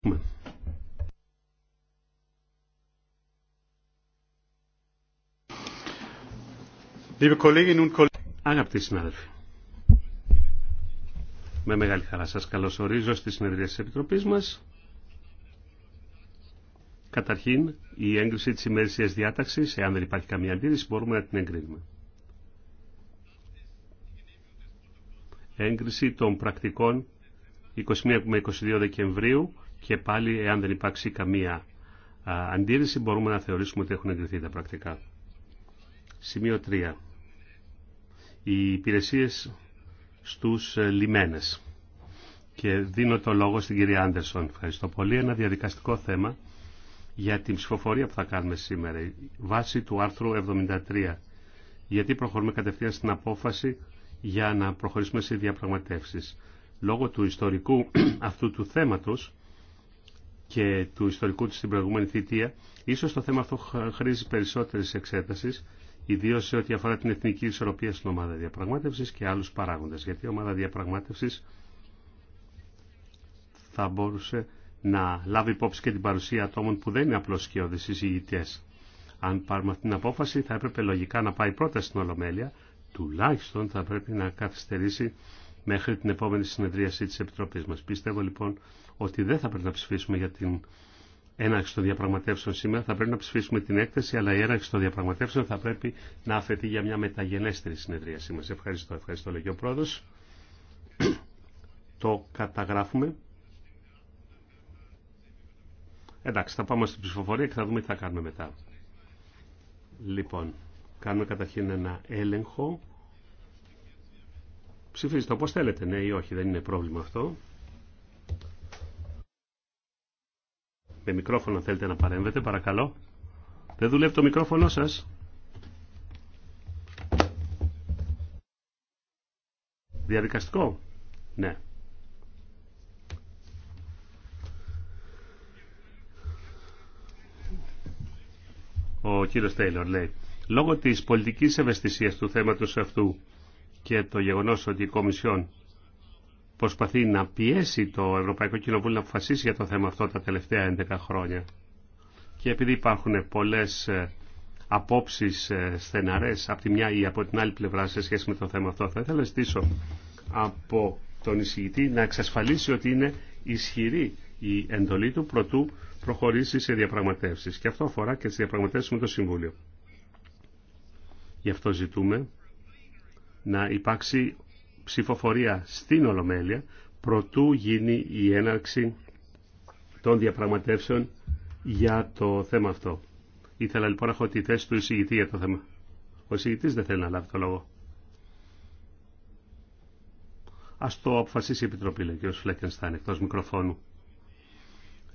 Ναι. Αγαπητοί συνάδελφοι, με μεγάλη χαρά σας καλωσορίζω στη συνεδρία της Επιτροπής μας. Καταρχήν, η έγκριση της ημερησίας διάταξης, εάν δεν υπάρχει καμία αντίρρηση, μπορούμε να την εγκρίνουμε. Έγκριση των πρακτικών 21 με 22 Δεκεμβρίου και πάλι εάν δεν υπάρξει καμία αντίρρηση μπορούμε να θεωρήσουμε ότι έχουν εγκριθεί τα πρακτικά. Σημείο 3. Οι υπηρεσίες στους ε, λιμένες. Και δίνω το λόγο στην κυρία Άντερσον. Ευχαριστώ πολύ. Ένα διαδικαστικό θέμα για την ψηφοφορία που θα κάνουμε σήμερα. Βάση του άρθρου 73. Γιατί προχωρούμε κατευθείαν στην απόφαση για να προχωρήσουμε σε διαπραγματεύσεις. Λόγω του ιστορικού αυτού του θέματος και του ιστορικού της στην προηγούμενη θητεία. Ίσως το θέμα αυτό χρήζει περισσότερης εξέταση, ιδίως σε ό,τι αφορά την εθνική ισορροπία στην ομάδα διαπραγμάτευσης και άλλους παράγοντες. Γιατί η ομάδα διαπραγμάτευσης θα μπορούσε να λάβει υπόψη και την παρουσία ατόμων που δεν είναι απλώς σκιώδεις εισηγητές. Αν πάρουμε αυτή την απόφαση θα έπρεπε λογικά να πάει πρώτα στην Ολομέλεια, τουλάχιστον θα πρέπει να καθυστερήσει μέχρι την επόμενη συνεδρίαση της Επιτροπής μας. Πιστεύω λοιπόν ότι δεν θα πρέπει να ψηφίσουμε για την έναρξη των διαπραγματεύσεων σήμερα, θα πρέπει να ψηφίσουμε την έκθεση, αλλά η έναρξη των διαπραγματεύσεων θα πρέπει να αφαιθεί για μια μεταγενέστερη συνεδρίασή μας. Ευχαριστώ, ευχαριστώ, λέγει ο πρόεδρο. Το καταγράφουμε. Εντάξει, θα πάμε στην ψηφοφορία και θα δούμε τι θα κάνουμε μετά. Λοιπόν, κάνουμε καταρχήν ένα έλεγχο. Ψηφίζετε όπως θέλετε, ναι ή όχι, δεν είναι πρόβλημα αυτό. Με μικρόφωνο θέλετε να παρέμβετε, παρακαλώ. Δεν δουλεύει το μικρόφωνο σας. Διαδικαστικό. Ναι. Ο κύριος Τέιλορ λέει «Λόγω της πολιτικής ευαισθησίας του θέματος αυτού και το γεγονός ότι η Κομισιόν προσπαθεί να πιέσει το Ευρωπαϊκό Κοινοβούλιο να αποφασίσει για το θέμα αυτό τα τελευταία 11 χρόνια. Και επειδή υπάρχουν πολλές ε, απόψεις ε, στεναρές από τη μια ή από την άλλη πλευρά σε σχέση με το θέμα αυτό, θα ήθελα να ζητήσω από τον εισηγητή να εξασφαλίσει ότι είναι ισχυρή η εντολή του πρωτού προχωρήσει σε διαπραγματεύσεις. Και αυτό αφορά και τις διαπραγματεύσεις με το Συμβούλιο. Γι' αυτό ζητούμε να υπάρξει ψηφοφορία στην Ολομέλεια προτού γίνει η έναρξη των διαπραγματεύσεων για το θέμα αυτό. Ήθελα λοιπόν να έχω τη θέση του εισηγητή για το θέμα. Ο εισηγητής δεν θέλει να λάβει το λόγο. Ας το αποφασίσει η Επιτροπή, λέει ο κ. Φλέκενστάιν, εκτός μικροφώνου.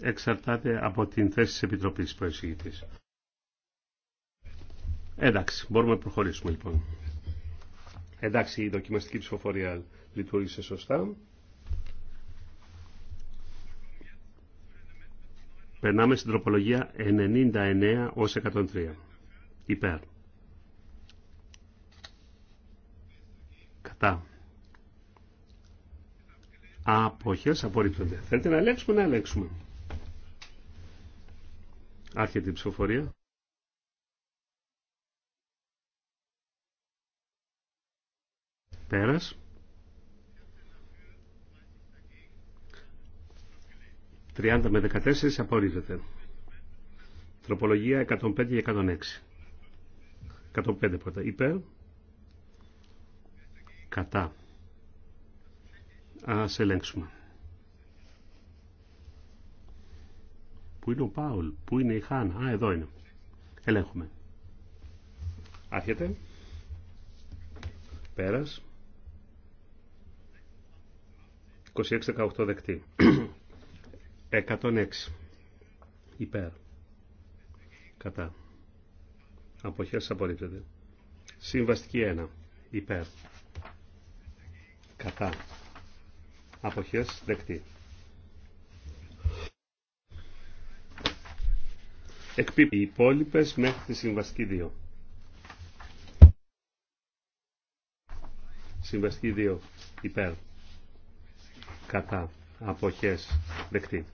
Εξαρτάται από την θέση της Επιτροπής, που ο εισηγητής. Εντάξει, μπορούμε να προχωρήσουμε λοιπόν. Εντάξει, η δοκιμαστική ψηφοφορία λειτουργήσε σωστά. Περνάμε στην τροπολογία 99 ως 103. Υπέρ. Κατά. Αποχές απορρίπτονται. Θέλετε να ελέγξουμε, να ελέγξουμε. Άρχεται η ψηφοφορία. Πέρας. 30 με 14 απορρίζεται. Τροπολογία 105 και 106. 105 πρώτα. Υπέρ. Κατά. Ας ελέγξουμε. Πού είναι ο Πάουλ, πού είναι η Χάνα. Α, εδώ είναι. Ελέγχουμε. Άρχεται. Πέρας. 26-18 δεκτή. 106 υπέρ. Κατά. Αποχές απορρίπτεται. Συμβαστική 1 υπέρ. Κατά. Αποχές δεκτή. Εκπίπτει οι υπόλοιπε μέχρι τη συμβαστική 2. Συμβαστική 2 υπέρ κατά αποχές δεκτή.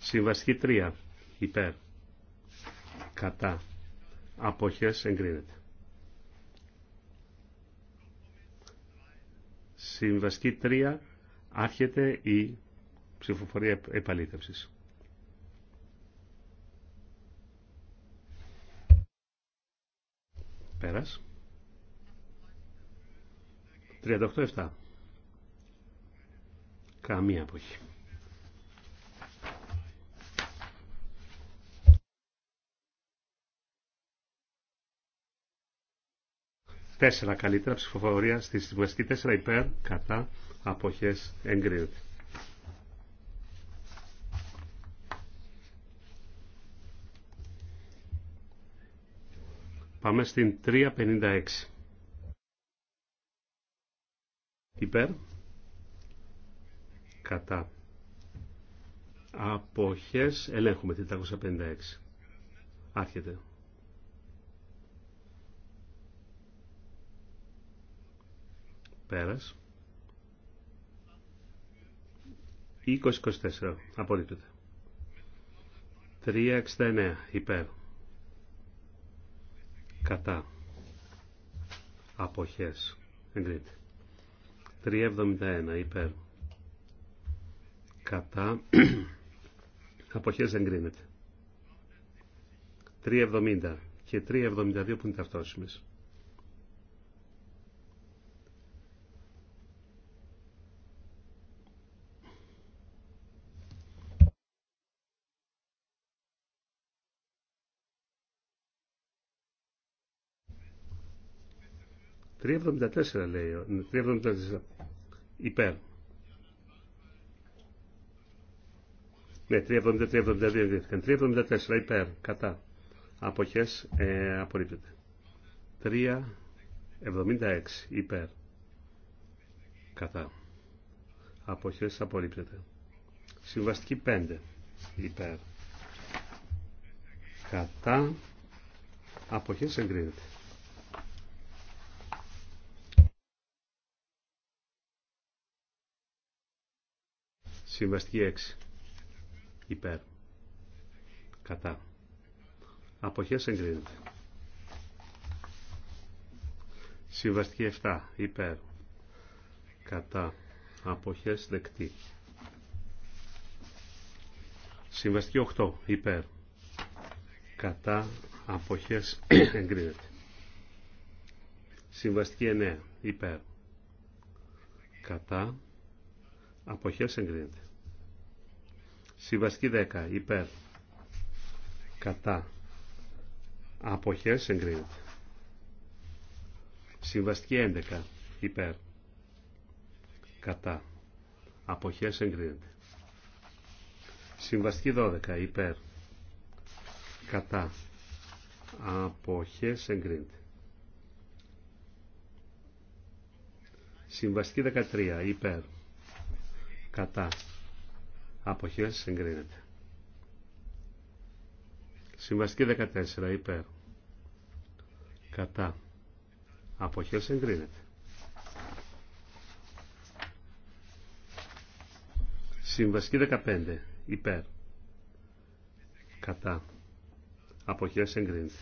Συμβαστική 3 υπέρ κατά αποχές εγκρίνεται. Συμβαστική 3 άρχεται η ψηφοφορία επαλήθευσης. Πέρας. 38-7. Καμία αποχή. Τέσσερα καλύτερα ψηφοφορία στη συμβαστική τέσσερα υπέρ κατά αποχές εγκρίνεται. Πάμε στην 356 υπέρ κατά αποχές ελέγχουμε την 356 άρχεται πέρας 20-24 απορρίπτεται 369 υπέρ κατά αποχές εγκρίνεται 371 υπέρ. Κατά. Αποχές εγκρίνεται. 370 και 372 που είναι ταυτόσιμες. 374 λέει, 374 ναι, υπέρ. Ναι, 373, 372, 374 υπέρ, κατά. Αποχές ε, απορρίπτεται. 376 υπέρ, κατά. Αποχές απορρίπτεται. Συμβαστική 5 υπέρ. Κατά. Αποχές εγκρίνεται. Συμβαστική 6. Υπέρ. Κατά. Αποχές εγκρίνεται. Συμβαστική 7. Υπέρ. Κατά. Αποχές δεκτή. Συμβαστική 8. Υπέρ. Κατά. Αποχές εγκρίνεται. Συμβαστική 9. Υπέρ. Κατά. Αποχές εγκρίνεται. Συμβαστική 10 υπέρ κατά αποχές εγκρίνεται. Συμβαστική 11 υπέρ κατά αποχές εγκρίνεται. Συμβαστική 12 υπέρ κατά αποχές εγκρίνεται. Συμβαστική 13 υπέρ κατά αποχές συγκρίνεται. Συμβαστική 14 υπέρ κατά αποχές εγκρίνεται. Συμβαστική 15 υπέρ κατά αποχές συγκρίνεται.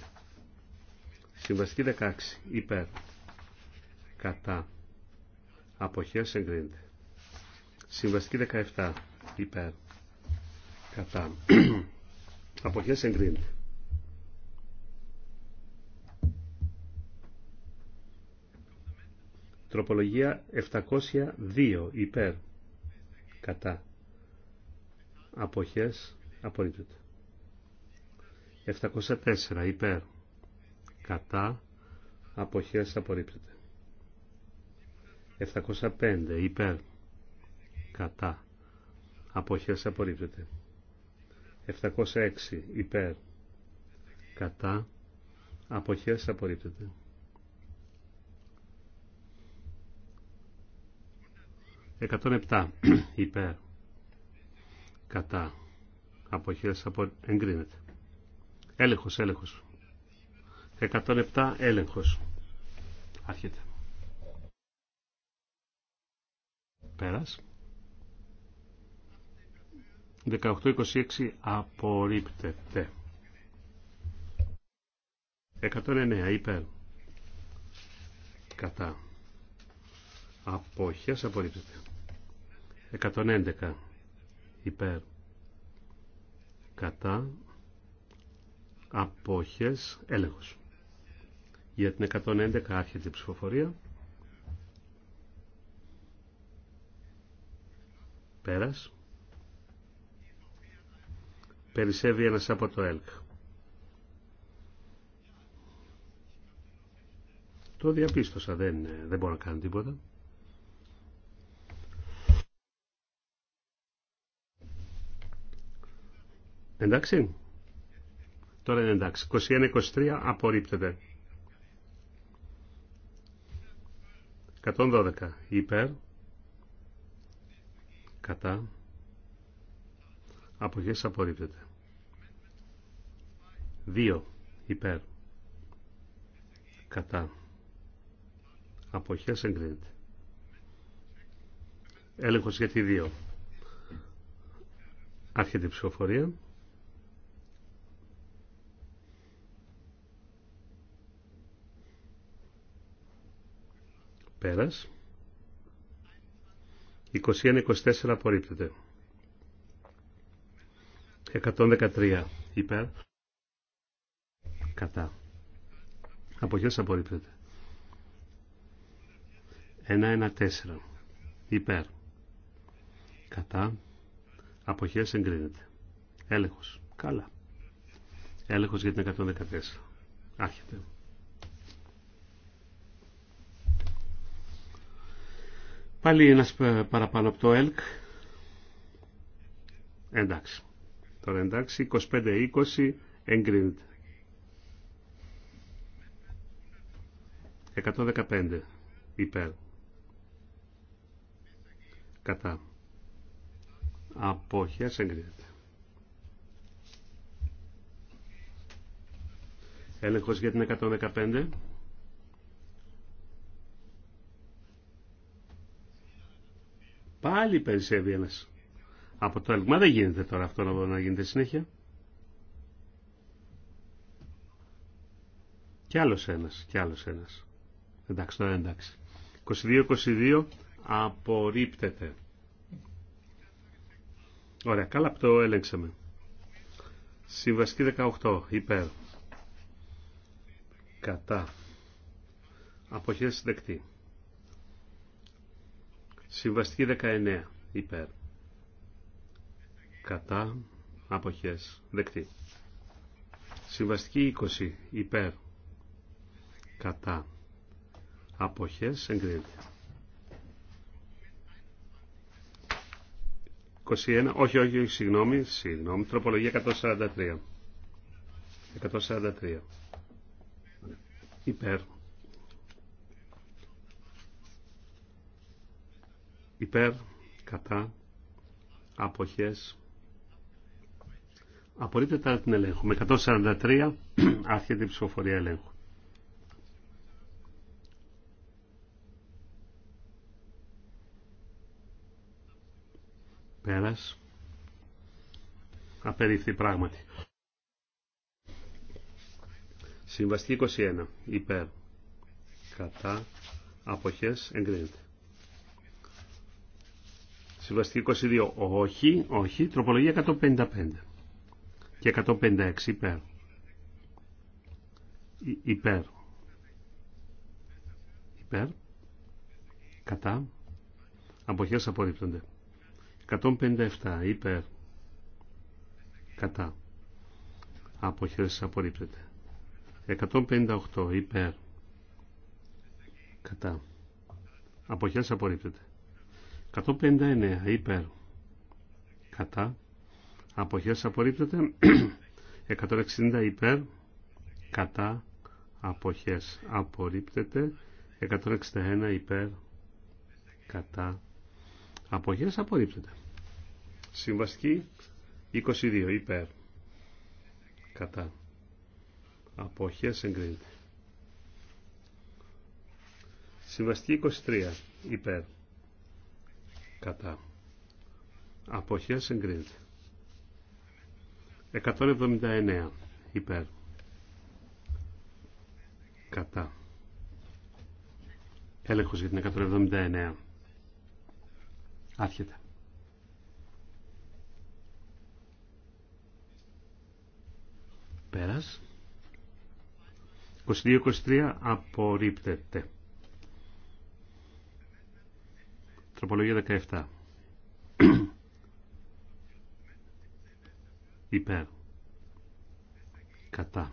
Συμβαστική 16 υπέρ κατά αποχές συγκρίνεται. Συμβαστική 17 υπέρ κατά αποχές εγκρίνεται. Τροπολογία 702 υπέρ κατά αποχές απορρίπτεται. 704 υπέρ κατά αποχές απορρίπτεται. 705 υπέρ κατά αποχές απορρίπτεται 706 υπέρ κατά αποχές απορρίπτεται 107 υπέρ κατά αποχές απο... εγκρίνεται έλεγχος έλεγχος 107 έλεγχος άρχεται πέρας 18.26. 26 απορρίπτεται. 109 υπέρ. Κατά. Απόχειας απορρίπτεται. 111 υπέρ. Κατά. Απόχειας έλεγχος. Για την 111 άρχεται η ψηφοφορία. Πέρας. Περισσεύει ένας από το ΕΛΚ. Το διαπίστωσα, δεν, δεν μπορώ να κάνω τίποτα. Εντάξει. Τώρα είναι εντάξει. 21-23 απορρίπτεται. 112 υπέρ. Κατά. Αποχές απορρίπτεται δύο υπέρ κατά αποχές εγκρίνεται έλεγχος για τη δύο άρχεται η ψηφοφορία πέρας 21-24 απορρίπτεται 113 υπέρ κατά αποχές απορρίπτεται 1-1-4 υπέρ κατά αποχές εγκρίνεται έλεγχος καλά έλεγχος για την 114 άρχεται Πάλι ένας παραπάνω από το ΕΛΚ. Εντάξει. Τώρα εντάξει, 25-20 εγκρίνεται. 115 υπέρ κατά αποχές εγκρίνεται. Έλεγχος για την 115. Πάλι περισσεύει ένας. Από το έλεγχο. Μα δεν γίνεται τώρα αυτό να γίνεται συνέχεια. Κι άλλος ένας, κι άλλος ένας. Εντάξει, τώρα εντάξει. 22-22 απορρίπτεται. Ωραία, καλά το έλεγξαμε. Συμβαστική 18, υπέρ. Κατά. Αποχές δεκτή. Συμβαστική 19, υπέρ. Κατά. Αποχές δεκτή. Συμβαστική 20, υπέρ. Κατά αποχές εγκρίνεται. 21, όχι, όχι, όχι, συγγνώμη, συγγνώμη, τροπολογία 143. 143. Υπέρ. Υπέρ, κατά, αποχές. Απορρίπτεται την Με 143, άρχεται η ψηφοφορία ελέγχου. Πέρας. Απερίφθη πράγματι. Συμβαστή 21. Υπέρ. Κατά. Αποχές. Εγκρίνεται. Συμβαστή 22. Όχι. Όχι. Τροπολογία 155. Και 156. Υπέρ. υπέρ. Υπέρ. Κατά. Αποχές απορρίπτονται. 157 υπέρ κατά αποχές απορρίπτεται 158 υπέρ κατά αποχές απορρίπτεται 159 υπέρ κατά αποχές απορρίπτεται 160 υπέρ κατά αποχές απορρίπτεται 161 υπέρ κατά Αποχές απορρίπτεται. Συμβαστική 22 υπέρ. Κατά. Αποχές εγκρίνεται. Συμβαστική 23 υπέρ. Κατά. Αποχές εγκρίνεται. 179 υπέρ. Κατά. Έλεγχος για την 179. Άρχεται. Πέρας. 22-23 απορρίπτεται. Τροπολογία 17. Υπέρ. Κατά.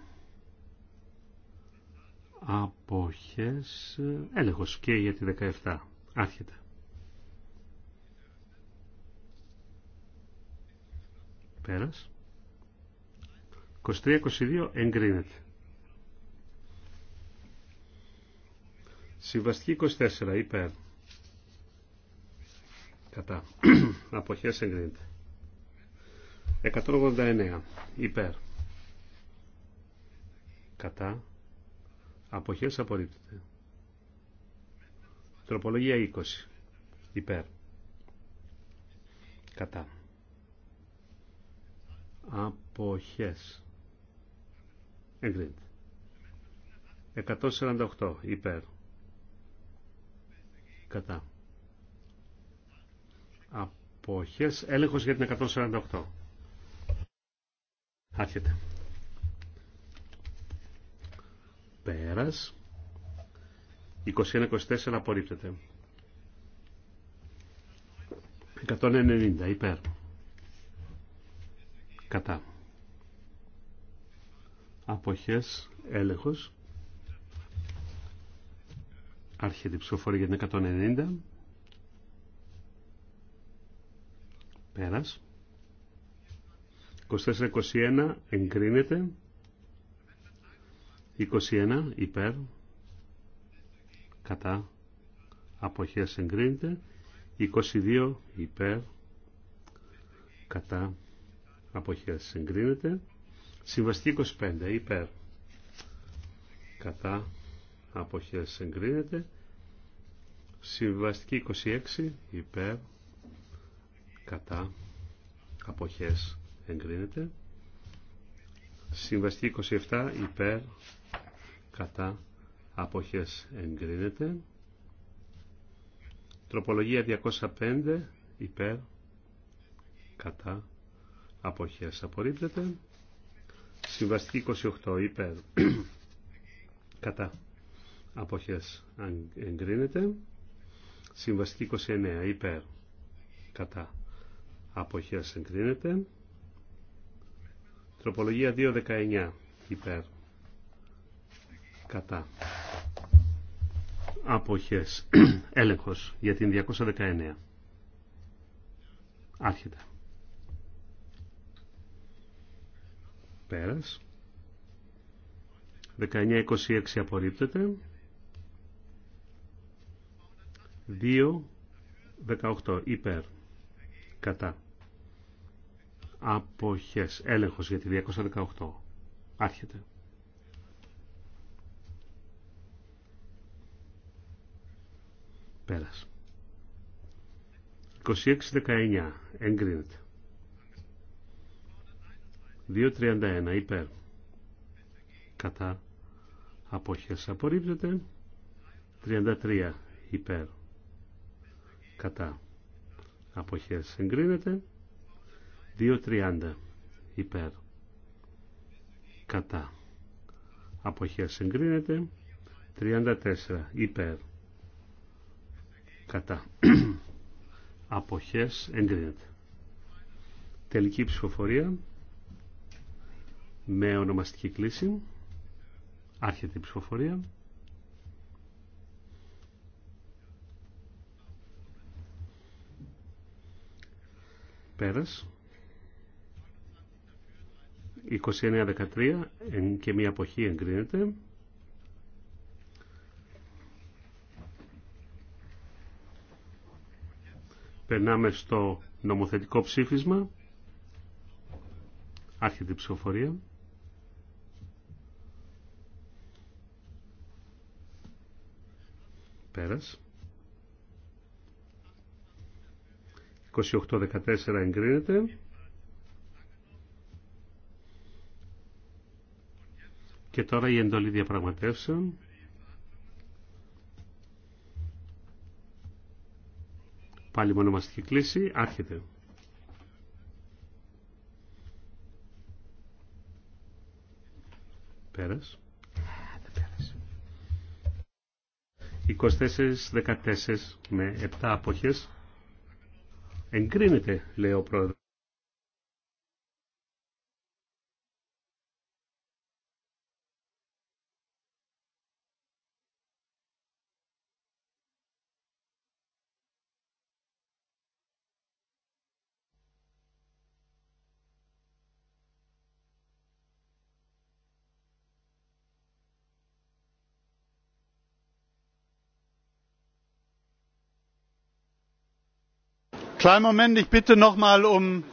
Αποχές. Έλεγχος και για τη 17. Άρχεται. Πέρας. 23-22 εγκρίνεται. Συμβαστική 24 υπέρ. Κατά. Αποχές εγκρίνεται. 189 υπέρ. Κατά. Αποχές απορρίπτεται. Τροπολογία 20 υπέρ. Κατά αποχές εγκρίνεται 148 υπέρ κατά αποχές έλεγχος για την 148 άρχεται πέρας 21-24 απορρίπτεται 190 υπέρ κατά αποχές έλεγχος άρχεται η ψηφοφορία για την 190 πέρας 24-21 εγκρίνεται 21 υπέρ κατά αποχές εγκρίνεται 22 υπέρ κατά αποχές εγκρίνεται. Συμβαστική 25 υπέρ κατά αποχές εγκρίνεται. Συμβαστική 26 υπέρ κατά αποχές εγκρίνεται. Συμβαστική 27 υπέρ κατά αποχές εγκρίνεται. Τροπολογία 205 υπέρ κατά αποχές απορρίπτεται. Συμβαστική 28 υπέρ κατά αποχές εγκρίνεται. Συμβαστική 29 υπέρ κατά αποχές εγκρίνεται. Τροπολογία 2.19 υπέρ κατά αποχές έλεγχος για την 219 άρχεται Πέρας. 19-26 απορρίπτεται. 2-18 υπέρ. Κατά. Αποχές. Έλεγχος για τη 218. Άρχεται. Πέρας. 26-19 εγκρίνεται. 2.31 υπέρ κατά αποχές απορρίπτεται 33 υπέρ κατά αποχές εγκρίνεται 2.30 υπέρ κατά αποχές εγκρίνεται 34 υπέρ κατά αποχές εγκρίνεται τελική ψηφοφορία με ονομαστική κλίση. Άρχεται η ψηφοφορία. Πέρας. 29-13 και μία αποχή εγκρίνεται. Περνάμε στο νομοθετικό ψήφισμα. Άρχεται η ψηφοφορία. Πέρας. 28-14 εγκρίνεται. Και τώρα η εντολή διαπραγματεύσεων. Πάλι μονομαστική κλίση. Άρχεται. Πέρας. 24-14 με 7 αποχές. Εγκρίνεται, λέει ο πρόεδρος. kleinen moment ich bitte noch mal um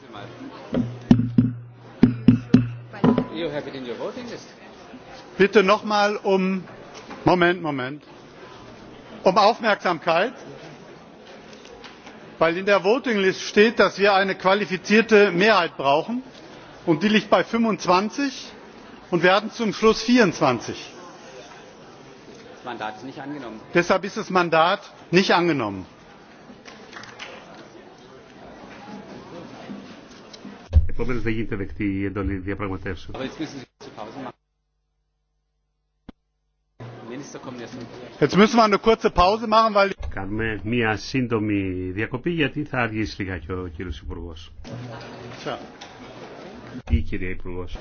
bitte noch mal um moment moment um aufmerksamkeit weil in der voting steht dass wir eine qualifizierte mehrheit brauchen und die liegt bei 25 und wir hatten zum schluss Das Mandat ist nicht 24. angenommen. deshalb ist das mandat nicht angenommen. Επομένω δεν γίνεται δεκτή η εντολή διαπραγματεύσεων. Κάνουμε μία σύντομη διακοπή γιατί θα αργήσει λιγάκι ο κύριος Υπουργός. Ή η κυρία Υπουργός.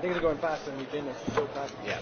Things are going faster than we've been It's so fast. Yeah.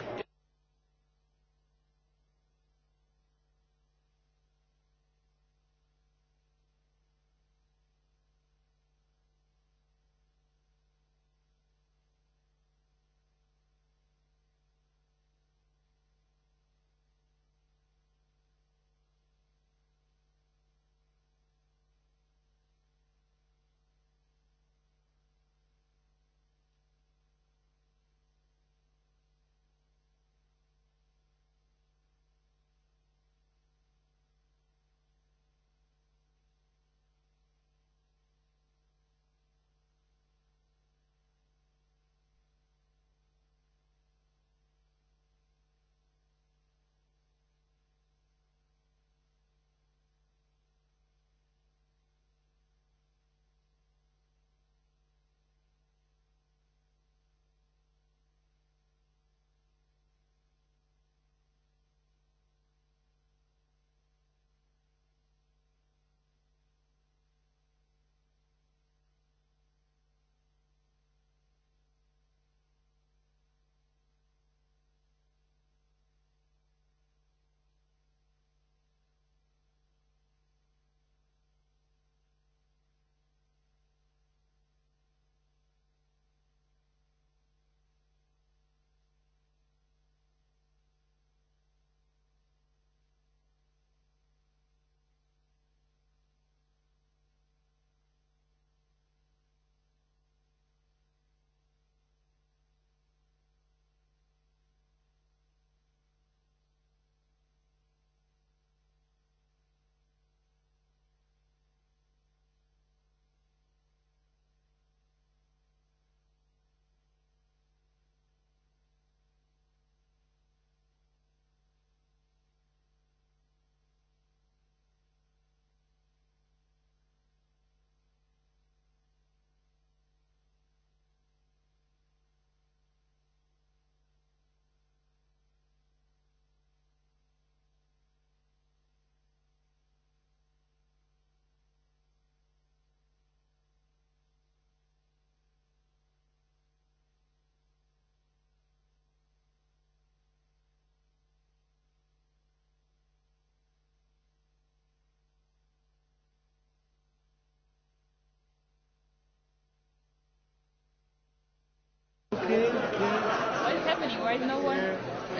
why no one?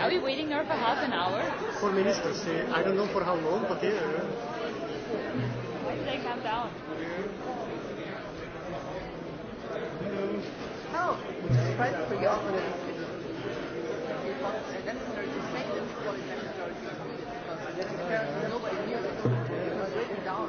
Are we waiting there for half an hour? For ministers, I don't know for how long, but yeah. Why did they come down? Oh, Spread for you all Nobody knew that down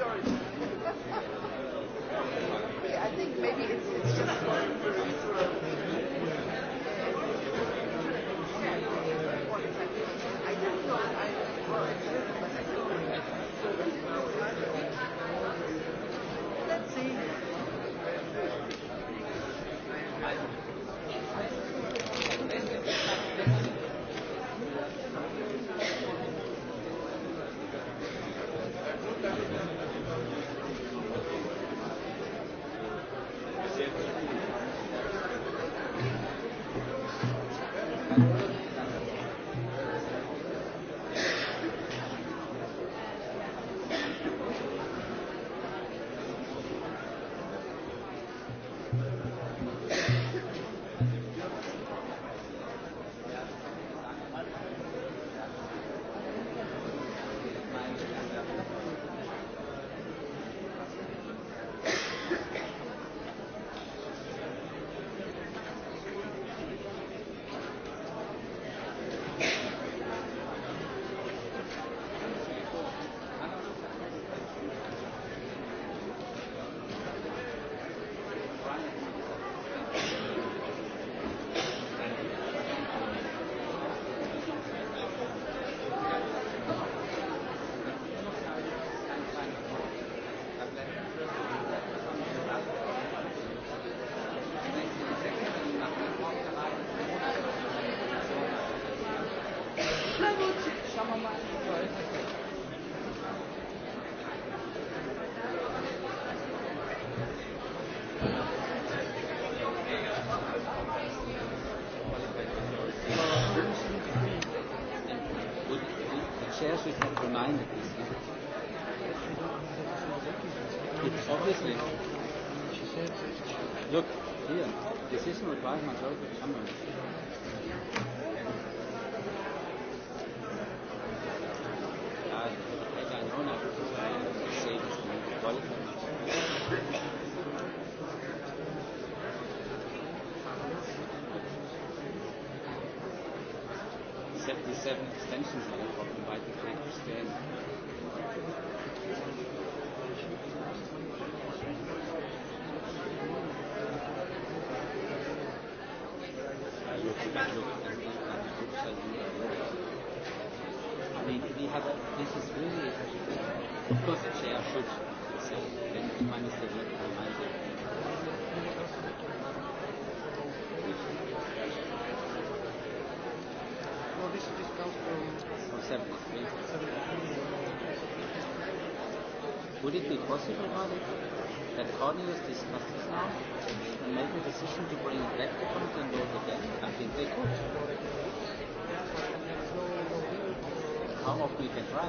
sorry. Would it be possible, Mali, that coordinators discussed this now and make a decision to bring it back the committee and go again? I think they could. How often we can try?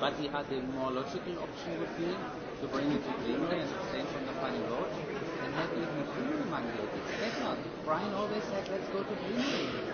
But had the more logical option would be to bring it to Greenway and abstain from the final vote and have even a plenary mandate. That's not. Brian always said, let's go to Greenway.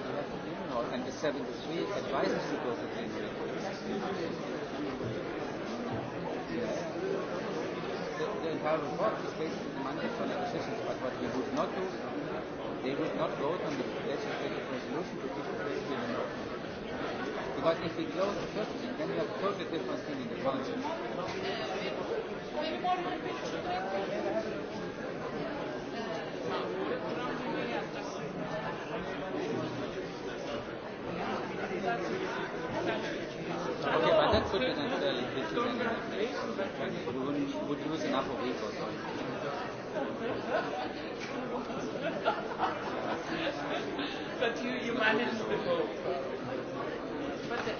and the 73 advises to go to the The The entire report is based on the money for negotiations, but what we would not do, they would not vote on the legislative resolution to keep the place here in Because if we close the first thing, then we have a totally different thing in the country. Okay, but you, you managed the vote. But the,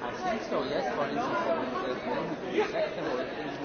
I so, yes, for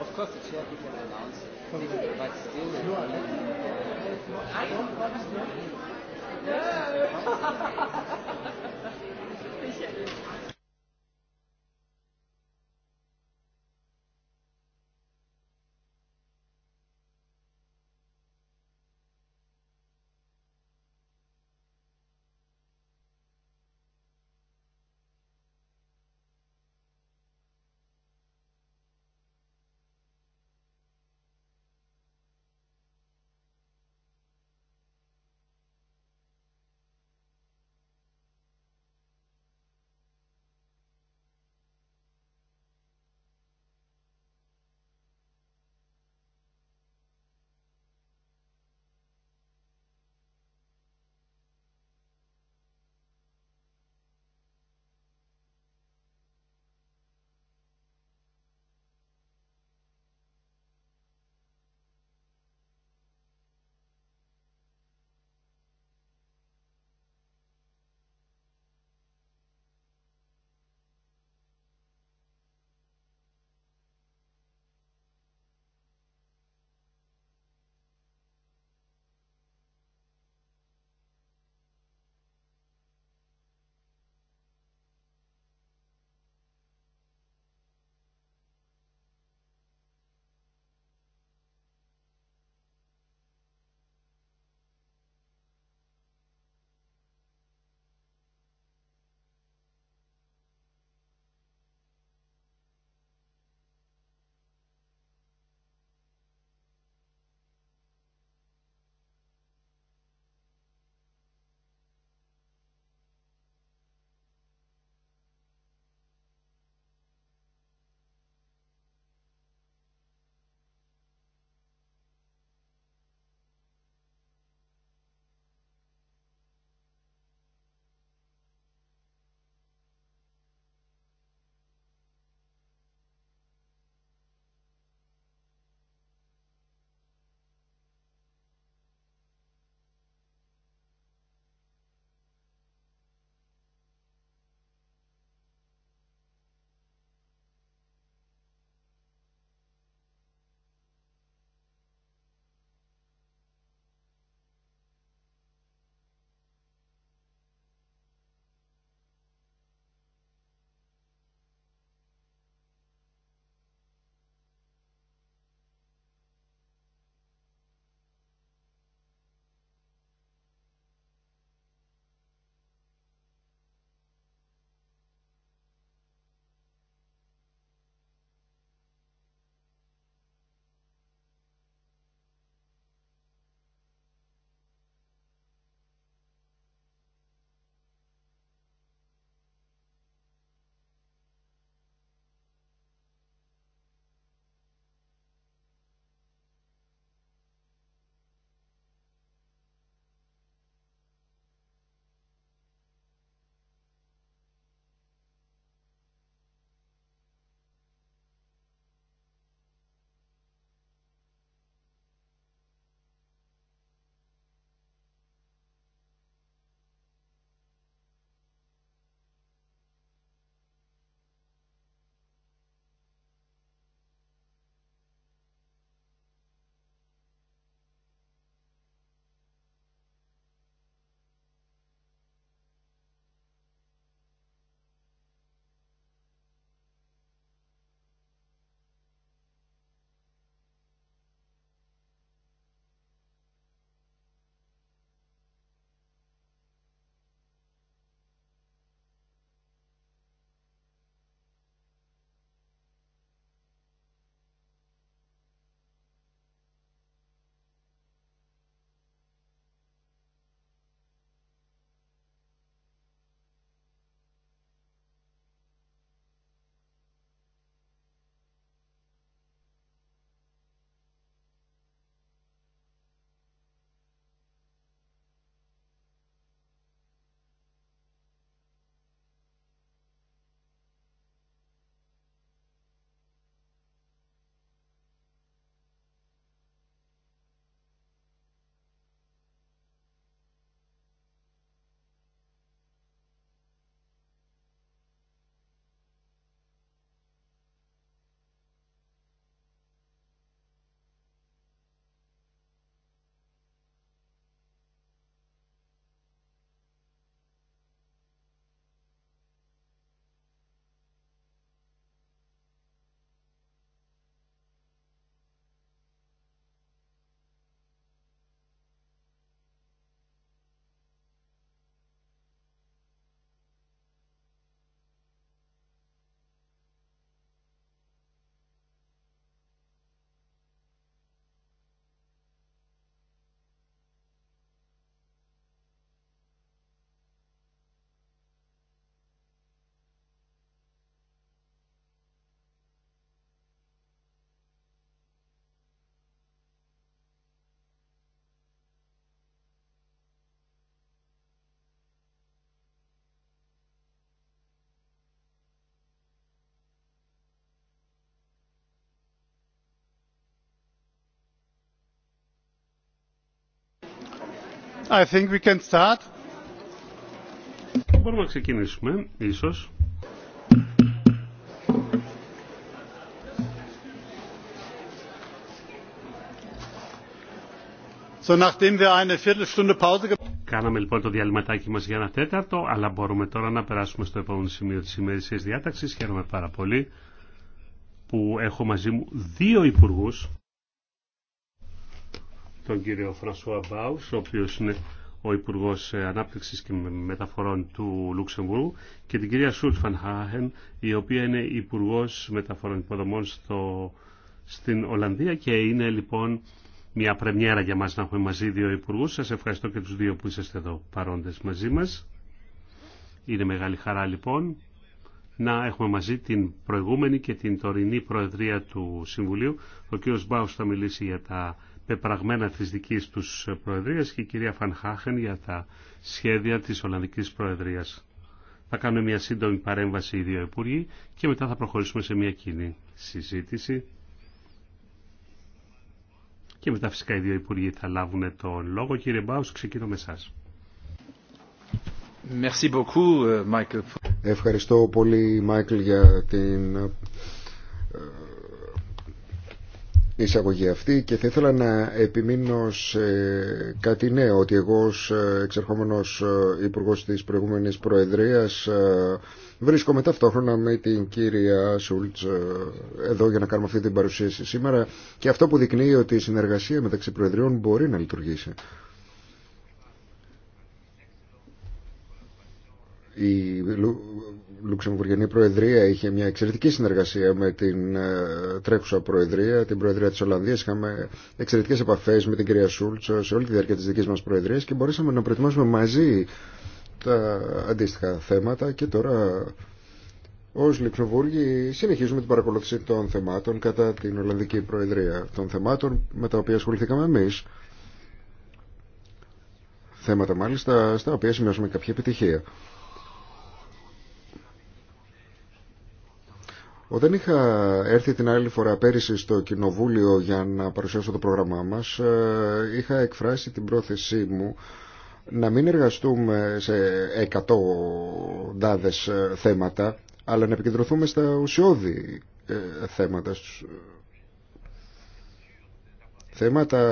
Of course, the chair people announce, but still. I think we can start. Μπορούμε να ξεκινήσουμε, ίσως. So, nachdem wir eine Viertelstunde Pause Κάναμε λοιπόν το διαλυματάκι μας για ένα τέταρτο, αλλά μπορούμε τώρα να περάσουμε στο επόμενο σημείο της ημερησίας διάταξης. Χαίρομαι πάρα πολύ που έχω μαζί μου δύο υπουργούς τον κύριο Φρανσουά Μπάου, ο οποίο είναι ο Υπουργό Ανάπτυξη και Μεταφορών του Λουξεμβούργου, και την κυρία Σούλφαν Χάχεν, η οποία είναι Υπουργό Μεταφορών Υποδομών στο, στην Ολλανδία και είναι λοιπόν μια πρεμιέρα για μας να έχουμε μαζί δύο υπουργούς. Σας ευχαριστώ και τους δύο που είσαστε εδώ παρόντες μαζί μας. Είναι μεγάλη χαρά λοιπόν να έχουμε μαζί την προηγούμενη και την τωρινή Προεδρία του Συμβουλίου. Ο κύριος Μπαου θα μιλήσει για τα πεπραγμένα της δικής τους Προεδρίας και η κυρία Φανχάχεν για τα σχέδια της Ολλανδικής Προεδρίας. Θα κάνουμε μια σύντομη παρέμβαση οι δύο Υπουργοί και μετά θα προχωρήσουμε σε μια κοινή συζήτηση. Και μετά φυσικά οι δύο Υπουργοί θα λάβουν τον λόγο. Κύριε Μπάους, ξεκινώ με εσάς. Euh, Ευχαριστώ πολύ, Μάικλ, για την ε, εισαγωγή αυτή και θα ήθελα να επιμείνω σε κάτι νέο ότι εγώ ως εξερχόμενος υπουργός της προηγούμενης προεδρίας ε, βρίσκομαι ταυτόχρονα με την κύρια Σούλτς ε, εδώ για να κάνουμε αυτή την παρουσίαση σήμερα και αυτό που δεικνύει ότι η συνεργασία μεταξύ προεδριών μπορεί να λειτουργήσει. Λουξεμβουργενή Προεδρία είχε μια εξαιρετική συνεργασία με την ε, τρέχουσα Προεδρία, την Προεδρία τη Ολλανδίας. Είχαμε εξαιρετικές επαφές με την κυρία Σούλτς σε όλη τη διάρκεια τη δική μας προεδρία και μπορέσαμε να προετοιμάσουμε μαζί τα αντίστοιχα θέματα και τώρα Ω Λουξεμβούργοι συνεχίζουμε την παρακολούθηση των θεμάτων κατά την Ολλανδική Προεδρία, των θεμάτων με τα οποία ασχοληθήκαμε εμεί. Θέματα μάλιστα στα οποία σημειώσαμε κάποια επιτυχία. Όταν είχα έρθει την άλλη φορά πέρυσι στο Κοινοβούλιο για να παρουσιάσω το πρόγραμμά μας, ε, είχα εκφράσει την πρόθεσή μου να μην εργαστούμε σε εκατοντάδες ε, θέματα, αλλά να επικεντρωθούμε στα ουσιώδη ε, θέματα. Θέματα,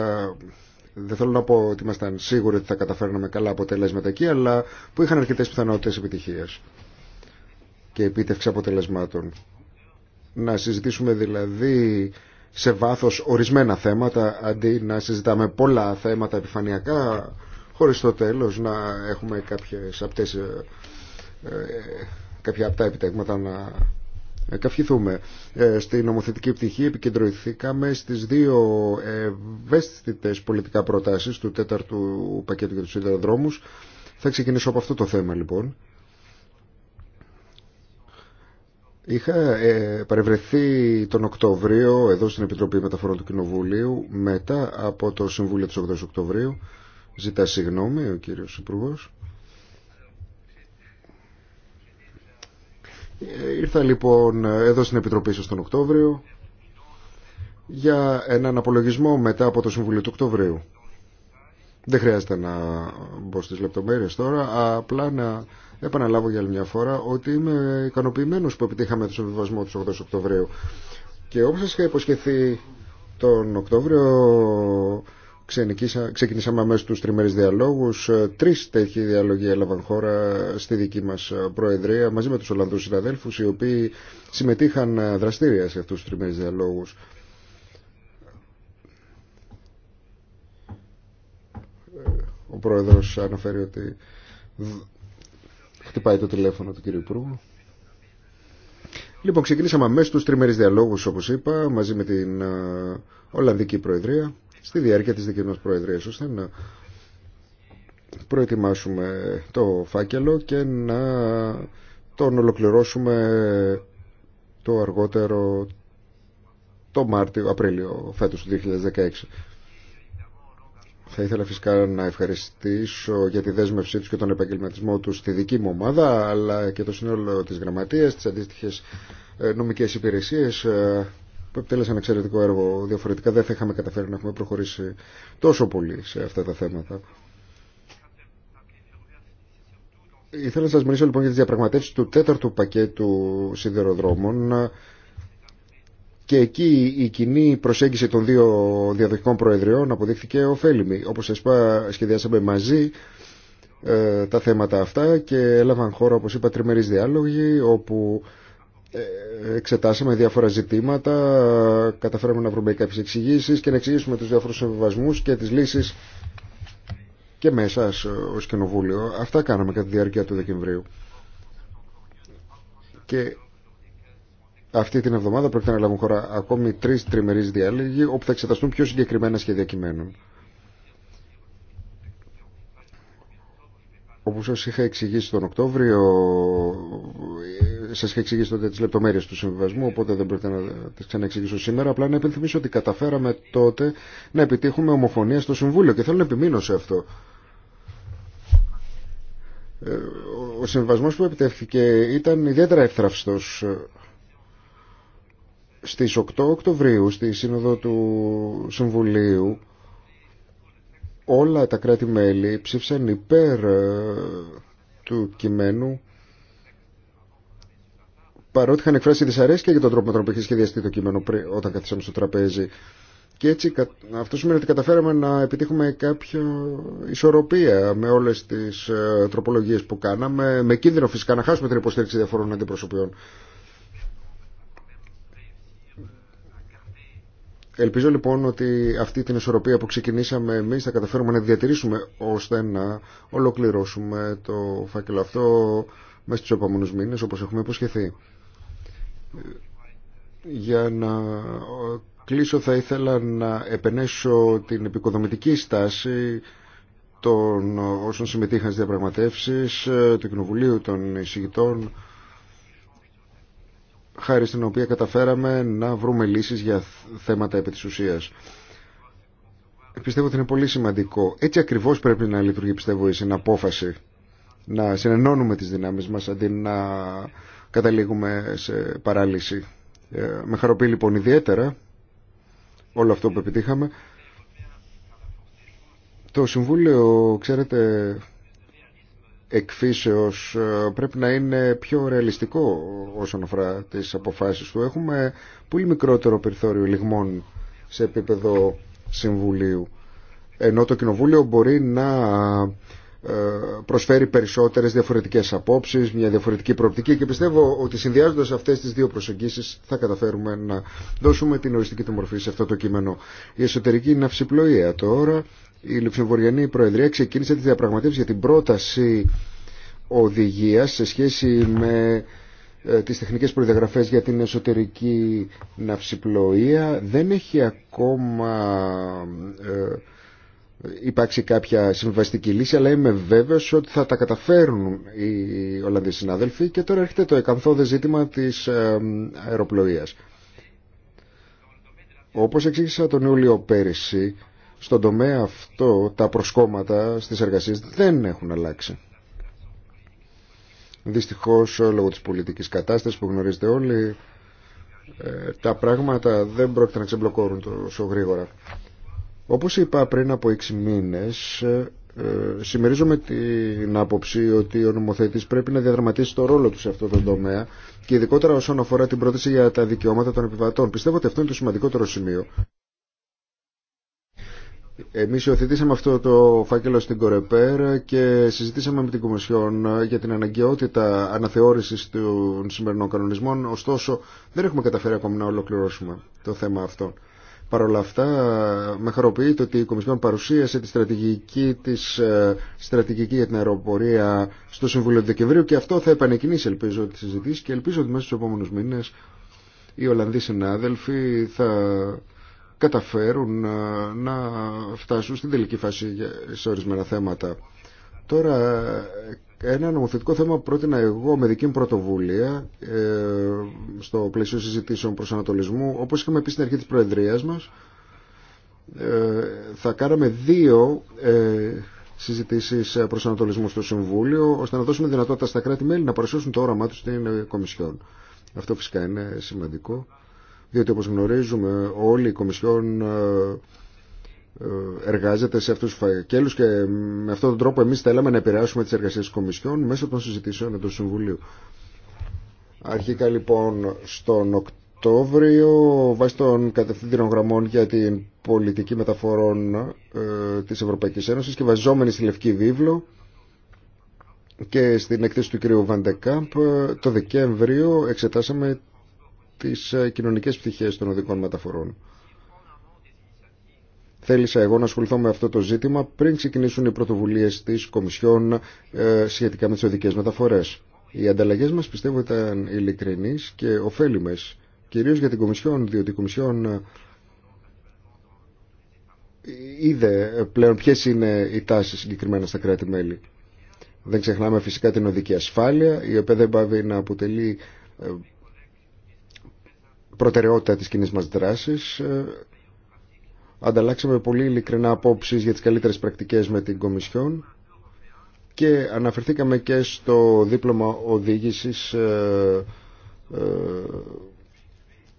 δεν θέλω να πω ότι ήμασταν σίγουροι ότι θα καταφέρναμε καλά αποτελέσματα εκεί, αλλά που είχαν αρκετές πιθανότητες επιτυχίας και επίτευξη αποτελεσμάτων να συζητήσουμε δηλαδή σε βάθος ορισμένα θέματα αντί να συζητάμε πολλά θέματα επιφανειακά χωρίς το τέλος να έχουμε κάποιες απτές, ε, ε, κάποια απτά επιτέγματα να καυχηθούμε. Ε, στην νομοθετική πτυχή επικεντρωθήκαμε στις δύο ευαίσθητες πολιτικά προτάσεις του τέταρτου πακέτου για τους σιδηροδρόμους. Θα ξεκινήσω από αυτό το θέμα λοιπόν. Είχα ε, παρευρεθεί τον Οκτώβριο εδώ στην Επιτροπή Μεταφορών του Κοινοβουλίου μετά από το Συμβούλιο της 8 Οκτωβρίου. Ζητά συγγνώμη ο κύριος Υπουργό. Ε, ήρθα λοιπόν εδώ στην Επιτροπή σας τον Οκτώβριο για έναν απολογισμό μετά από το Συμβούλιο του Οκτωβρίου. Δεν χρειάζεται να μπω στις λεπτομέρειες τώρα, απλά να επαναλάβω για άλλη μια φορά ότι είμαι ικανοποιημένος που επιτύχαμε το συμβιβασμό του 8 Οκτωβρίου. Και όπως σας είχα υποσχεθεί τον Οκτώβριο ξεκινήσαμε αμέσως τους τριμερείς διαλόγους. Τρεις τέτοιοι διαλογοί έλαβαν χώρα στη δική μας Προεδρία μαζί με τους Ολλανδούς συναδέλφους οι οποίοι συμμετείχαν δραστήρια σε αυτούς τους τριμερείς διαλόγους. πρόεδρος αναφέρει ότι χτυπάει το τηλέφωνο του κύριου Υπουργού. Λοιπόν, ξεκινήσαμε αμέσω του τριμερεί διαλόγου, όπω είπα, μαζί με την ε, Ολλανδική Προεδρία, στη διάρκεια τη δική μα Προεδρία, ώστε να προετοιμάσουμε το φάκελο και να τον ολοκληρώσουμε το αργότερο το Μάρτιο, Απρίλιο φέτος του 2016. Θα ήθελα φυσικά να ευχαριστήσω για τη δέσμευσή τους και τον επαγγελματισμό τους στη δική μου ομάδα αλλά και το σύνολο της γραμματείας, τις αντίστοιχες ε, νομικές υπηρεσίες ε, που επιτέλεσαν εξαιρετικό έργο. Διαφορετικά δεν θα είχαμε καταφέρει να έχουμε προχωρήσει τόσο πολύ σε αυτά τα θέματα. Ήθελα να σας μιλήσω λοιπόν για τι διαπραγματεύσει του τέταρτου πακέτου σιδηροδρόμων και εκεί η κοινή προσέγγιση των δύο διαδοχικών προεδριών αποδείχθηκε ωφέλιμη. Όπως σας είπα, σχεδιάσαμε μαζί ε, τα θέματα αυτά και έλαβαν χώρο όπως είπα, τριμερείς διάλογοι όπου ε, εξετάσαμε διάφορα ζητήματα, καταφέραμε να βρούμε κάποιες εξηγήσεις και να εξηγήσουμε τους διάφορους συμβιβασμούς και τις λύσεις και μέσα ως Κοινοβούλιο. Αυτά κάναμε κατά τη διάρκεια του Δεκεμβρίου. Αυτή την εβδομάδα πρέπει να λάβουν χώρα ακόμη τρει τριμερεί διάλογοι όπου θα εξεταστούν πιο συγκεκριμένα σχέδια κειμένων. Όπω σα είχα εξηγήσει τον Οκτώβριο, σα είχα εξηγήσει τότε τι λεπτομέρειε του συμβιβασμού, οπότε δεν πρέπει να τι ξαναεξηγήσω σήμερα. Απλά να υπενθυμίσω ότι καταφέραμε τότε να επιτύχουμε ομοφωνία στο Συμβούλιο και θέλω να επιμείνω σε αυτό. Ε, ο συμβασμό που επιτεύχθηκε ήταν ιδιαίτερα εύθραυστο στις 8 Οκτωβρίου, στη Σύνοδο του Συμβουλίου, όλα τα κράτη-μέλη ψήφισαν υπέρ ε, του κειμένου παρότι είχαν εκφράσει δυσαρέσκεια για τον τρόπο με τον οποίο είχε σχεδιαστεί το κείμενο όταν καθίσαμε στο τραπέζι. Και έτσι αυτό σημαίνει ότι καταφέραμε να επιτύχουμε κάποια ισορροπία με όλες τις ε, τροπολογίες που κάναμε, με κίνδυνο φυσικά να χάσουμε την υποστήριξη διαφορών αντιπροσωπιών. Ελπίζω λοιπόν ότι αυτή την ισορροπία που ξεκινήσαμε εμεί θα καταφέρουμε να διατηρήσουμε ώστε να ολοκληρώσουμε το φάκελο αυτό μέσα στου επόμενου μήνε όπως έχουμε υποσχεθεί. Για να κλείσω θα ήθελα να επενέσω την επικοδομητική στάση των όσων συμμετείχαν στι διαπραγματεύσει, του Κοινοβουλίου των εισηγητών χάρη στην οποία καταφέραμε να βρούμε λύσεις για θέματα επί της ουσίας. Πιστεύω ότι είναι πολύ σημαντικό. Έτσι ακριβώς πρέπει να λειτουργεί, πιστεύω, η συναπόφαση. Να συνενώνουμε τις δυνάμεις μας αντί να καταλήγουμε σε παράλυση. Ε, με χαροποιεί λοιπόν ιδιαίτερα όλο αυτό που επιτύχαμε. Το Συμβούλιο, ξέρετε, εκφύσεως ε, πρέπει να είναι πιο ρεαλιστικό όσον αφορά τις αποφάσεις του. Έχουμε πολύ μικρότερο περιθώριο λιγμών σε επίπεδο Συμβουλίου. Ενώ το Κοινοβούλιο μπορεί να ε, προσφέρει περισσότερες διαφορετικές απόψεις, μια διαφορετική προοπτική και πιστεύω ότι συνδυάζοντας αυτές τις δύο προσεγγίσεις θα καταφέρουμε να δώσουμε την οριστική του μορφή σε αυτό το κείμενο. Η εσωτερική ναυσιπλοεία τώρα η Λουξεμβουριανή Προεδρία ξεκίνησε τη διαπραγματεύση για την πρόταση οδηγίας σε σχέση με ε, τις τεχνικές προδιαγραφές για την εσωτερική ναυσιπλοεία. Δεν έχει ακόμα ε, υπάρξει κάποια συμβαστική λύση, αλλά είμαι βέβαιος ότι θα τα καταφέρουν οι Ολλανδοί συνάδελφοι και τώρα έρχεται το εκανθόδε ζήτημα της ε, αεροπλοείας. Όπως εξήγησα τον Ιούλιο πέρυσι, στον τομέα αυτό τα προσκόμματα στις εργασίες δεν έχουν αλλάξει. Δυστυχώς λόγω της πολιτικής κατάστασης που γνωρίζετε όλοι ε, τα πράγματα δεν πρόκειται να ξεμπλοκώρουν τόσο γρήγορα. Όπως είπα πριν από 6 μήνες ε, συμμερίζομαι την άποψη ότι ο νομοθετής πρέπει να διαδραματίσει το ρόλο του σε αυτό τον τομέα και ειδικότερα όσον αφορά την πρόταση για τα δικαιώματα των επιβατών. Πιστεύω ότι αυτό είναι το σημαντικότερο σημείο εμείς υιοθετήσαμε αυτό το φάκελο στην Κορεπέρ και συζητήσαμε με την Κομισιόν για την αναγκαιότητα αναθεώρησης των σημερινών κανονισμών. Ωστόσο, δεν έχουμε καταφέρει ακόμη να ολοκληρώσουμε το θέμα αυτό. Παρ' όλα αυτά, με χαροποιείται ότι η Κομισιόν παρουσίασε τη στρατηγική της ε, στρατηγική για την αεροπορία στο Συμβούλιο του Δεκεμβρίου και αυτό θα επανεκκινήσει, ελπίζω, τη συζήτηση και ελπίζω ότι μέσα στους επόμενους μήνες οι Ολλανδοί συνάδελφοι θα καταφέρουν ε, να φτάσουν στην τελική φάση σε ορισμένα θέματα. Τώρα, ένα νομοθετικό θέμα που πρότεινα εγώ με δική μου πρωτοβουλία ε, στο πλαίσιο συζητήσεων προς Ανατολισμού, όπως είχαμε πει στην αρχή της Προεδρίας μας, ε, θα κάναμε δύο συζητήσεις προς Ανατολισμού στο Συμβούλιο, ώστε να δώσουμε δυνατότητα στα κράτη-μέλη να παρουσιάσουν το όραμά τους στην Κομισιόν. Αυτό φυσικά είναι σημαντικό διότι όπως γνωρίζουμε όλοι οι Κομισιόν ε, ε, εργάζεται σε αυτούς τους φακέλους και με αυτόν τον τρόπο εμείς θέλαμε να επηρεάσουμε τις εργασίες της Κομισιόν μέσω των συζητήσεων του Συμβουλίου. Αρχικά λοιπόν στον Οκτώβριο βάσει των κατευθύντηρων γραμμών για την πολιτική μεταφορών ε, της Ευρωπαϊκής Ένωσης και βαζόμενη στη Λευκή Βίβλο και στην εκθέση του κ. Βαντεκάμπ ε, το Δεκέμβριο εξετάσαμε τις ε, κοινωνικές πτυχές των οδικών μεταφορών. Θέλησα εγώ να ασχοληθώ με αυτό το ζήτημα πριν ξεκινήσουν οι πρωτοβουλίες της Κομισιόν ε, σχετικά με τις οδικές μεταφορές. Οι ανταλλαγές μας πιστεύω ήταν ειλικρινείς και ωφέλιμες, κυρίως για την Κομισιόν, διότι η Κομισιόν ε, είδε πλέον ποιες είναι οι τάσεις συγκεκριμένα στα κράτη-μέλη. Δεν ξεχνάμε φυσικά την οδική ασφάλεια, η οποία δεν πάβει να αποτελεί προτεραιότητα της κοινή μας δράσης. Ε, ανταλλάξαμε πολύ ειλικρινά απόψεις για τις καλύτερες πρακτικές με την Κομισιόν και αναφερθήκαμε και στο δίπλωμα οδήγησης ε, ε,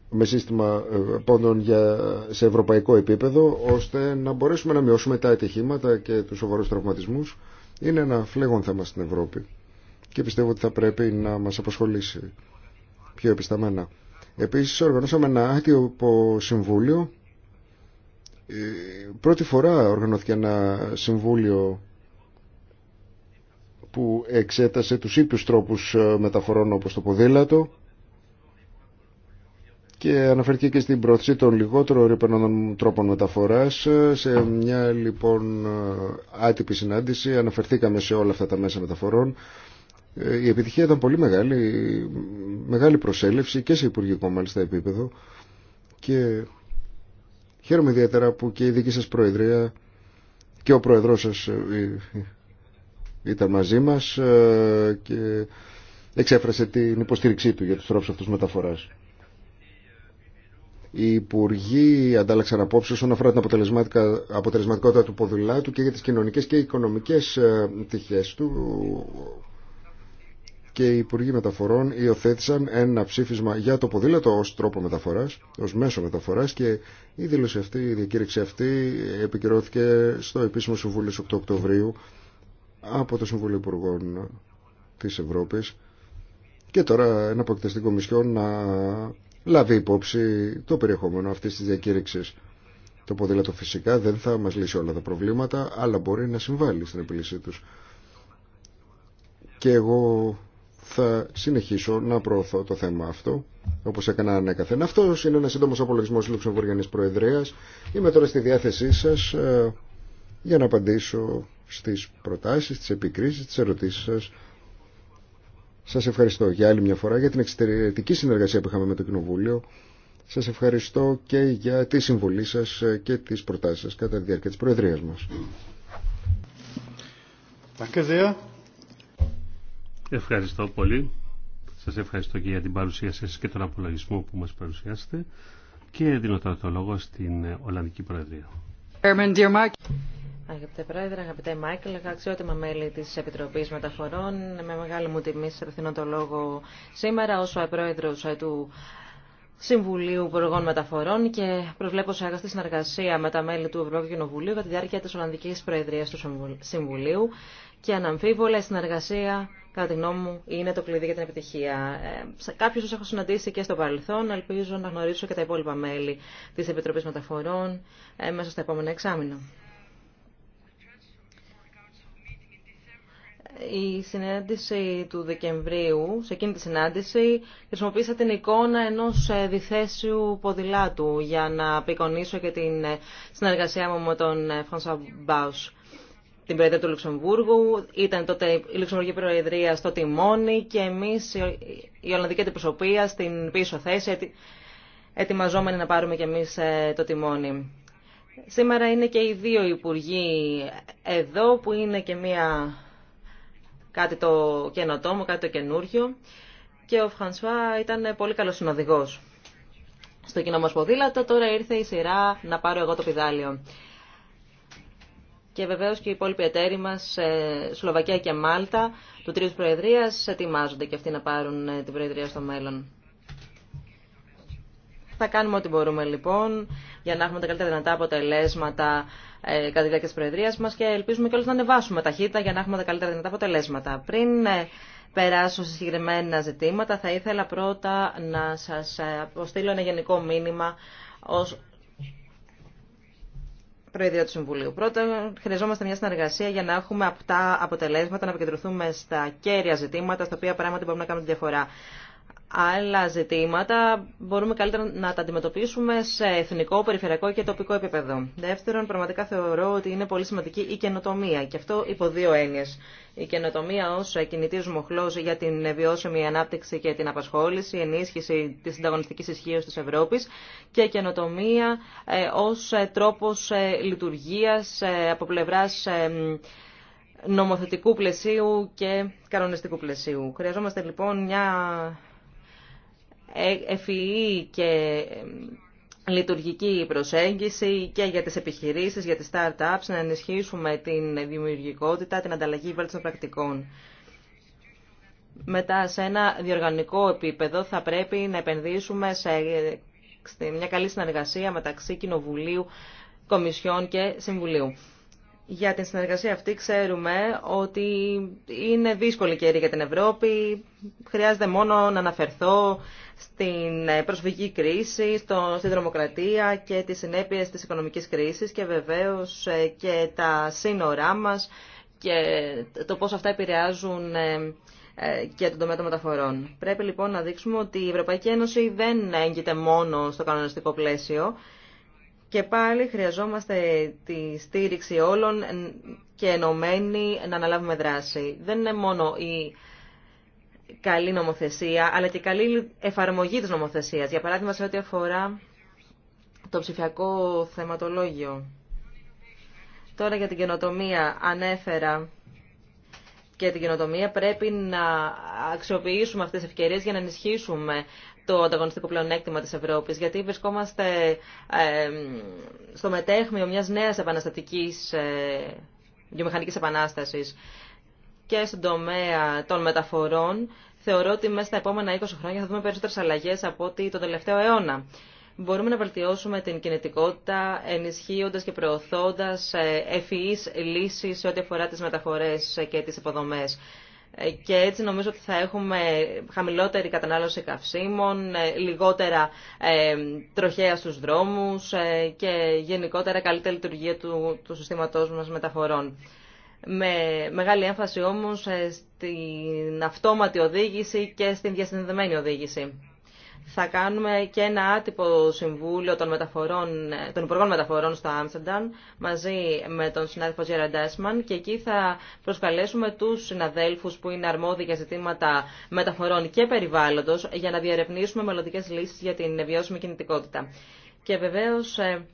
με σύστημα πόντων για, σε ευρωπαϊκό επίπεδο ώστε να μπορέσουμε να μειώσουμε τα ατυχήματα και τους σοβαρούς τραυματισμούς είναι ένα φλέγον θέμα στην Ευρώπη και πιστεύω ότι θα πρέπει να μας απασχολήσει πιο επισταμένα. Επίσης οργανώσαμε ένα άτυπο συμβούλιο. Ε, πρώτη φορά οργανώθηκε ένα συμβούλιο που εξέτασε τους ίδιους τρόπους ε, μεταφορών όπως το ποδήλατο και αναφέρθηκε και στην πρόθεση των λιγότερο ρηπενών τρόπων μεταφοράς. Ε, σε μια λοιπόν άτυπη συνάντηση αναφερθήκαμε σε όλα αυτά τα μέσα μεταφορών ε, η επιτυχία ήταν πολύ μεγάλη, μεγάλη προσέλευση και σε υπουργικό μάλιστα επίπεδο και χαίρομαι ιδιαίτερα που και η δική σας Προεδρία και ο Προεδρός σας ε, ε, ήταν μαζί μας και εξέφρασε την υποστήριξή του για τους τρόπους αυτούς μεταφοράς. Οι υπουργοί αντάλλαξαν απόψεις όσον αφορά την αποτελεσματικότητα του ποδηλάτου και για τις κοινωνικές και οικονομικές τυχές του και οι Υπουργοί Μεταφορών υιοθέτησαν ένα ψήφισμα για το ποδήλατο ως τρόπο μεταφοράς, ως μέσο μεταφοράς και η δήλωση αυτή, η διακήρυξη αυτή επικυρώθηκε στο επίσημο Συμβούλιο 8 Οκτωβρίου από το Συμβούλιο Υπουργών της Ευρώπης και τώρα ένα αποκτήστη μισιό να λάβει υπόψη το περιεχόμενο αυτής της διακήρυξης. Το ποδήλατο φυσικά δεν θα μας λύσει όλα τα προβλήματα, αλλά μπορεί να συμβάλλει στην επίλυσή τους. Και εγώ θα συνεχίσω να προωθώ το θέμα αυτό, όπω έκανα ανέκαθεν. Αυτό είναι ένα σύντομος απολογισμός Λουξεμβουργιανή Προεδρία. Είμαι τώρα στη διάθεσή σας ε, για να απαντήσω στι προτάσει, τι επικρίσεις, τι ερωτήσει σα. Σα ευχαριστώ για άλλη μια φορά για την εξαιρετική συνεργασία που είχαμε με το Κοινοβούλιο. Σα ευχαριστώ και για τη συμβολή σα ε, και τι προτάσει σας κατά τη διάρκεια τη Προεδρία μα. Ευχαριστώ πολύ. Σας ευχαριστώ και για την παρουσία σας και τον απολογισμό που μας παρουσιάσετε και δίνω τώρα το λόγο στην Ολλανδική Προεδρία. Αγαπητέ Πρόεδρε, αγαπητέ Μάικλ, αξιότιμα μέλη τη Επιτροπή Μεταφορών, με μεγάλη μου τιμή σα δίνω το λόγο σήμερα ω πρόεδρο του Συμβουλίου Υπουργών Μεταφορών και προβλέπω σε αγαστή συνεργασία με τα μέλη του Ευρωπαϊκού Κοινοβουλίου κατά τη διάρκεια τη Ολλανδική Προεδρία του Συμβουλίου και αναμφίβολα η συνεργασία, κατά τη γνώμη μου, είναι το κλειδί για την επιτυχία. Ε, Κάποιου του έχω συναντήσει και στο παρελθόν, ελπίζω να γνωρίσω και τα υπόλοιπα μέλη τη Επιτροπή Μεταφορών ε, μέσα στα επόμενα εξάμεινα. η συνάντηση του Δεκεμβρίου, σε εκείνη τη συνάντηση, χρησιμοποίησα την εικόνα ενός ε, διθέσιου ποδηλάτου για να απεικονίσω και την ε, συνεργασία μου με τον Φρανσά ε, Μπάους. Την Προεδρία του Λουξεμβούργου, ήταν τότε η Λουξεμβουργική Προεδρία στο τιμόνι και εμείς η Ολλανδική Αντιπροσωπεία στην πίσω θέση, ετοιμαζόμενοι να πάρουμε και εμείς το τιμόνι. Σήμερα είναι και οι δύο υπουργοί εδώ που είναι και μια κάτι το καινοτόμο, κάτι το καινούργιο Και ο Φρανσουά ήταν πολύ καλός συνοδηγό Στο κοινό μα ποδήλατο τώρα ήρθε η σειρά να πάρω εγώ το πιδάλιο. Και βεβαίως και οι υπόλοιποι εταίροι μα, ε, Σλοβακία και Μάλτα, του Τρίου Προεδρία, ετοιμάζονται και αυτοί να πάρουν ε, την Προεδρία στο μέλλον. Θα κάνουμε ό,τι μπορούμε λοιπόν για να έχουμε τα καλύτερα δυνατά αποτελέσματα ε, κατά τη διάρκεια τη Προεδρία μα και ελπίζουμε κιόλα να ανεβάσουμε ταχύτητα για να έχουμε τα καλύτερα δυνατά αποτελέσματα. Πριν ε, περάσω σε συγκεκριμένα ζητήματα, θα ήθελα πρώτα να σα ε, αποστείλω ένα γενικό μήνυμα ω Προεδρία του Συμβουλίου. Πρώτα, χρειαζόμαστε μια συνεργασία για να έχουμε αυτά αποτελέσματα, να επικεντρωθούμε στα κέρια ζητήματα, στα οποία πράγματι μπορούμε να κάνουμε τη διαφορά. Άλλα ζητήματα μπορούμε καλύτερα να τα αντιμετωπίσουμε σε εθνικό, περιφερειακό και τοπικό επίπεδο. Δεύτερον, πραγματικά θεωρώ ότι είναι πολύ σημαντική η καινοτομία. Και αυτό υπό δύο έννοιες. Η καινοτομία ως κινητής μοχλός για την βιώσιμη ανάπτυξη και την απασχόληση, ενίσχυση της συνταγωνιστικής ισχύω τη Ευρώπης και η καινοτομία ε, ω ε, τρόπο ε, λειτουργία από πλευρά νομοθετικού πλαισίου και κανονιστικού πλαισίου. Χρειαζόμαστε λοιπόν μια ευφυή e e και ε, λειτουργική προσέγγιση και για τις επιχειρήσεις, για τις startups, να ενισχύσουμε την δημιουργικότητα, την ανταλλαγή βέλτιστων πρακτικών. Μετά, σε ένα διοργανικό επίπεδο, θα πρέπει να επενδύσουμε σε μια καλή συνεργασία μεταξύ Κοινοβουλίου, Κομισιών και Συμβουλίου. Για την συνεργασία αυτή ξέρουμε ότι είναι δύσκολη καιρή για την Ευρώπη. Χρειάζεται μόνο να αναφερθώ στην ε, προσφυγική κρίση, στο, στη δρομοκρατία και τις συνέπειες της οικονομικής κρίσης και βεβαίως ε, και τα σύνορά μας και το πώς αυτά επηρεάζουν ε, και τον τομέα των μεταφορών. Πρέπει λοιπόν να δείξουμε ότι η Ευρωπαϊκή Ένωση δεν έγκυται μόνο στο κανονιστικό πλαίσιο και πάλι χρειαζόμαστε τη στήριξη όλων και ενωμένοι να αναλάβουμε δράση. Δεν είναι μόνο η καλή νομοθεσία, αλλά και καλή εφαρμογή της νομοθεσίας. Για παράδειγμα, σε ό,τι αφορά το ψηφιακό θεματολόγιο. Τώρα για την καινοτομία ανέφερα και την καινοτομία πρέπει να αξιοποιήσουμε αυτές τις ευκαιρίες για να ενισχύσουμε το ανταγωνιστικό πλεονέκτημα της Ευρώπης, γιατί βρισκόμαστε στο μετέχμιο μιας νέας επαναστατικής ε, βιομηχανικής επανάστασης και στον τομέα των μεταφορών θεωρώ ότι μέσα στα επόμενα 20 χρόνια θα δούμε περισσότερες αλλαγές από ότι τον τελευταίο αιώνα. Μπορούμε να βελτιώσουμε την κινητικότητα ενισχύοντας και προωθώντας ε, ευφυείς λύσεις σε ό,τι αφορά τις μεταφορές και τις υποδομές. Ε, και έτσι νομίζω ότι θα έχουμε χαμηλότερη κατανάλωση καυσίμων, ε, λιγότερα τροχέα στους δρόμους και γενικότερα καλύτερη λειτουργία του, του συστήματός μας μεταφορών με μεγάλη έμφαση όμως ε, στην αυτόματη οδήγηση και στην διασυνδεδεμένη οδήγηση. Θα κάνουμε και ένα άτυπο συμβούλιο των, μεταφορών, ε, των Υπουργών Μεταφορών στο Άμστερνταμ μαζί με τον συνάδελφο Τζέρα Ντάσμαν και εκεί θα προσκαλέσουμε τους συναδέλφους που είναι αρμόδιοι για ζητήματα μεταφορών και περιβάλλοντος για να διαρευνήσουμε μελλοντικές λύσεις για την βιώσιμη κινητικότητα. Και βεβαίως ε,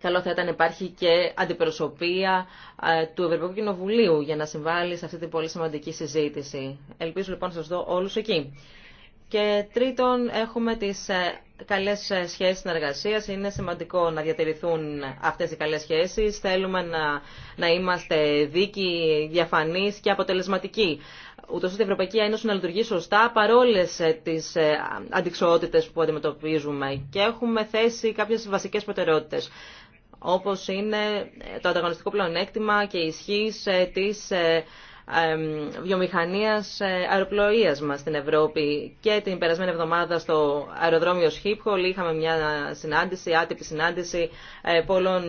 καλό θα ήταν υπάρχει και αντιπροσωπεία ε, του Ευρωπαϊκού Κοινοβουλίου για να συμβάλλει σε αυτή την πολύ σημαντική συζήτηση. Ελπίζω λοιπόν να σας δω όλους εκεί. Και τρίτον, έχουμε τις ε, καλές ε, σχέσεις συνεργασίας. Είναι σημαντικό να διατηρηθούν αυτές οι καλές σχέσεις. Θέλουμε να, να είμαστε δίκοι, διαφανείς και αποτελεσματικοί. Ούτως ώστε η Ευρωπαϊκή Ένωση να λειτουργεί σωστά παρόλες τις αντικσοότητες που αντιμετωπίζουμε. Και έχουμε θέσει κάποιες βασικές προτεραιότητε όπως είναι το ανταγωνιστικό πλεονέκτημα και η ισχύ ε, της ε, βιομηχανίας ε, αεροπλοείας μας στην Ευρώπη. Και την περασμένη εβδομάδα στο αεροδρόμιο Σχίπχολ είχαμε μια συνάντηση, άτυπη συνάντηση πολλών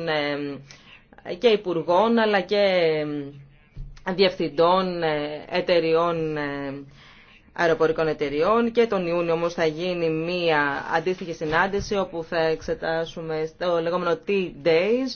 και υπουργών αλλά και διευθυντών εταιριών αεροπορικών εταιριών και τον Ιούνιο όμως θα γίνει μία αντίστοιχη συνάντηση όπου θα εξετάσουμε το λεγόμενο T-Days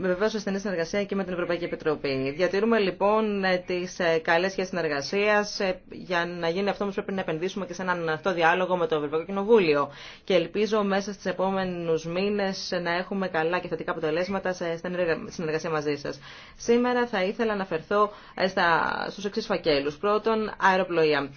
βεβαίω σε στενή συνεργασία και με την Ευρωπαϊκή Επιτροπή. Διατηρούμε λοιπόν ε, τι ε, καλέ σχέσει συνεργασία. Ε, για να γίνει αυτό όμω πρέπει να επενδύσουμε και σε έναν αυτό διάλογο με το Ευρωπαϊκό Κοινοβούλιο. Και ελπίζω μέσα στι επόμενου μήνε να έχουμε καλά και θετικά αποτελέσματα σε στενή συνεργασία μαζί σα. Σήμερα θα ήθελα να αναφερθώ στου εξή φακέλου. Πρώτον, αεροπλοεία.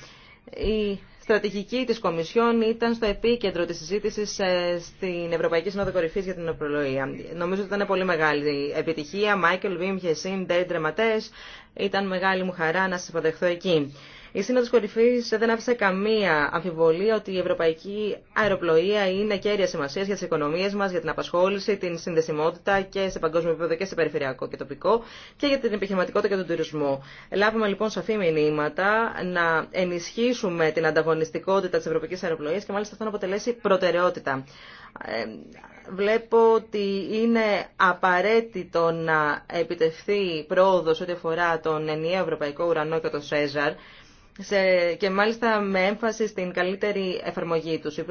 Η στρατηγική της Κομισιόν ήταν στο επίκεντρο της συζήτησης ε, στην Ευρωπαϊκή Συνόδο Κορυφής για την Ευρωπαϊκή. Νομίζω ότι ήταν πολύ μεγάλη επιτυχία. Μάικελ Βίμ, Χεσίν, Ντέρι Τρεματές. Ήταν μεγάλη μου χαρά να σας υποδεχθώ εκεί. Η Σύνοδος Κορυφής δεν άφησε καμία αμφιβολία ότι η ευρωπαϊκή αεροπλοεία είναι κέρια σημασία για τις οικονομίες μας, για την απασχόληση, την συνδεσιμότητα και σε παγκόσμιο επίπεδο και σε περιφερειακό και τοπικό και για την επιχειρηματικότητα και τον τουρισμό. Λάβουμε λοιπόν σαφή μηνύματα να ενισχύσουμε την ανταγωνιστικότητα τη ευρωπαϊκής αεροπλοεία και μάλιστα αυτό να αποτελέσει προτεραιότητα. Ε, βλέπω ότι είναι απαραίτητο να επιτευχθεί πρόοδος ό,τι αφορά τον ενιαίο ευρωπαϊκό ουρανό και τον ΣΕΖΑΡ και μάλιστα με έμφαση στην καλύτερη εφαρμογή τους. Η,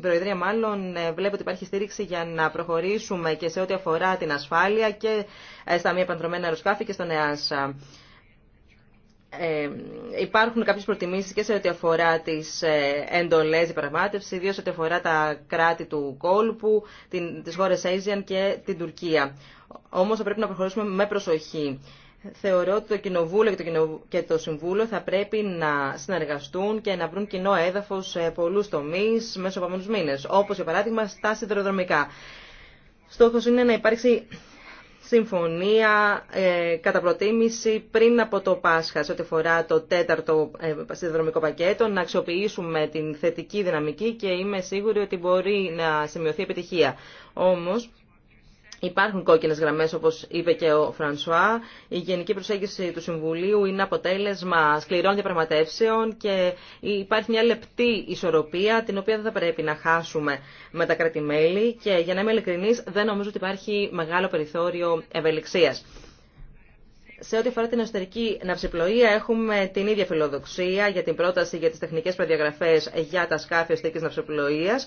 Προεδρία, μάλλον ε, βλέπει ότι υπάρχει στήριξη για να προχωρήσουμε και σε ό,τι αφορά την ασφάλεια και ε, στα μη επανδρομένα αεροσκάφη και στον ΕΑΣΑ. Ε, υπάρχουν κάποιες προτιμήσεις και σε ό,τι αφορά τις ε, εντολές διαπραγμάτευση, ιδίως σε ό,τι αφορά τα κράτη του κόλπου, την, τις χώρες Asian και την Τουρκία. Όμως θα πρέπει να προχωρήσουμε με προσοχή θεωρώ ότι το Κοινοβούλιο και το Συμβούλιο θα πρέπει να συνεργαστούν και να βρουν κοινό έδαφο σε πολλού τομεί μέσα από επόμενου μήνε. Όπω για παράδειγμα στα σιδηροδρομικά. Στόχο είναι να υπάρξει συμφωνία ε, κατά προτίμηση πριν από το Πάσχα σε ό,τι αφορά το τέταρτο ε, πακέτο, να αξιοποιήσουμε την θετική δυναμική και είμαι σίγουρη ότι μπορεί να σημειωθεί επιτυχία. Όμως, Υπάρχουν κόκκινε γραμμέ, όπω είπε και ο Φρανσουά. Η γενική προσέγγιση του Συμβουλίου είναι αποτέλεσμα σκληρών διαπραγματεύσεων και υπάρχει μια λεπτή ισορροπία, την οποία δεν θα πρέπει να χάσουμε με τα κρατημέλη. Και για να είμαι ειλικρινή, δεν νομίζω ότι υπάρχει μεγάλο περιθώριο ευελιξία. Σε ό,τι αφορά την εσωτερική ναυσιπλοεία, έχουμε την ίδια φιλοδοξία για την πρόταση για τι τεχνικέ προδιαγραφέ για τα σκάφη εσωτερική ναυσιπλοεία.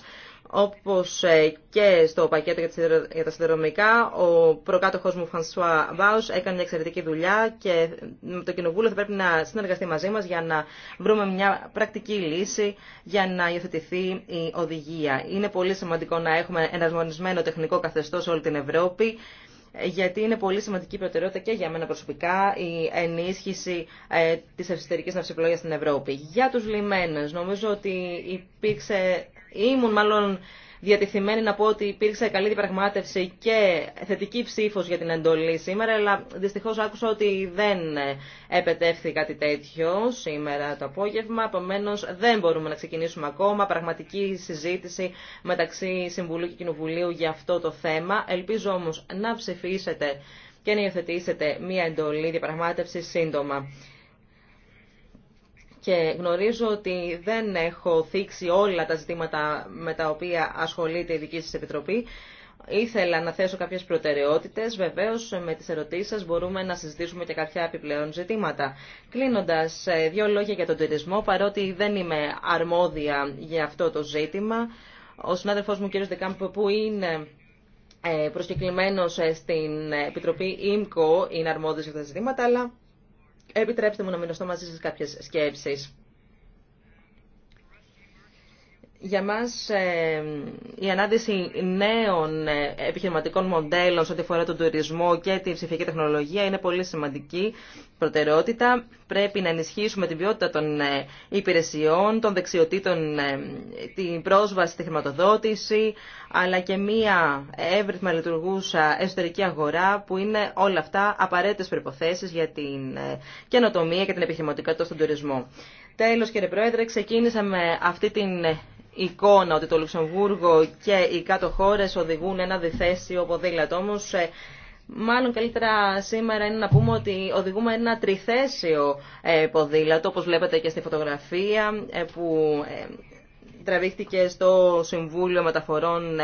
Όπω ε, και στο πακέτο για τα συνδρομικά. ο προκάτοχο μου, Φανσουά Μπάου έκανε μια εξαιρετική δουλειά και το Κοινοβούλιο θα πρέπει να συνεργαστεί μαζί μα για να βρούμε μια πρακτική λύση για να υιοθετηθεί η οδηγία. Είναι πολύ σημαντικό να έχουμε εναρμονισμένο τεχνικό καθεστώ σε όλη την Ευρώπη γιατί είναι πολύ σημαντική προτεραιότητα και για μένα προσωπικά η ενίσχυση ε, της αυστερικής ναυσιπλογίας στην Ευρώπη. Για τους λιμένες, νομίζω ότι υπήρξε, ήμουν μάλλον διατεθειμένη να πω ότι υπήρξε καλή διαπραγμάτευση και θετική ψήφο για την εντολή σήμερα, αλλά δυστυχώ άκουσα ότι δεν επετεύχθη κάτι τέτοιο σήμερα το απόγευμα. Επομένω, δεν μπορούμε να ξεκινήσουμε ακόμα πραγματική συζήτηση μεταξύ Συμβουλίου και Κοινοβουλίου για αυτό το θέμα. Ελπίζω όμω να ψηφίσετε και να υιοθετήσετε μία εντολή διαπραγμάτευση σύντομα και γνωρίζω ότι δεν έχω θίξει όλα τα ζητήματα με τα οποία ασχολείται η δική σας Επιτροπή. Ήθελα να θέσω κάποιες προτεραιότητες. Βεβαίως, με τις ερωτήσεις σας μπορούμε να συζητήσουμε και κάποια επιπλέον ζητήματα. Κλείνοντας, ε, δύο λόγια για τον τουρισμό, παρότι δεν είμαι αρμόδια για αυτό το ζήτημα. Ο συνάδελφός μου, κ. Δεκάμπ, που είναι ε, προσκεκλημένος ε, στην Επιτροπή ΙΜΚΟ, είναι αρμόδιος για αυτά τα ζητήματα, αλλά Επιτρέψτε μου να μοιραστώ μαζί σας κάποιες σκέψεις. Για μας ε, η ανάδυση νέων ε, επιχειρηματικών μοντέλων σε ό,τι αφορά τον τουρισμό και την ψηφιακή τεχνολογία είναι πολύ σημαντική προτεραιότητα. Πρέπει να ενισχύσουμε την ποιότητα των ε, υπηρεσιών, των δεξιοτήτων, την πρόσβαση στη χρηματοδότηση, αλλά και μία εύρυθμα λειτουργούσα εσωτερική αγορά που είναι όλα αυτά απαραίτητες προϋποθέσεις για την καινοτομία και την επιχειρηματικότητα στον τουρισμό. Τέλος κύριε Πρόεδρε, ξεκίνησα αυτή την εικόνα ότι το Λουξεμβούργο και οι κάτω χώρε οδηγούν ένα διθέσιο ποδήλατο. Όμως ε, Μάλλον καλύτερα σήμερα είναι να πούμε ότι οδηγούμε ένα τριθέσιο ε, ποδήλατο, όπως βλέπετε και στη φωτογραφία, ε, που τραβήχτηκε στο Συμβούλιο Μεταφορών,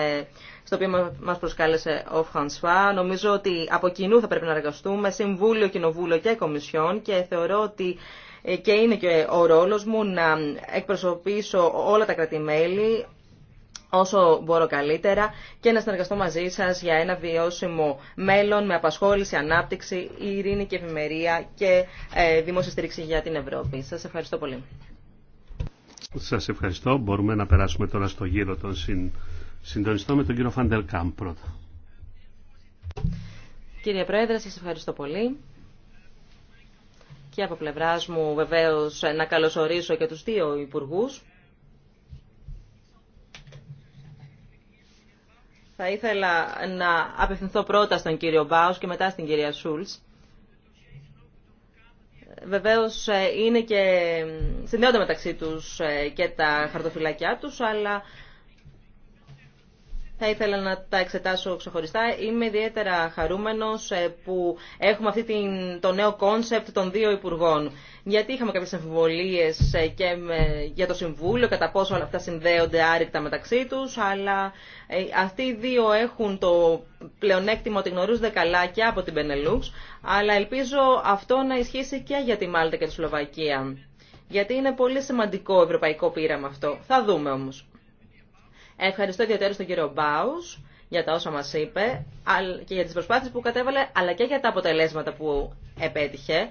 στο οποίο μας προσκάλεσε ο Φανσφά. Νομίζω ότι από κοινού θα πρέπει να εργαστούμε, Συμβούλιο, Κοινοβούλιο και Κομισιόν και θεωρώ ότι ε, και είναι και ο ρόλος μου να εκπροσωπήσω όλα τα κρατημέλη όσο μπορώ καλύτερα και να συνεργαστώ μαζί σας για ένα βιώσιμο μέλλον με απασχόληση, ανάπτυξη, ειρήνη και ευημερία και ε, δημόσια στήριξη για την Ευρώπη. Σας ευχαριστώ πολύ. Σας ευχαριστώ. Μπορούμε να περάσουμε τώρα στο γύρο των συν... συντονιστών με τον κύριο Φαντελκάμπ πρώτα. Κύριε Πρόεδρε, σας ευχαριστώ πολύ και από πλευράς μου βεβαίω να καλωσορίσω και του δύο υπουργού. Θα ήθελα να απευθυνθώ πρώτα στον κύριο Μπάους και μετά στην κυρία Σουλς. Βεβαίως ε, είναι και ε, συνδέονται μεταξύ τους ε, και τα χαρτοφυλακιά τους, αλλά θα ήθελα να τα εξετάσω ξεχωριστά. Είμαι ιδιαίτερα χαρούμενος ε, που έχουμε αυτή την, το νέο κόνσεπτ των δύο υπουργών. Γιατί είχαμε κάποιες εμφιβολίες ε, και με, για το Συμβούλιο, κατά πόσο όλα αυτά συνδέονται άρρηκτα μεταξύ τους, αλλά ε, αυτοί οι δύο έχουν το πλεονέκτημα ότι γνωρίζονται καλά και από την Πενελούξ, αλλά ελπίζω αυτό να ισχύσει και για τη Μάλτα και τη Σλοβακία. Γιατί είναι πολύ σημαντικό ευρωπαϊκό πείραμα αυτό. Θα δούμε όμως. Ευχαριστώ ιδιαίτερα τον κύριο Μπάους για τα όσα μας είπε και για τις προσπάθειες που κατέβαλε, αλλά και για τα αποτελέσματα που επέτυχε.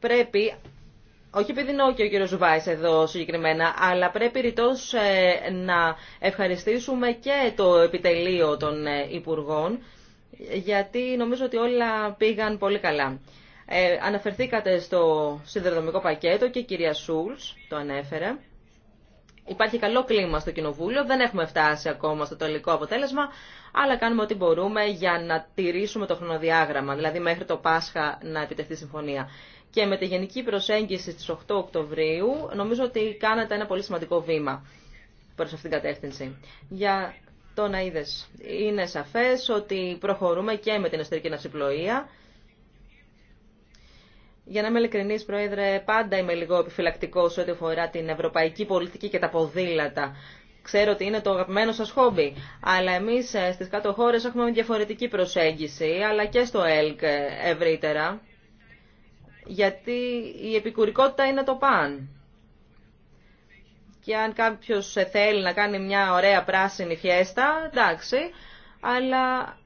Πρέπει, όχι επειδή είναι και ο κύριος Ζουβάης εδώ συγκεκριμένα, αλλά πρέπει ρητός ε, να ευχαριστήσουμε και το επιτελείο των ε, Υπουργών, γιατί νομίζω ότι όλα πήγαν πολύ καλά. Ε, αναφερθήκατε στο συνδεδομικό πακέτο και η κυρία Σούλς το ανέφερε. Υπάρχει καλό κλίμα στο Κοινοβούλιο, δεν έχουμε φτάσει ακόμα στο τελικό αποτέλεσμα, αλλά κάνουμε ό,τι μπορούμε για να τηρήσουμε το χρονοδιάγραμμα, δηλαδή μέχρι το Πάσχα να επιτευχθεί συμφωνία. Και με τη γενική προσέγγιση στις 8 Οκτωβρίου, νομίζω ότι κάνατε ένα πολύ σημαντικό βήμα προς αυτήν την κατεύθυνση. Για το να είδες, είναι σαφές ότι προχωρούμε και με την εσωτερική ναυσιπλοεία. Για να είμαι ειλικρινή, Πρόεδρε, πάντα είμαι λίγο επιφυλακτικός ό,τι αφορά την ευρωπαϊκή πολιτική και τα ποδήλατα. Ξέρω ότι είναι το αγαπημένο σας χόμπι, αλλά εμείς ε, στι κάτω χώρε έχουμε μια διαφορετική προσέγγιση, αλλά και στο ΕΛΚ ε, ευρύτερα, γιατί η επικουρικότητα είναι το παν. Και αν κάποιος ε, θέλει να κάνει μια ωραία πράσινη φιέστα, εντάξει, αλλά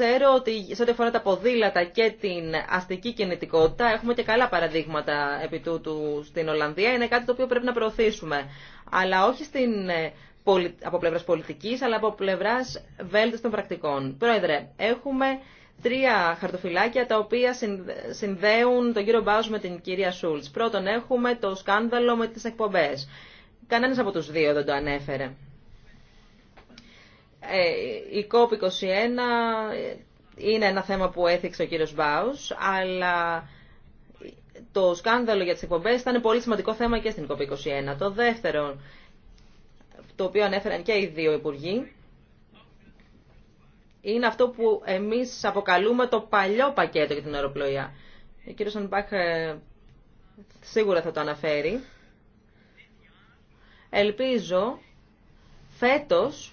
Ξέρω ότι σε ό,τι αφορά τα ποδήλατα και την αστική κινητικότητα έχουμε και καλά παραδείγματα επί τούτου στην Ολλανδία. Είναι κάτι το οποίο πρέπει να προωθήσουμε. Αλλά όχι στην, ε, από πλευρά πολιτική, αλλά από πλευράς βέλτιστων πρακτικών. Πρόεδρε, έχουμε τρία χαρτοφυλάκια τα οποία συνδέουν τον κύριο Μπάου με την κυρία Σούλτ. Πρώτον, έχουμε το σκάνδαλο με τι εκπομπέ. Κανένα από του δύο δεν το ανέφερε. Ε, η COP21 είναι ένα θέμα που έθιξε ο κύριος Μπάους, αλλά το σκάνδαλο για τις εκπομπές ήταν πολύ σημαντικό θέμα και στην COP21. Το δεύτερο, το οποίο ανέφεραν και οι δύο υπουργοί, είναι αυτό που εμείς αποκαλούμε το παλιό πακέτο για την αεροπλοεία. Ο κύριος Ανμπάχ ε, σίγουρα θα το αναφέρει. Ελπίζω φέτος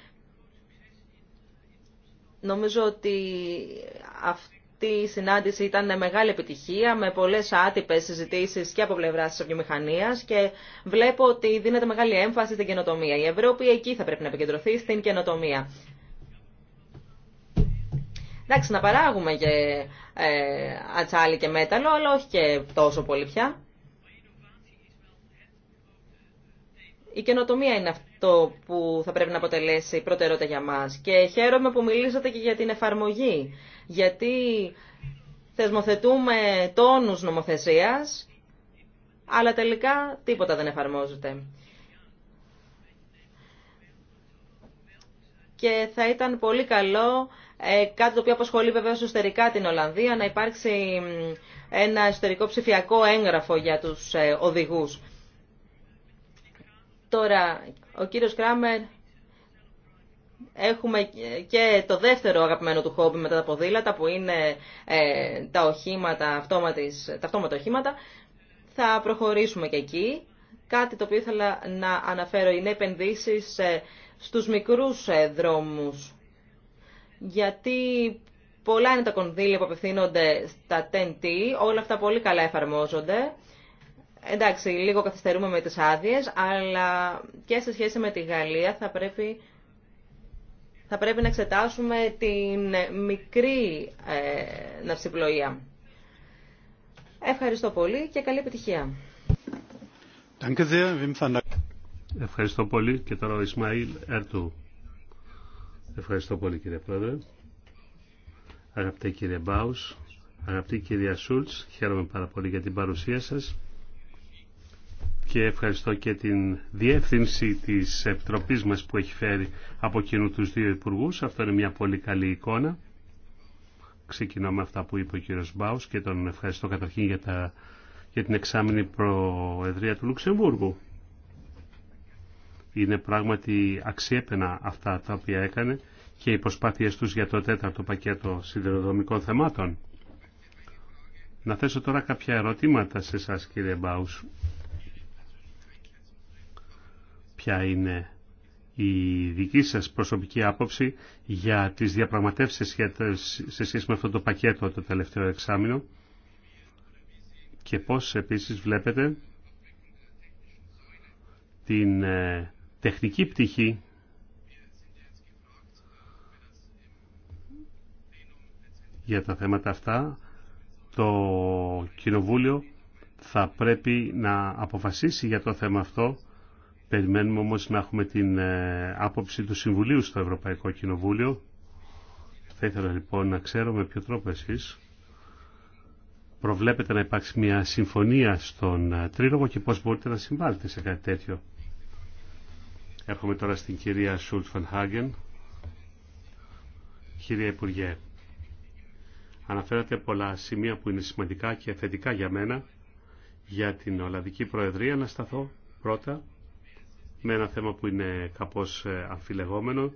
Νομίζω ότι αυτή η συνάντηση ήταν μεγάλη επιτυχία με πολλές άτυπες συζητήσεις και από πλευρά της βιομηχανίας και βλέπω ότι δίνεται μεγάλη έμφαση στην καινοτομία. Η Ευρώπη εκεί θα πρέπει να επικεντρωθεί στην καινοτομία. Εντάξει, να παράγουμε και ε, ατσάλι και μέταλλο, αλλά όχι και τόσο πολύ πια. η καινοτομία είναι αυτό που θα πρέπει να αποτελέσει προτεραιότητα για μας. Και χαίρομαι που μιλήσατε και για την εφαρμογή, γιατί θεσμοθετούμε τόνους νομοθεσίας, αλλά τελικά τίποτα δεν εφαρμόζεται. Και θα ήταν πολύ καλό, ε, κάτι το οποίο απασχολεί βεβαίως εσωτερικά την Ολλανδία, να υπάρξει ένα εσωτερικό ψηφιακό έγγραφο για τους ε, οδηγούς. Τώρα, ο κύριος Κράμερ, έχουμε και το δεύτερο αγαπημένο του χόμπι μετά τα ποδήλατα, που είναι ε, τα οχήματα, αυτόματης, τα αυτόματα οχήματα. Θα προχωρήσουμε και εκεί. Κάτι το οποίο ήθελα να αναφέρω είναι επενδύσεις ε, στους μικρούς ε, δρόμους. Γιατί πολλά είναι τα κονδύλια που απευθύνονται στα TNT, όλα αυτά πολύ καλά εφαρμόζονται. Εντάξει, λίγο καθυστερούμε με τις άδειε, αλλά και σε σχέση με τη Γαλλία θα πρέπει, θα πρέπει να εξετάσουμε την μικρή ε, ναυσιπλοεία. Ευχαριστώ πολύ και καλή επιτυχία. Ευχαριστώ πολύ και τώρα ο Ισμαήλ Ερτού. Ευχαριστώ πολύ κύριε Πρόεδρε. Αγαπητέ κύριε Μπάους, αγαπητή κυρία Σούλτς, χαίρομαι πάρα πολύ για την παρουσία σας και ευχαριστώ και την διεύθυνση της Επιτροπής μας που έχει φέρει από κοινού τους δύο υπουργούς. Αυτό είναι μια πολύ καλή εικόνα. Ξεκινώ με αυτά που είπε ο κύριος Μπάους και τον ευχαριστώ καταρχήν για, τα, για την εξάμεινη προεδρία του Λουξεμβούργου. Είναι πράγματι αξιέπαινα αυτά τα οποία έκανε και οι προσπάθειες τους για το τέταρτο πακέτο σιδηροδρομικών θεμάτων. Να θέσω τώρα κάποια ερωτήματα σε εσά κύριε Μπάους ποια είναι η δική σας προσωπική άποψη για τις διαπραγματεύσεις σε σχέση με αυτό το πακέτο το τελευταίο εξάμεινο και πώς επίσης βλέπετε την ε, τεχνική πτυχή για τα θέματα αυτά το Κοινοβούλιο θα πρέπει να αποφασίσει για το θέμα αυτό Περιμένουμε όμως να έχουμε την ε, άποψη του Συμβουλίου στο Ευρωπαϊκό Κοινοβούλιο. Θα ήθελα λοιπόν να ξέρω με ποιο τρόπο εσείς προβλέπετε να υπάρξει μια συμφωνία στον ε, Τρίλογο και πώς μπορείτε να συμβάλλετε σε κάτι τέτοιο. Έρχομαι τώρα στην κυρία Σούλτ Φανχάγεν. Κυρία Υπουργέ, αναφέρατε πολλά σημεία που είναι σημαντικά και θετικά για μένα για την Ολλανδική Προεδρία να σταθώ πρώτα με ένα θέμα που είναι κάπως ε, αμφιλεγόμενο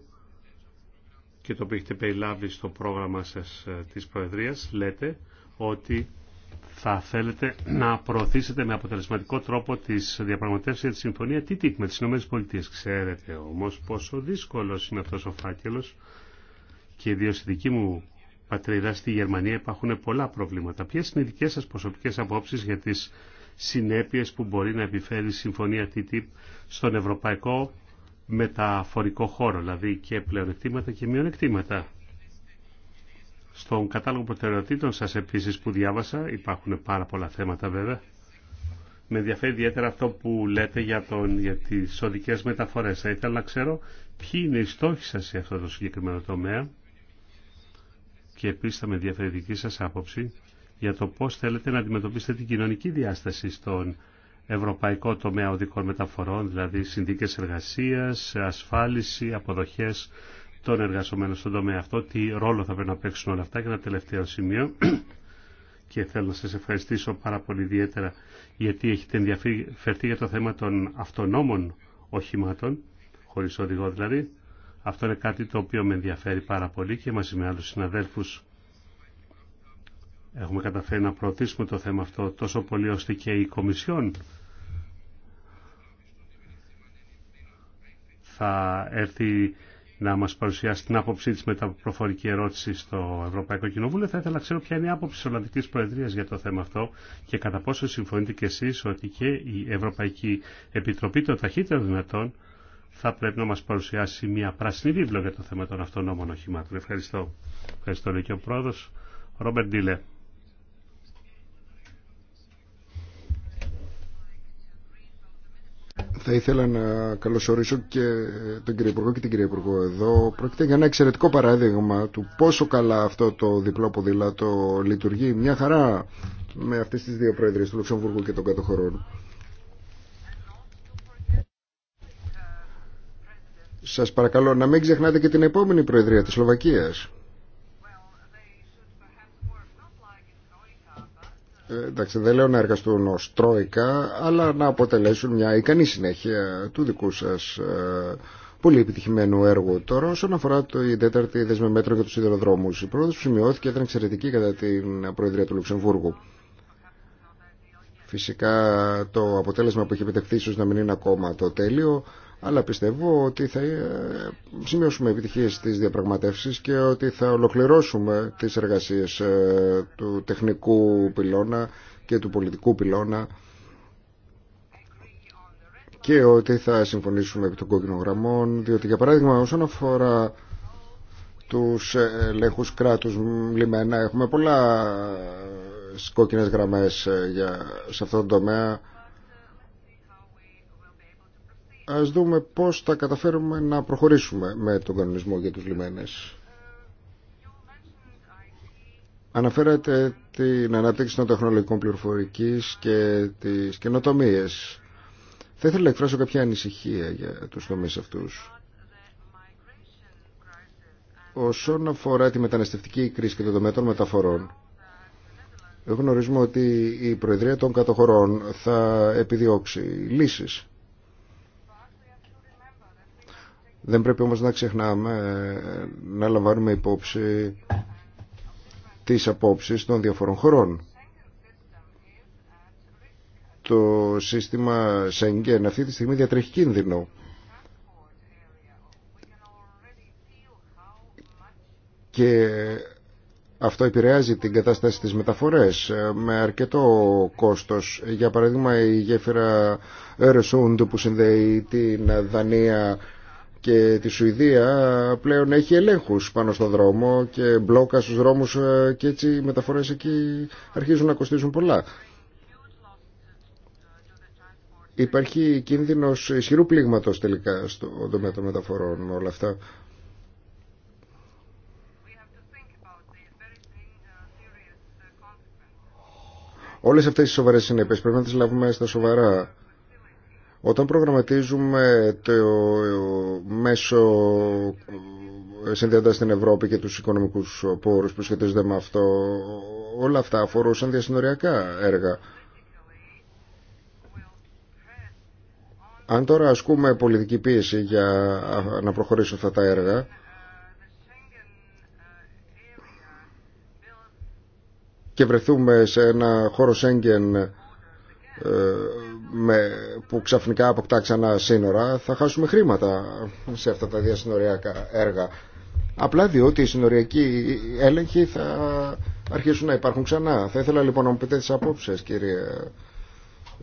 και το οποίο έχετε περιλάβει στο πρόγραμμα σας ε, της Προεδρίας, λέτε ότι θα θέλετε να προωθήσετε με αποτελεσματικό τρόπο τις διαπραγματεύσεις για τη συμφωνία TTIP με τις ΗΠΑ. Ξέρετε όμως πόσο δύσκολος είναι αυτός ο φάκελος και ιδίω στη δική μου πατρίδα στη Γερμανία υπάρχουν πολλά προβλήματα. Ποιες είναι οι δικές σας προσωπικές απόψεις για τις συνέπειες που μπορεί να επιφέρει η Συμφωνία TTIP στον ευρωπαϊκό μεταφορικό χώρο, δηλαδή και πλεονεκτήματα και μειονεκτήματα. Στον κατάλογο προτεραιοτήτων σας επίσης που διάβασα, υπάρχουν πάρα πολλά θέματα βέβαια, με ενδιαφέρει ιδιαίτερα αυτό που λέτε για, τον, για τις οδικές μεταφορές. Θα ήθελα να ξέρω ποιοι είναι οι στόχοι σας σε αυτό το συγκεκριμένο τομέα και επίσης θα με ενδιαφέρει δική σας άποψη για το πώς θέλετε να αντιμετωπίσετε την κοινωνική διάσταση στον ευρωπαϊκό τομέα οδικών μεταφορών, δηλαδή συνδίκες εργασίας, ασφάλιση, αποδοχές των εργαζομένων στον τομέα αυτό, τι ρόλο θα πρέπει να παίξουν όλα αυτά και ένα τελευταίο σημείο και θέλω να σας ευχαριστήσω πάρα πολύ ιδιαίτερα γιατί έχετε ενδιαφερθεί για το θέμα των αυτονόμων οχημάτων, χωρίς οδηγό δηλαδή. Αυτό είναι κάτι το οποίο με ενδιαφέρει πάρα πολύ και μαζί με άλλους συναδέλφους έχουμε καταφέρει να προωθήσουμε το θέμα αυτό τόσο πολύ ώστε και η Κομισιόν θα έρθει να μας παρουσιάσει την άποψή της μετά από προφορική ερώτηση στο Ευρωπαϊκό Κοινοβούλιο. Θα ήθελα να ξέρω ποια είναι η άποψη της Ολλανδικής Προεδρίας για το θέμα αυτό και κατά πόσο συμφωνείτε και εσείς ότι και η Ευρωπαϊκή Επιτροπή των Ταχύτερων Δυνατών θα πρέπει να μας παρουσιάσει μια πράσινη βίβλο για το θέμα των αυτονόμων οχημάτων. Ευχαριστώ. Ευχαριστώ λέει και ο πρόεδρος. Θα ήθελα να καλωσορίσω και τον κύριο Υπουργό και την κυρία Υπουργό εδώ. Πρόκειται για ένα εξαιρετικό παράδειγμα του πόσο καλά αυτό το διπλό ποδήλατο λειτουργεί. Μια χαρά με αυτές τις δύο πρόεδρες του Λουξεμβούργου και των κατοχωρών. Σας παρακαλώ να μην ξεχνάτε και την επόμενη Προεδρία της Σλοβακίας. Ε, εντάξει δεν λέω να εργαστούν ως τρόικα αλλά να αποτελέσουν μια ικανή συνέχεια του δικού σας ε, πολύ επιτυχημένου έργου. Τώρα, όσον αφορά το η τέταρτη δεσμε μέτρο για του σιδηροδρόμου, η πρόοδο που σημειώθηκε ήταν εξαιρετική κατά την Προεδρία του Λουξεμβούργου. Φυσικά το αποτέλεσμα που έχει επιτευχθεί ίσω να μην είναι ακόμα το τέλειο, αλλά πιστεύω ότι θα ε, σημειώσουμε επιτυχίες της διαπραγματεύσεις και ότι θα ολοκληρώσουμε τις εργασίες ε, του τεχνικού πυλώνα και του πολιτικού πυλώνα και ότι θα συμφωνήσουμε επί των κόκκινων γραμμών, διότι για παράδειγμα όσον αφορά τους ελέγχους κράτους λιμένα έχουμε πολλά κόκκινες γραμμές ε, για, σε αυτόν τον τομέα Ας δούμε πώς θα καταφέρουμε να προχωρήσουμε με τον κανονισμό για τους λιμένες. Αναφέρατε την ανάπτυξη των τεχνολογικών πληροφορικής και τις καινοτομίες. Θα ήθελα να εκφράσω κάποια ανησυχία για τους τομείς αυτούς. Όσον αφορά τη μεταναστευτική κρίση και το δομέα των μεταφορών, γνωρίζουμε ότι η Προεδρία των Κατοχωρών θα επιδιώξει λύσεις Δεν πρέπει όμως να ξεχνάμε να λαμβάνουμε υπόψη τις απόψεις των διαφορών χωρών. Το σύστημα Σέγγεν αυτή τη στιγμή διατρέχει κίνδυνο. Και αυτό επηρεάζει την κατάσταση της μεταφορές με αρκετό κόστος. Για παράδειγμα η γέφυρα Ερεσούντου που συνδέει την Δανία και τη Σουηδία πλέον έχει ελέγχους πάνω στο δρόμο και μπλόκα στους δρόμους ε, και έτσι οι μεταφορές εκεί αρχίζουν να κοστίζουν πολλά. Υπάρχει κίνδυνος ισχυρού πλήγματος τελικά στον τομέα των μεταφορών όλα αυτά. Όλες αυτές οι σοβαρές συνέπειες πρέπει να τις λάβουμε στα σοβαρά. Όταν προγραμματίζουμε το μέσο συνδέοντα την Ευρώπη και τους οικονομικούς πόρους που σχετίζονται με αυτό, όλα αυτά αφορούσαν διασυνοριακά έργα. Αν τώρα ασκούμε πολιτική πίεση για να προχωρήσουν αυτά τα έργα, και βρεθούμε σε ένα χώρο Σέγγεν ε, που ξαφνικά αποκτά ξανά σύνορα θα χάσουμε χρήματα σε αυτά τα διασυνοριακά έργα. Απλά διότι οι συνοριακοί έλεγχοι θα αρχίσουν να υπάρχουν ξανά. Θα ήθελα λοιπόν να μου πείτε τις απόψεις κύριε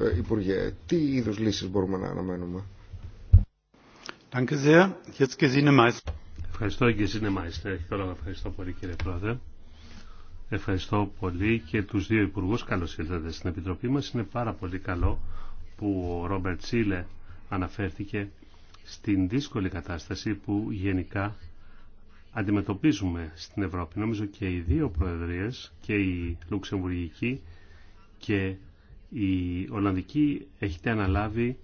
ε, Υπουργέ. Τι είδους λύσεις μπορούμε να αναμένουμε. Ευχαριστώ και Μάιστερ. Έχει Ευχαριστώ πολύ κύριε Πρόεδρε. Ευχαριστώ πολύ και τους δύο υπουργούς. Καλώς ήρθατε στην Επιτροπή μας. Είναι πάρα πολύ καλό που ο Ρόμπερτ Σίλε αναφέρθηκε στην δύσκολη κατάσταση που γενικά αντιμετωπίζουμε στην Ευρώπη. Νομίζω και οι δύο προεδρίες, και η Λουξεμβουργική και η Ολλανδική, έχετε αναλάβει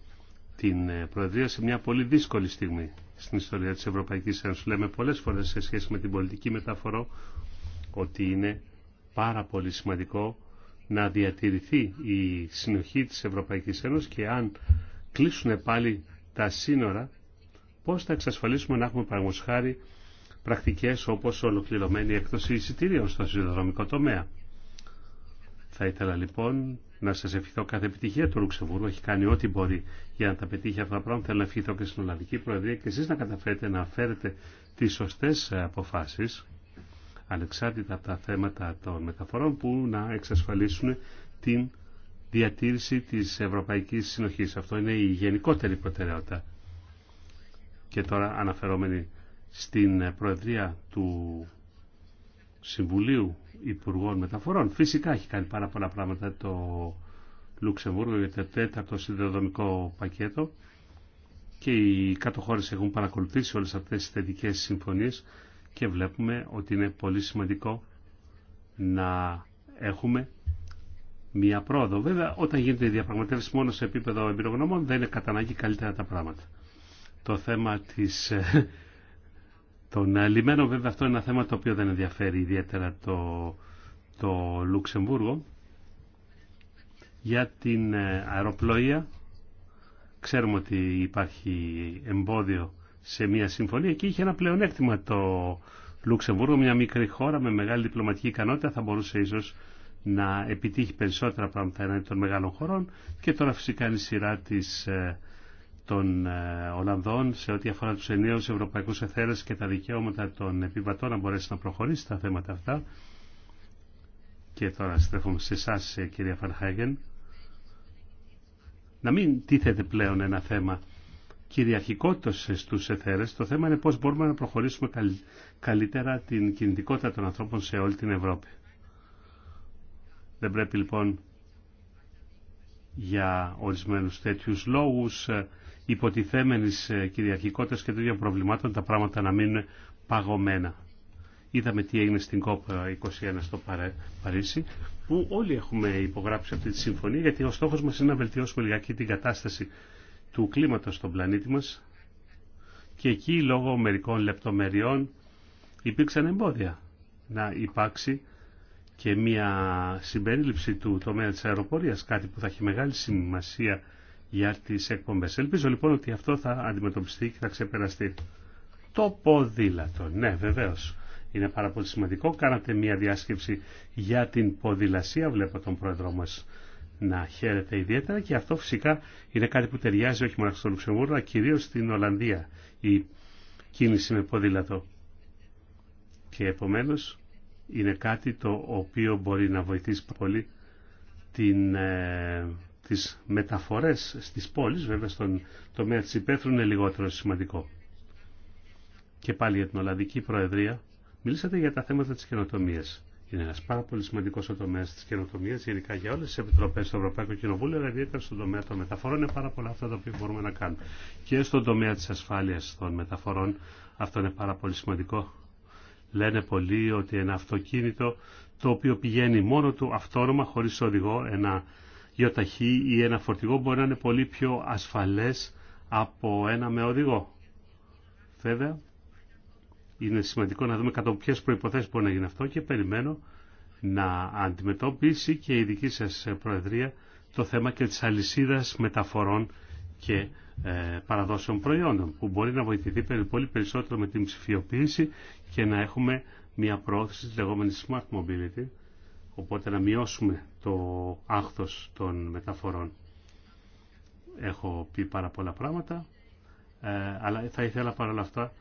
την ε, προεδρία σε μια πολύ δύσκολη στιγμή στην ιστορία της Ευρωπαϊκής Ένωσης. Λέμε πολλές φορές σε σχέση με την πολιτική μεταφορά ότι είναι πάρα πολύ σημαντικό να διατηρηθεί η συνοχή της Ευρωπαϊκής Ένωσης και αν κλείσουν πάλι τα σύνορα, πώς θα εξασφαλίσουμε να έχουμε παραγωγός πρακτικές όπως ολοκληρωμένη έκδοση εισιτήριων στο συνδρομικό τομέα. Θα ήθελα λοιπόν να σας ευχηθώ κάθε επιτυχία. του Λουξεμβούργου. έχει κάνει ό,τι μπορεί για να τα πετύχει αυτά τα πράγματα. Θέλω να ευχηθώ και στην Ολλανδική Προεδρία και εσείς να καταφέρετε να φέρετε τις σωστές ε, αποφάσεις ανεξάρτητα από τα θέματα των μεταφορών που να εξασφαλίσουν την διατήρηση της Ευρωπαϊκής Συνοχής. Αυτό είναι η γενικότερη προτεραιότητα. Και τώρα αναφερόμενοι στην Προεδρία του Συμβουλίου Υπουργών Μεταφορών. Φυσικά έχει κάνει πάρα πολλά πράγματα το Λουξεμβούργο για το τέταρτο συνδεδομικό πακέτο και οι κάτω έχουν παρακολουθήσει όλες αυτές τις θετικές συμφωνίες και βλέπουμε ότι είναι πολύ σημαντικό να έχουμε μια πρόοδο. Βέβαια, όταν γίνεται η διαπραγματεύση μόνο σε επίπεδο εμπειρογνώμων, δεν είναι κατά ανάγκη καλύτερα τα πράγματα. Το θέμα της, ε, των ε, λιμένων, βέβαια, αυτό είναι ένα θέμα το οποίο δεν ενδιαφέρει ιδιαίτερα το, το Λουξεμβούργο. Για την ε, αεροπλοεία, ξέρουμε ότι υπάρχει εμπόδιο σε μια συμφωνία και είχε ένα πλεονέκτημα το Λουξεμβούργο, μια μικρή χώρα με μεγάλη διπλωματική ικανότητα θα μπορούσε ίσω να επιτύχει περισσότερα πράγματα έναντι των μεγάλων χωρών και τώρα φυσικά είναι η σειρά της, ε, των ε, Ολλανδών σε ό,τι αφορά τους ενίου ευρωπαϊκούς εθέρες και τα δικαιώματα των επιβατών να μπορέσει να προχωρήσει τα θέματα αυτά. Και τώρα στρέφουμε σε εσά, ε, κυρία Φανχάγεν. Να μην τίθεται πλέον ένα θέμα κυριαρχικότητα στους εθέρες. Το θέμα είναι πώς μπορούμε να προχωρήσουμε καλύτερα την κινητικότητα των ανθρώπων σε όλη την Ευρώπη. Δεν πρέπει λοιπόν για ορισμένους τέτοιους λόγους ε, υποτιθέμενης ε, κυριαρχικότητας και τέτοιων προβλημάτων τα πράγματα να μείνουν παγωμένα. Είδαμε τι έγινε στην COP21 στο Παρίσι, που όλοι έχουμε υπογράψει αυτή τη συμφωνία, γιατί ο στόχος μας είναι να βελτιώσουμε λιγάκι την κατάσταση του κλίματος στον πλανήτη μας και εκεί λόγω μερικών λεπτομεριών υπήρξαν εμπόδια να υπάρξει και μια συμπερίληψη του τομέα της αεροπορίας, κάτι που θα έχει μεγάλη σημασία για τις εκπομπές. Ελπίζω λοιπόν ότι αυτό θα αντιμετωπιστεί και θα ξεπεραστεί. Το ποδήλατο, ναι βεβαίως. Είναι πάρα πολύ σημαντικό. Κάνατε μια διάσκεψη για την ποδηλασία, βλέπω τον πρόεδρό μας να χαίρεται ιδιαίτερα και αυτό φυσικά είναι κάτι που ταιριάζει όχι μόνο στο Λουξεμβούργο αλλά κυρίως στην Ολλανδία η κίνηση με ποδήλατο. Και επομένω είναι κάτι το οποίο μπορεί να βοηθήσει πολύ την, ε, τις μεταφορές στις πόλεις, βέβαια στον τομέα της υπαίθρου είναι λιγότερο σημαντικό. Και πάλι για την Ολλανδική Προεδρία μιλήσατε για τα θέματα της καινοτομίας. Είναι ένα πάρα πολύ σημαντικό τομέα τη καινοτομία, γενικά για όλε τι επιτροπέ του Ευρωπαϊκού Κοινοβούλου, αλλά ιδιαίτερα στον τομέα των μεταφορών. Είναι πάρα πολλά αυτά τα οποία μπορούμε να κάνουμε. Και στον τομέα τη ασφάλεια των μεταφορών, αυτό είναι πάρα πολύ σημαντικό. Λένε πολλοί ότι ένα αυτοκίνητο το οποίο πηγαίνει μόνο του αυτόνομα, χωρί οδηγό, ένα γιοταχή ή ένα φορτηγό μπορεί να είναι πολύ πιο ασφαλέ από ένα με οδηγό. Βέβαια, είναι σημαντικό να δούμε κατά ποιε προποθέσει μπορεί να γίνει αυτό και περιμένω να αντιμετώπισει και η δική σα Προεδρία το θέμα και τη αλυσίδα μεταφορών και ε, παραδόσεων προϊόντων που μπορεί να βοηθηθεί πολύ περισσότερο με την ψηφιοποίηση και να έχουμε μια πρόθεση της λεγόμενης smart mobility οπότε να μειώσουμε το άχθος των μεταφορών. Έχω πει πάρα πολλά πράγματα ε, αλλά θα ήθελα παρόλα αυτά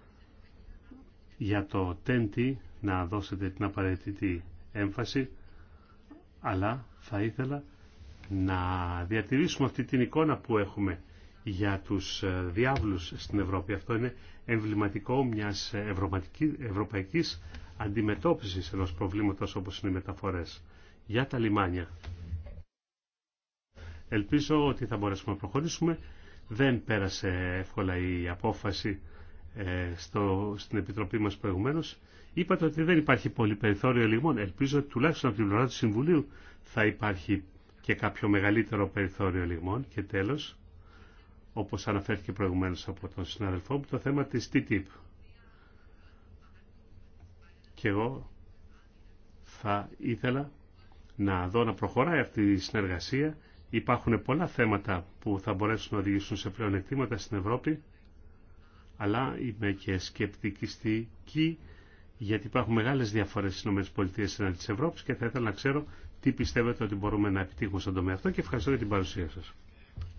για το τέντι να δώσετε την απαραίτητη έμφαση, αλλά θα ήθελα να διατηρήσουμε αυτή την εικόνα που έχουμε για τους ε, διάβλους στην Ευρώπη. Αυτό είναι εμβληματικό μιας ευρωπαϊκής αντιμετώπισης ενός προβλήματος όπως είναι οι μεταφορές για τα λιμάνια. Ελπίζω ότι θα μπορέσουμε να προχωρήσουμε. Δεν πέρασε εύκολα η απόφαση ε, στο, στην Επιτροπή μας προηγουμένω, είπατε ότι δεν υπάρχει πολύ περιθώριο λιγμών. Ελπίζω ότι τουλάχιστον από την πλευρά του Συμβουλίου θα υπάρχει και κάποιο μεγαλύτερο περιθώριο λιγμών. Και τέλος, όπως αναφέρθηκε προηγουμένως από τον συναδελφό μου, το θέμα της TTIP. Και εγώ θα ήθελα να δω να προχωράει αυτή η συνεργασία. Υπάρχουν πολλά θέματα που θα μπορέσουν να οδηγήσουν σε πλεονεκτήματα στην Ευρώπη αλλά είμαι και σκεπτικιστική γιατί υπάρχουν μεγάλες διαφορές στις ΗΠΑ εναντί της Ευρώπης και θα ήθελα να ξέρω τι πιστεύετε ότι μπορούμε να επιτύχουμε στον τομέα αυτό και ευχαριστώ για την παρουσία σας.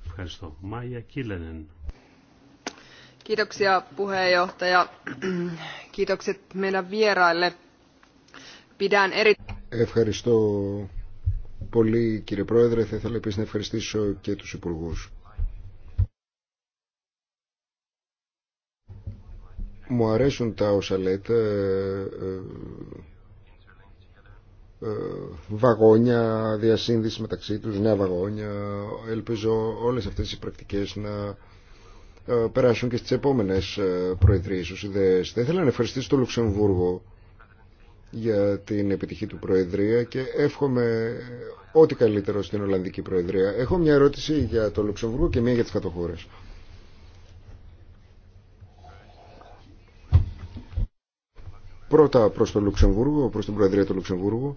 Ευχαριστώ. Μάια Κίλενεν. Ευχαριστώ πολύ κύριε Πρόεδρε. Θα ήθελα επίσης να ευχαριστήσω και τους υπουργούς. Μου αρέσουν τα όσα λέτε, ε, ε, ε, βαγόνια, διασύνδεση μεταξύ τους, νέα βαγόνια. Ελπίζω όλες αυτές οι πρακτικές να περάσουν και στις επόμενες προεδρίες ως ιδέες. Θα ήθελα να ευχαριστήσω το Λουξεμβούργο για την επιτυχή του Προεδρία και εύχομαι ό,τι καλύτερο στην Ολλανδική Προεδρία. Έχω μια ερώτηση για το Λουξεμβούργο και μια για τις κατοχώρες. Πρώτα προς το Λουξεμβούργο, προς την Προεδρία του Λουξεμβούργου.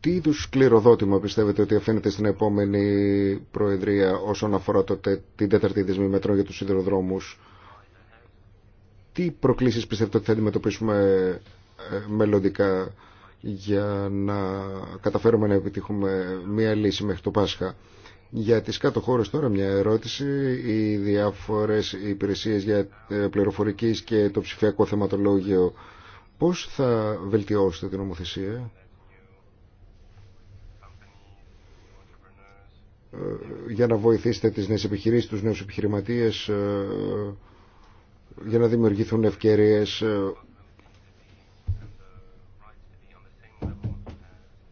Τι είδου κληροδότημα πιστεύετε ότι αφήνεται στην επόμενη Προεδρία όσον αφορά το, την τέταρτη δισμή μετρών για τους σιδηροδρόμους. Τι προκλήσεις πιστεύετε ότι θα αντιμετωπίσουμε ε, μελλοντικά για να καταφέρουμε να επιτύχουμε μία λύση μέχρι το Πάσχα. Για τις κάτω χώρες τώρα μια ερώτηση. Οι διάφορες υπηρεσίες για ε, πληροφορικής και το ψηφιακό θεματολόγιο πώς θα βελτιώσετε την νομοθεσία. Ε, για να βοηθήσετε τις νέες επιχειρήσεις, τους νέους επιχειρηματίες ε, για να δημιουργηθούν ευκαιρίες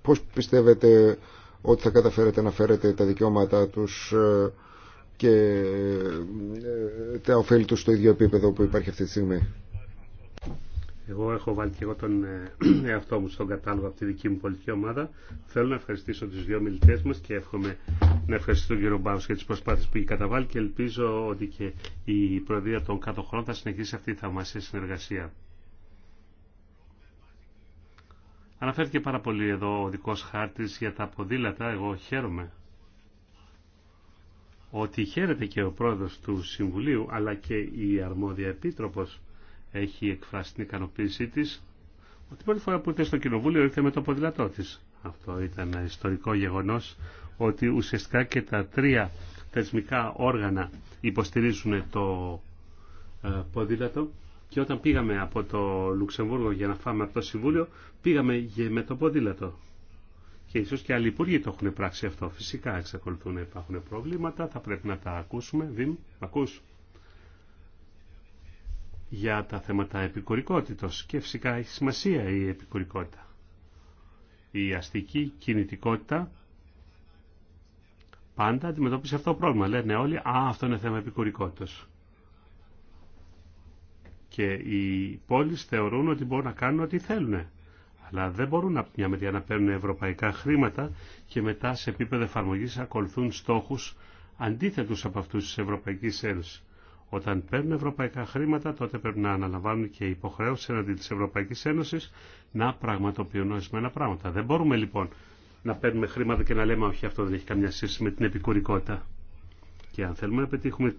πώς πιστεύετε ότι θα καταφέρετε να φέρετε τα δικαιώματά τους ε, και ε, τα ωφέλη τους στο ίδιο επίπεδο που υπάρχει αυτή τη στιγμή. Εγώ έχω βάλει και εγώ τον ε, εαυτό μου στον κατάλογο από τη δική μου πολιτική ομάδα. Θέλω να ευχαριστήσω τους δύο μιλητές μας και εύχομαι να ευχαριστήσω τον κύριο Μπάους για τις προσπάθειες που έχει καταβάλει και ελπίζω ότι και η Προεδρία των κάτω χρόνων θα συνεχίσει αυτή η θαυμασία συνεργασία. Αναφέρθηκε πάρα πολύ εδώ ο δικός χάρτης για τα ποδήλατα. Εγώ χαίρομαι ότι χαίρεται και ο πρόεδρος του Συμβουλίου αλλά και η αρμόδια επίτροπος έχει εκφράσει την ικανοποίησή της ότι πρώτη φορά που ήρθε στο Κοινοβούλιο ήρθε με το ποδήλατό της. Αυτό ήταν ένα ιστορικό γεγονός ότι ουσιαστικά και τα τρία θεσμικά όργανα υποστηρίζουν το ε, ποδήλατο και όταν πήγαμε από το Λουξεμβούργο για να φάμε από το Συμβούλιο, πήγαμε με το ποδήλατο. Και ίσως και άλλοι υπουργοί το έχουν πράξει αυτό. Φυσικά εξακολουθούν να υπάρχουν προβλήματα, θα πρέπει να τα ακούσουμε. δημ. ακούς. Για τα θέματα επικουρικότητος και φυσικά έχει σημασία η επικουρικότητα. Η αστική κινητικότητα πάντα αντιμετώπισε αυτό το πρόβλημα. Λένε όλοι, α, αυτό είναι θέμα επικουρικότητας και οι πόλεις θεωρούν ότι μπορούν να κάνουν ό,τι θέλουν. Αλλά δεν μπορούν από μια μεριά να παίρνουν ευρωπαϊκά χρήματα και μετά σε επίπεδο εφαρμογή ακολουθούν στόχου αντίθετου από αυτού τη Ευρωπαϊκή Ένωση. Όταν παίρνουν ευρωπαϊκά χρήματα, τότε πρέπει να αναλαμβάνουν και υποχρέωση εναντί τη Ευρωπαϊκή Ένωση να πραγματοποιούν ορισμένα πράγματα. Δεν μπορούμε λοιπόν να παίρνουμε χρήματα και να λέμε όχι αυτό δεν έχει καμιά σχέση με την επικουρικότητα. Και αν θέλουμε να πετύχουμε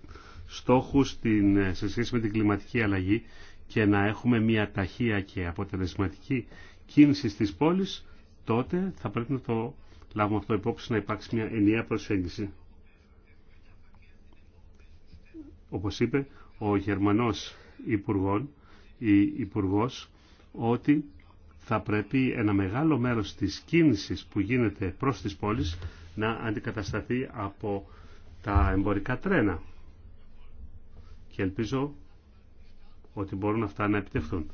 στόχους ε, σε σχέση με την κλιματική αλλαγή και να έχουμε μια ταχεία και αποτελεσματική κίνηση στις πόλεις, τότε θα πρέπει να το λάβουμε αυτό υπόψη να υπάρξει μια ενιαία προσέγγιση. Όπως είπε ο Γερμανός υπουργό η Υπουργός, ότι θα πρέπει ένα μεγάλο μέρος της κίνησης που γίνεται προς τις πόλεις να αντικατασταθεί από τα εμπορικά τρένα και ελπίζω ότι μπορούν αυτά να επιτευχθούν.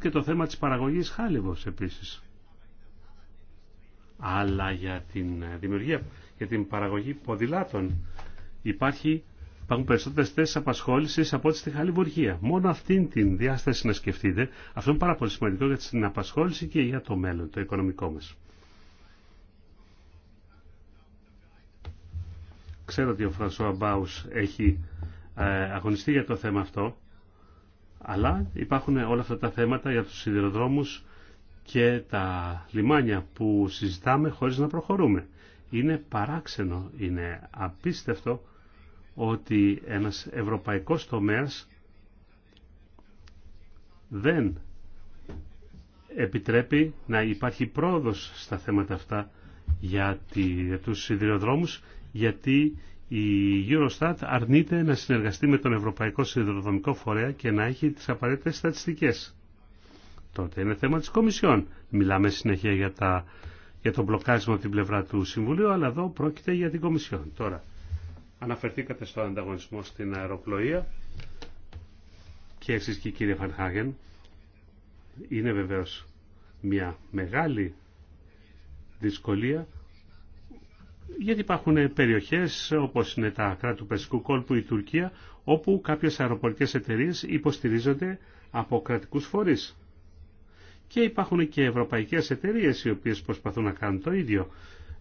και το θέμα της παραγωγής χάλιβος επίσης. Αλλά για την ε, δημιουργία, για την παραγωγή ποδηλάτων υπάρχει, υπάρχουν περισσότερες θέσεις απασχόλησης από ό,τι στη χαλιβουργία. Μόνο αυτήν την διάσταση να σκεφτείτε. Αυτό είναι πάρα πολύ σημαντικό για την απασχόληση και για το μέλλον, το οικονομικό μας. Ξέρω ότι ο Φρανσό Μπάους έχει ε, αγωνιστεί για το θέμα αυτό, αλλά υπάρχουν όλα αυτά τα θέματα για τους σιδηροδρόμους και τα λιμάνια που συζητάμε χωρίς να προχωρούμε. Είναι παράξενο, είναι απίστευτο ότι ένας ευρωπαϊκός τομέας δεν επιτρέπει να υπάρχει πρόοδος στα θέματα αυτά για τους σιδηροδρόμους γιατί η Eurostat αρνείται να συνεργαστεί με τον Ευρωπαϊκό Συνδροδομικό Φορέα και να έχει τις απαραίτητες στατιστικές. Τότε είναι θέμα της Κομισιόν. Μιλάμε συνέχεια για, τα, για το μπλοκάρισμα από την πλευρά του Συμβουλίου, αλλά εδώ πρόκειται για την Κομισιόν. Τώρα, αναφερθήκατε στο ανταγωνισμό στην αεροπλοεία και εσείς και κύριε Φανχάγεν. Είναι βεβαίως μια μεγάλη δυσκολία γιατί υπάρχουν περιοχές όπως είναι τα κράτη του Περσικού κόλπου ή η Τουρκία όπου κάποιες αεροπορικές εταιρείες υποστηρίζονται από κρατικούς φορείς. Και υπάρχουν και ευρωπαϊκές εταιρείες οι οποίες προσπαθούν να κάνουν το ίδιο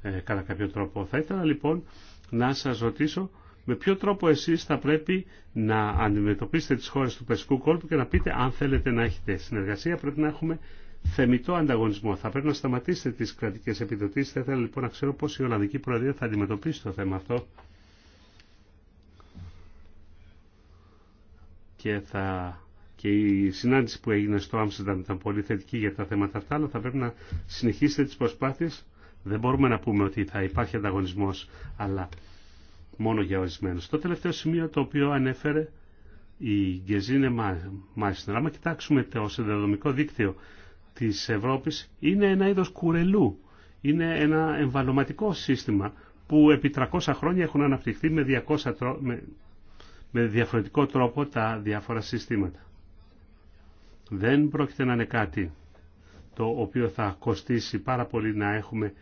ε, κατά κάποιο τρόπο. Θα ήθελα λοιπόν να σας ρωτήσω με ποιο τρόπο εσείς θα πρέπει να αντιμετωπίσετε τις χώρες του Περσικού κόλπου και να πείτε αν θέλετε να έχετε συνεργασία πρέπει να έχουμε θεμητό ανταγωνισμό. Θα πρέπει να σταματήσετε τι κρατικέ επιδοτήσει. Θα ήθελα λοιπόν να ξέρω πώ η Ολλανδική Προεδρία θα αντιμετωπίσει το θέμα αυτό. Και, θα... και η συνάντηση που έγινε στο Άμστερνταμ ήταν πολύ θετική για τα θέματα αυτά, αλλά θα πρέπει να συνεχίσετε τι προσπάθειε Δεν μπορούμε να πούμε ότι θα υπάρχει ανταγωνισμό αλλά μόνο για ορισμένου. Το τελευταίο σημείο το οποίο ανέφερε η Γκεζίνε Μάισνερ. Άμα κοιτάξουμε το συνδεδομικό δίκτυο της Ευρώπης είναι ένα είδος κουρελού. Είναι ένα εμβαλωματικό σύστημα που επί 300 χρόνια έχουν αναπτυχθεί με, 200 τρο... με... με διαφορετικό τρόπο τα διάφορα συστήματα. Δεν πρόκειται να είναι κάτι το οποίο θα κοστίσει πάρα πολύ να έχουμε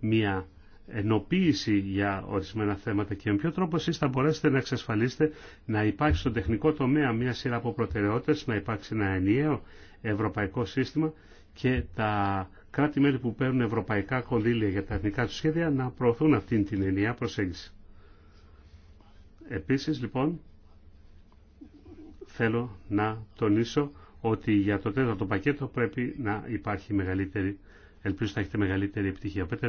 μια ενοποίηση για ορισμένα θέματα και με ποιο τρόπο εσείς θα μπορέσετε να εξασφαλίσετε να υπάρξει στον τεχνικό τομέα μια σειρά από προτεραιότητες, να υπάρξει ένα ενιαίο ευρωπαϊκό σύστημα και τα κράτη-μέλη που παίρνουν ευρωπαϊκά κονδύλια για τα εθνικά του σχέδια να προωθούν αυτήν την ενιαία προσέγγιση. Επίσης λοιπόν θέλω να τονίσω ότι για το τέταρτο πακέτο πρέπει να υπάρχει μεγαλύτερη, ελπίζω θα έχετε μεγαλύτερη επιτυχία. Πέτε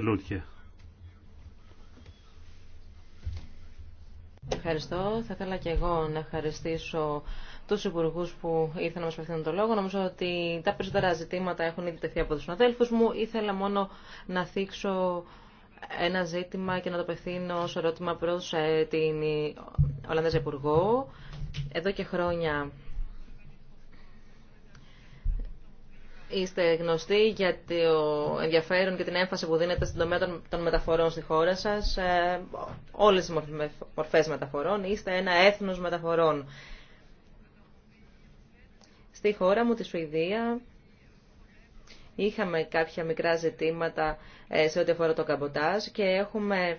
Ευχαριστώ. Θα ήθελα και εγώ να ευχαριστήσω του υπουργού που ήρθαν να μα απευθύνουν το λόγο. Νομίζω ότι τα περισσότερα ζητήματα έχουν ήδη τεθεί από του συναδέλφου μου. Ήθελα μόνο να θίξω ένα ζήτημα και να το απευθύνω ω ερώτημα προ ε, την Ολλανδέζα Υπουργό. Εδώ και χρόνια Είστε γνωστοί για το ενδιαφέρον και την έμφαση που δίνετε στην τομέα των μεταφορών στη χώρα σας. Ε, όλες οι μορφές μεταφορών. Είστε ένα έθνος μεταφορών. Στη χώρα μου, τη Σουηδία, είχαμε κάποια μικρά ζητήματα ε, σε ό,τι αφορά το καμποτάζ και έχουμε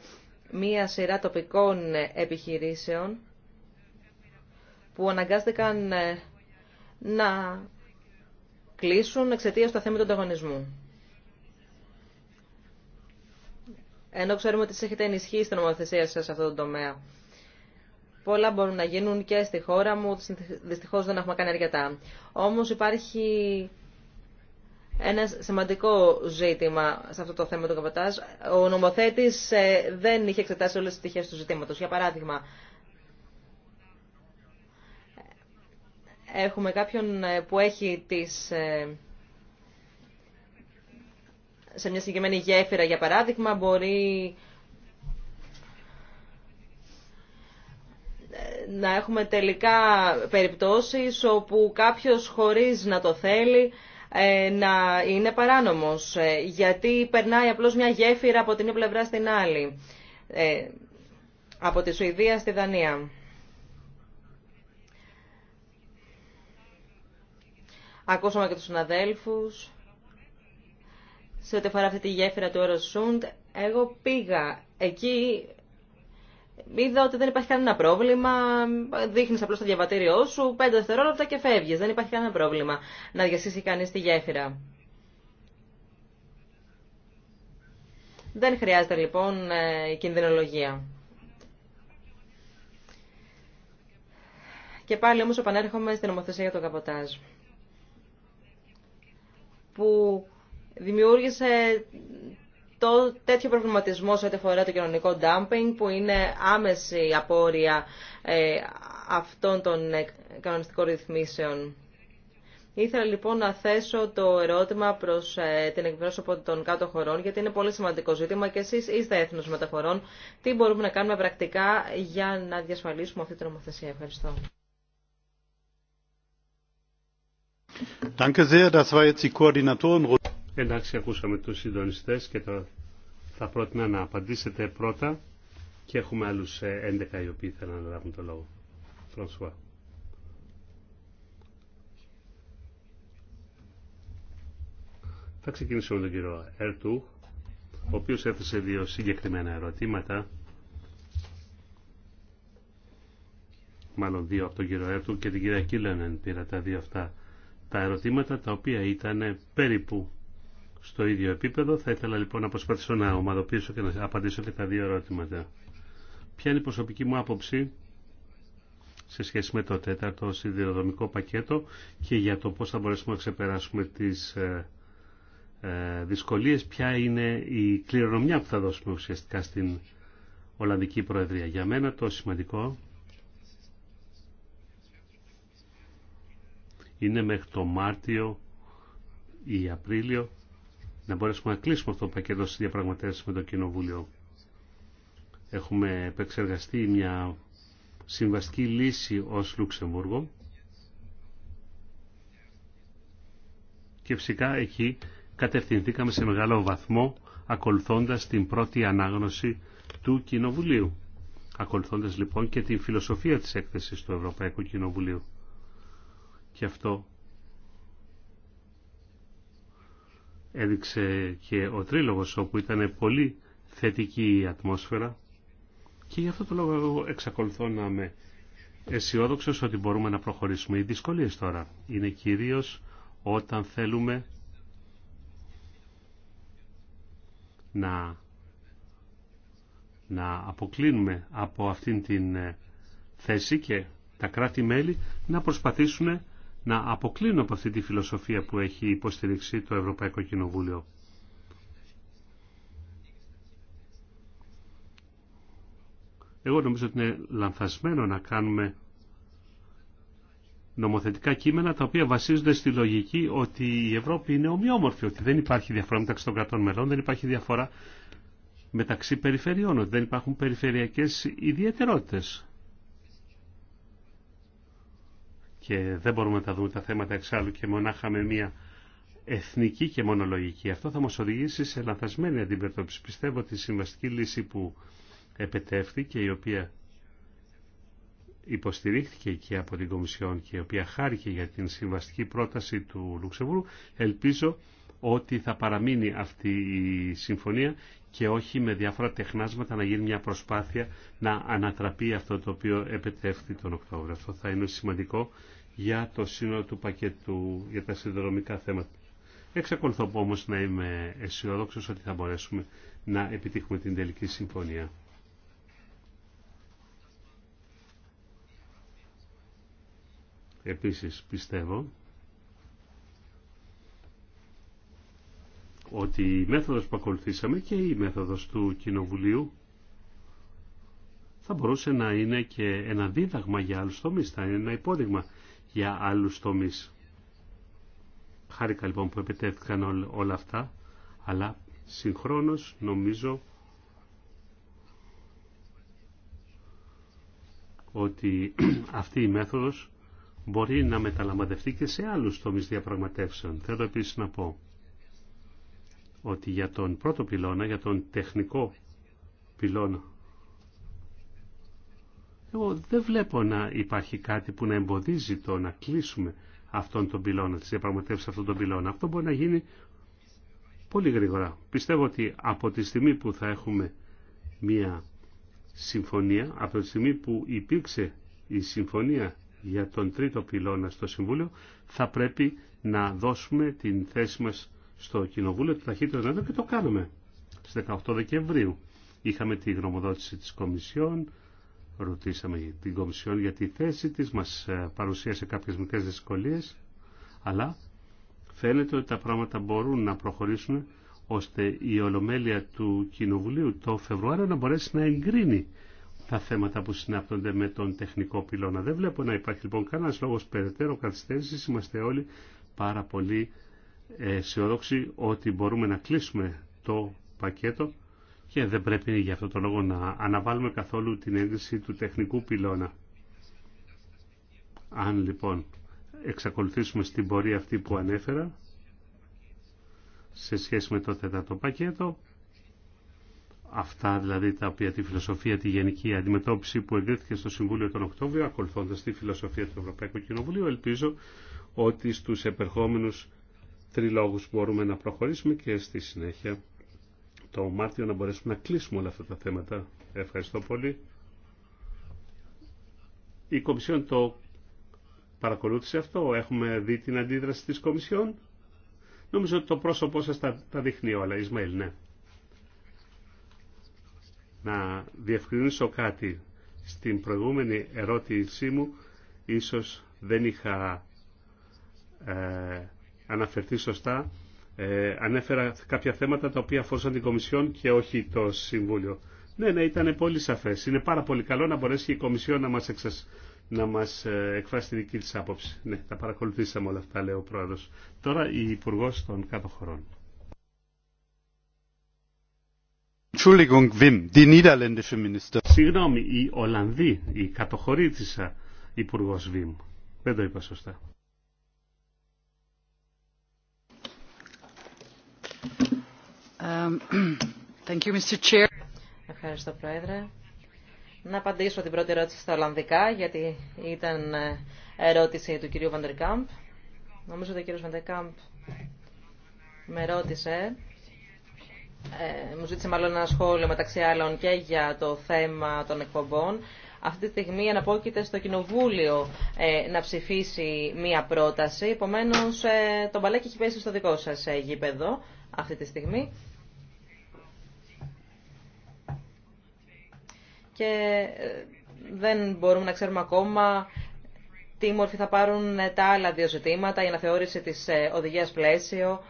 μία σειρά τοπικών επιχειρήσεων που αναγκάστηκαν ε, να κλείσουν εξαιτία του αθέμητου ανταγωνισμού. Ενώ ξέρουμε ότι σα έχετε ενισχύσει την νομοθεσία σα σε αυτό το τομέα. Πολλά μπορούν να γίνουν και στη χώρα μου, δυστυχώ δεν έχουμε κάνει αρκετά. Όμω υπάρχει ένα σημαντικό ζήτημα σε αυτό το θέμα του καπατάζ. Ο νομοθέτης ε, δεν είχε εξετάσει όλε τι στοιχείε του ζητήματο. Για παράδειγμα, έχουμε κάποιον ε, που έχει τις... Ε, σε μια συγκεκριμένη γέφυρα, για παράδειγμα, μπορεί ε, να έχουμε τελικά περιπτώσεις όπου κάποιος χωρίς να το θέλει να είναι παράνομος, γιατί περνάει απλώς μια γέφυρα από την μία πλευρά στην άλλη, από τη Σουηδία στη Δανία. Ακούσαμε και τους συναδέλφους. Σε ό,τι αφορά αυτή τη γέφυρα του Eurosund, εγώ πήγα εκεί, είδα ότι δεν υπάρχει κανένα πρόβλημα, δείχνεις απλώς το διαβατήριό σου, πέντε δευτερόλεπτα και φεύγεις, δεν υπάρχει κανένα πρόβλημα να διασύσει κανείς τη γέφυρα. Δεν χρειάζεται λοιπόν ε, η κινδυνολογία. Και πάλι όμως επανέρχομαι στην ομοθεσία για το καποτάζ που δημιούργησε το τέτοιο προβληματισμό σε ό,τι αφορά το κοινωνικό dumping που είναι άμεση απόρρια ε, αυτών των ε, κανονιστικών ρυθμίσεων. Ήθελα λοιπόν να θέσω το ερώτημα προς ε, την εκπρόσωπο των κάτω χωρών, γιατί είναι πολύ σημαντικό ζήτημα και εσείς είστε έθνος μεταφορών. Τι μπορούμε να κάνουμε πρακτικά για να διασφαλίσουμε αυτή την νομοθεσία. Ευχαριστώ. Εντάξει, ακούσαμε τους συντονιστές και θα πρότεινα να απαντήσετε πρώτα και έχουμε άλλους 11 ε, οι οποίοι θέλουν να λάβουν το λόγο. Φρανσουά. Θα ξεκινήσω με τον κύριο Ερτού, ο οποίος έθεσε δύο συγκεκριμένα ερωτήματα. Μάλλον δύο από τον κύριο Ερτού και την κυρία Κίλενεν πήρα τα δύο αυτά τα ερωτήματα τα οποία ήταν περίπου στο ίδιο επίπεδο. Θα ήθελα λοιπόν να προσπαθήσω να ομαδοποιήσω και να απαντήσω και τα δύο ερώτηματα. Ποια είναι η προσωπική μου άποψη σε σχέση με το τέταρτο σιδηροδομικό πακέτο και για το πώς θα μπορέσουμε να ξεπεράσουμε τις ε, ε, δυσκολίες, ποια είναι η κληρονομιά που θα δώσουμε ουσιαστικά στην Ολλανδική Προεδρία. Για μένα το σημαντικό είναι μέχρι το Μάρτιο ή Απρίλιο να μπορέσουμε να κλείσουμε αυτό το πακέτο στις διαπραγματεύσεις με το Κοινοβούλιο. Έχουμε επεξεργαστεί μια συμβαστική λύση ως Λουξεμβούργο και φυσικά εκεί κατευθυνθήκαμε σε μεγάλο βαθμό ακολουθώντας την πρώτη ανάγνωση του Κοινοβουλίου. Ακολουθώντας λοιπόν και την φιλοσοφία της έκθεσης του Ευρωπαϊκού Κοινοβουλίου και αυτό έδειξε και ο Τρίλογος όπου ήταν πολύ θετική η ατμόσφαιρα και γι' αυτό το λόγο εγώ εξακολουθώ να είμαι αισιόδοξο ότι μπορούμε να προχωρήσουμε. Οι δυσκολίε τώρα είναι κυρίως όταν θέλουμε να, να αποκλίνουμε από αυτήν την ε, θέση και τα κράτη-μέλη να προσπαθήσουν να αποκλίνω από αυτή τη φιλοσοφία που έχει υποστηρίξει το Ευρωπαϊκό Κοινοβούλιο. Εγώ νομίζω ότι είναι λανθασμένο να κάνουμε νομοθετικά κείμενα τα οποία βασίζονται στη λογική ότι η Ευρώπη είναι ομοιόμορφη, ότι δεν υπάρχει διαφορά μεταξύ των κρατών μελών, δεν υπάρχει διαφορά μεταξύ περιφερειών, ότι δεν υπάρχουν περιφερειακές ιδιαιτερότητες. και δεν μπορούμε να τα δούμε τα θέματα εξάλλου και μονάχα με μια εθνική και μονολογική. Αυτό θα μας οδηγήσει σε λανθασμένη αντιμετώπιση. Πιστεύω ότι η συμβαστική λύση που επετεύθηκε, η οποία υποστηρίχθηκε και από την Κομισιόν και η οποία χάρηκε για την συμβαστική πρόταση του Λουξεμβούργου, ελπίζω ότι θα παραμείνει αυτή η συμφωνία και όχι με διάφορα τεχνάσματα να γίνει μια προσπάθεια να ανατραπεί αυτό το οποίο επετεύχθη τον Οκτώβριο. Αυτό θα είναι σημαντικό για το σύνολο του πακέτου για τα συνδρομικά θέματα. Εξακολουθώ όμως να είμαι αισιόδοξο ότι θα μπορέσουμε να επιτύχουμε την τελική συμφωνία. Επίσης πιστεύω ότι η μέθοδος που ακολουθήσαμε και η μέθοδος του Κοινοβουλίου θα μπορούσε να είναι και ένα δίδαγμα για άλλους τομείς, θα είναι ένα υπόδειγμα για άλλους τομείς. Χάρηκα λοιπόν που επιτέθηκαν όλα αυτά, αλλά συγχρόνως νομίζω ότι αυτή η μέθοδος μπορεί να μεταλαμβαδευτεί και σε άλλους τομείς διαπραγματεύσεων. Θέλω επίσης να πω ότι για τον πρώτο πυλώνα, για τον τεχνικό πυλώνα, εγώ δεν βλέπω να υπάρχει κάτι που να εμποδίζει το να κλείσουμε αυτόν τον πυλώνα, τις διαπραγματεύσεις αυτόν τον πυλώνα. Αυτό μπορεί να γίνει πολύ γρήγορα. Πιστεύω ότι από τη στιγμή που θα έχουμε μία συμφωνία, από τη στιγμή που υπήρξε η συμφωνία για τον τρίτο πυλώνα στο Συμβούλιο, θα πρέπει να δώσουμε την θέση μας στο Κοινοβούλιο του ταχύτερο δυνατό και το κάνουμε. Στις 18 Δεκεμβρίου είχαμε τη γνωμοδότηση της Κομισιόν, ρωτήσαμε την Κομισιόν για τη θέση της, μας ε, παρουσίασε κάποιες μικρές δυσκολίες, αλλά φαίνεται ότι τα πράγματα μπορούν να προχωρήσουν ώστε η Ολομέλεια του Κοινοβουλίου το Φεβρουάριο να μπορέσει να εγκρίνει τα θέματα που συνάπτονται με τον τεχνικό πυλώνα. Δεν βλέπω να υπάρχει λοιπόν κανένα λόγο περαιτέρω καθυστέρηση. Είμαστε όλοι πάρα πολύ αισιόδοξοι ότι μπορούμε να κλείσουμε το πακέτο και δεν πρέπει για αυτό το λόγο να αναβάλουμε καθόλου την ένδυση του τεχνικού πυλώνα. Αν λοιπόν εξακολουθήσουμε στην πορεία αυτή που ανέφερα σε σχέση με το τέταρτο πακέτο, αυτά δηλαδή τα οποία τη φιλοσοφία, τη γενική αντιμετώπιση που εγκρίθηκε στο Συμβούλιο τον Οκτώβριο, ακολουθώντας τη φιλοσοφία του Ευρωπαϊκού Κοινοβουλίου, ελπίζω ότι στους επερχόμενους τριλόγους μπορούμε να προχωρήσουμε και στη συνέχεια το Μάρτιο να μπορέσουμε να κλείσουμε όλα αυτά τα θέματα. Ευχαριστώ πολύ. Η Κομισιόν το παρακολούθησε αυτό. Έχουμε δει την αντίδραση της Κομισιόν. Νομίζω ότι το πρόσωπό σας τα, τα δείχνει όλα. Ισμαήλ, ναι. Να διευκρινίσω κάτι. Στην προηγούμενη ερώτησή μου ίσως δεν είχα ε, αναφερθεί σωστά. Ε, ανέφερα κάποια θέματα τα οποία αφορούσαν την Κομισιόν και όχι το Συμβούλιο. Ναι, ναι, ήταν πολύ σαφέ. Είναι πάρα πολύ καλό να μπορέσει η Κομισιόν να μας, εξασ, να ε, εκφράσει τη δική τη άποψη. Ναι, τα παρακολουθήσαμε όλα αυτά, λέει ο πρόεδρο. Τώρα η υπουργό των Κάτω Συγγνώμη, η Ολλανδή, η κατοχωρήτησα υπουργό Βιμ. Δεν το είπα σωστά. Um, Ευχαριστώ, Πρόεδρε. Να απαντήσω την πρώτη ερώτηση στα Ολλανδικά, γιατί ήταν ε, ερώτηση του κυρίου Βαντερκάμπ. Νομίζω ότι ο κύριος Βαντερκάμπ με ρώτησε, ε, μου ζήτησε μάλλον ένα σχόλιο μεταξύ άλλων και για το θέμα των εκπομπών. Αυτή τη στιγμή αναπόκειται στο Κοινοβούλιο ε, να ψηφίσει μία πρόταση. Επομένω, ε, το μπαλάκι έχει πέσει στο δικό σα ε, γήπεδο αυτή τη στιγμή. Και δεν μπορούμε να ξέρουμε ακόμα τι μορφή θα πάρουν τα άλλα δύο ζητήματα, για να αναθεώρηση της οδηγίας πλαίσιο,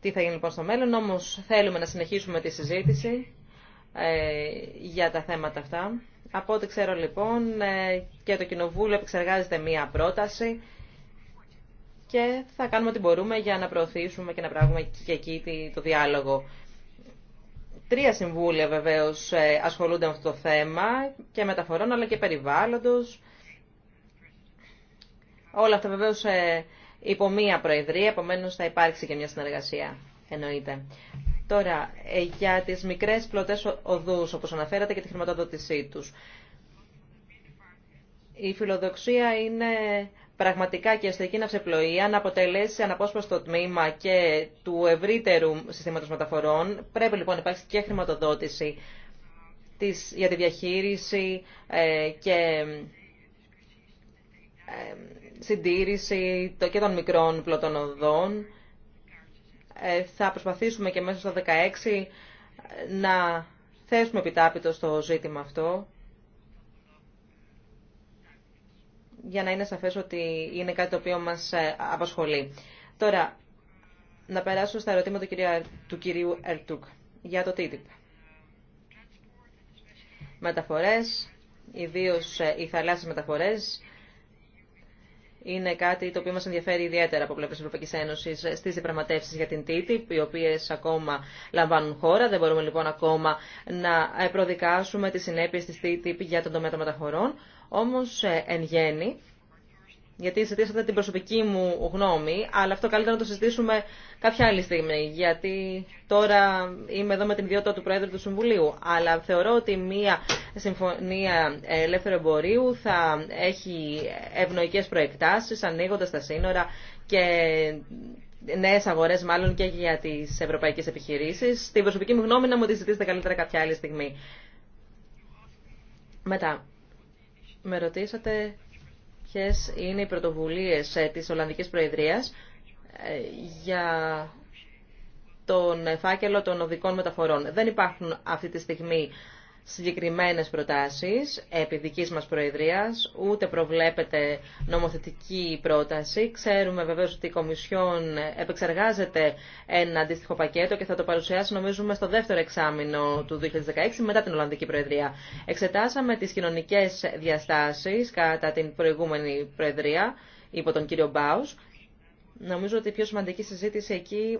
τι θα γίνει λοιπόν στο μέλλον, όμως θέλουμε να συνεχίσουμε τη συζήτηση ε, για τα θέματα αυτά. Από ό,τι ξέρω λοιπόν ε, και το Κοινοβούλιο επεξεργάζεται μία πρόταση και θα κάνουμε ό,τι μπορούμε για να προωθήσουμε και να πράγουμε και εκεί το διάλογο. Τρία συμβούλια βεβαίως ε, ασχολούνται με αυτό το θέμα και μεταφορών αλλά και περιβάλλοντος. Όλα αυτά βεβαίως υπό μία προεδρία, επομένως θα υπάρξει και μια συνεργασία, εννοείται. Τώρα, ε, για τις μικρές πλωτές οδούς, όπως αναφέρατε, και τη χρηματοδότησή τους. Η φιλοδοξία είναι πραγματικά και η αστική ναυσεπλοεία να αποτελέσει αναπόσπαστο τμήμα και του ευρύτερου συστήματος μεταφορών. Πρέπει λοιπόν να υπάρξει και χρηματοδότηση της, για τη διαχείριση ε, και ε, συντήρηση και των μικρών πλωτών οδών ε, θα προσπαθήσουμε και μέσα στο 2016 να θέσουμε επιτάπητο στο ζήτημα αυτό για να είναι σαφές ότι είναι κάτι το οποίο μας ε, απασχολεί. Τώρα, να περάσω στα ερωτήματα του κυρίου Ερτούκ για το TTIP. Μεταφορές, ιδίως ε, οι θαλάσσιες μεταφορές, είναι κάτι το οποίο μας ενδιαφέρει ιδιαίτερα από πλευρά της Ευρωπαϊκής Ένωσης στις διαπραγματεύσει για την TTIP, οι οποίες ακόμα λαμβάνουν χώρα. Δεν μπορούμε λοιπόν ακόμα να ε, προδικάσουμε τις συνέπειες της TTIP για τον τομέα των μεταφορών, Όμως ε, εν γέννη γιατί συζητήσατε την προσωπική μου γνώμη, αλλά αυτό καλύτερα να το συζητήσουμε κάποια άλλη στιγμή, γιατί τώρα είμαι εδώ με την ιδιότητα του Πρόεδρου του Συμβουλίου, αλλά θεωρώ ότι μία συμφωνία ελεύθερου εμπορίου θα έχει ευνοϊκές προεκτάσεις, ανοίγοντας τα σύνορα και νέε αγορέ, μάλλον και για τι ευρωπαϊκέ επιχειρήσει. Στην προσωπική μου γνώμη να μου τη ζητήσετε καλύτερα κάποια άλλη στιγμή. Μετά, με ρωτήσατε ποιες είναι οι πρωτοβουλίες ε, της Ολλανδικής Προεδρίας ε, για τον φάκελο των οδικών μεταφορών. Δεν υπάρχουν αυτή τη στιγμή συγκεκριμένες προτάσεις επί δικής μας Προεδρίας, ούτε προβλέπεται νομοθετική πρόταση. Ξέρουμε βεβαίως ότι η Κομισιόν επεξεργάζεται ένα αντίστοιχο πακέτο και θα το παρουσιάσει νομίζουμε στο δεύτερο εξάμεινο του 2016 μετά την Ολλανδική Προεδρία. Εξετάσαμε τις κοινωνικές διαστάσεις κατά την προηγούμενη Προεδρία υπό τον κύριο Μπάους. Νομίζω ότι η πιο σημαντική συζήτηση εκεί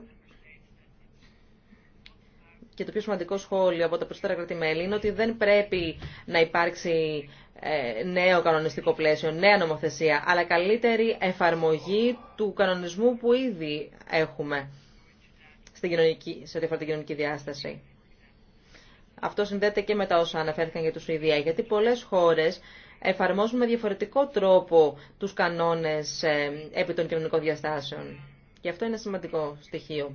και το πιο σημαντικό σχόλιο από τα περισσότερα κρατημέλη είναι ότι δεν πρέπει να υπάρξει ε, νέο κανονιστικό πλαίσιο, νέα νομοθεσία, αλλά καλύτερη εφαρμογή του κανονισμού που ήδη έχουμε στην κοινωνική, σε ό,τι αφορά την κοινωνική διάσταση. Αυτό συνδέεται και με τα όσα αναφέρθηκαν για τους ΙΔΙΑ, γιατί πολλές χώρες εφαρμόζουν με διαφορετικό τρόπο τους κανόνες ε, επί των κοινωνικών διαστάσεων. Και αυτό είναι σημαντικό στοιχείο.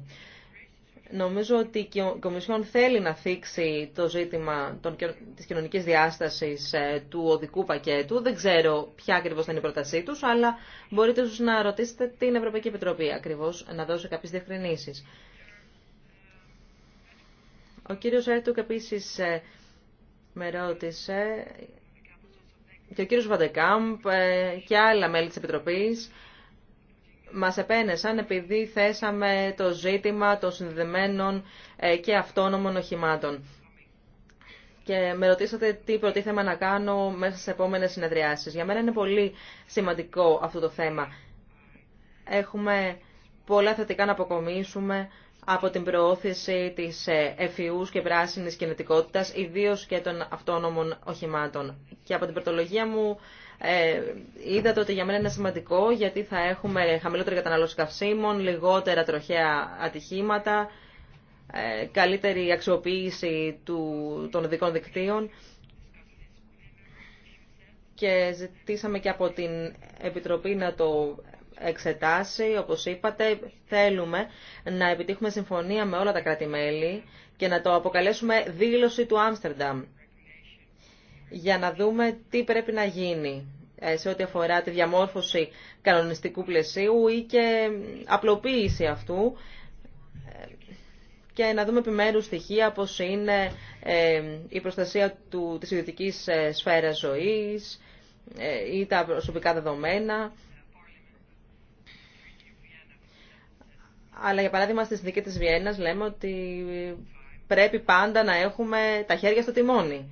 Νομίζω ότι η Κομισιόν θέλει να θίξει το ζήτημα των, της κοινωνικής διάστασης ε, του οδικού πακέτου. Δεν ξέρω ποια ακριβώς θα είναι η πρότασή τους, αλλά μπορείτε ίσως να ρωτήσετε την Ευρωπαϊκή Επιτροπή ακριβώς να δώσει κάποιες διευκρινήσεις. Ο κύριος Έρτουκ επίσης ε, με ρώτησε και ο κύριος Βαντεκάμπ ε, και άλλα μέλη της Επιτροπής μας επένεσαν επειδή θέσαμε το ζήτημα των συνδεδεμένων ε, και αυτόνομων οχημάτων. Και με ρωτήσατε τι προτίθεμαι να κάνω μέσα στις επόμενες συνεδριάσεις. Για μένα είναι πολύ σημαντικό αυτό το θέμα. Έχουμε πολλά θετικά να αποκομίσουμε από την προώθηση της ε, εφιούς και πράσινης κινητικότητας, ιδίως και των αυτόνομων οχημάτων. Και από την πρωτολογία μου ε, είδατε ότι για μένα είναι σημαντικό γιατί θα έχουμε χαμηλότερη καταναλώση καυσίμων, λιγότερα τροχαία ατυχήματα, ε, καλύτερη αξιοποίηση του, των δικών δικτύων και ζητήσαμε και από την Επιτροπή να το εξετάσει, όπως είπατε, θέλουμε να επιτύχουμε συμφωνία με όλα τα κράτη-μέλη και να το αποκαλέσουμε δήλωση του Άμστερνταμ για να δούμε τι πρέπει να γίνει ε, σε ό,τι αφορά τη διαμόρφωση κανονιστικού πλαισίου ή και απλοποίηση αυτού ε, και να δούμε επιμέρους στοιχεία πώς είναι ε, η προστασία του, της ιδιωτικής σφαίρας ζωής ή τα προσωπικά δεδομένα. Αλλά για παράδειγμα στη συνδίκη της Βιέννας λέμε ότι πρέπει πάντα να έχουμε τα χέρια στο τιμόνι.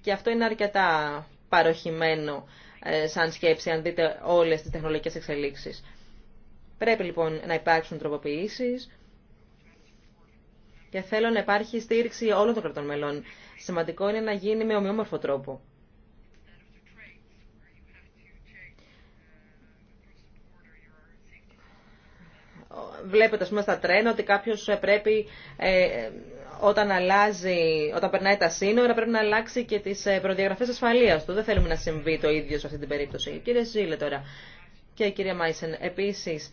Και αυτό είναι αρκετά παροχημένο ε, σαν σκέψη, αν δείτε όλες τις τεχνολογικές εξελίξεις. Πρέπει λοιπόν να υπάρξουν τροποποιήσεις και θέλω να υπάρχει στήριξη όλων των κρατών μελών. Σημαντικό είναι να γίνει με ομοιόμορφο τρόπο. Βλέπετε, ας πούμε, στα τρένα ότι κάποιος ε, πρέπει ε, όταν, αλλάζει, όταν περνάει τα σύνορα πρέπει να αλλάξει και τι ε, προδιαγραφέ ασφαλείας του. Δεν θέλουμε να συμβεί το ίδιο σε αυτή την περίπτωση. Κύριε Ζήλε τώρα και κυρία Μάισεν επίσης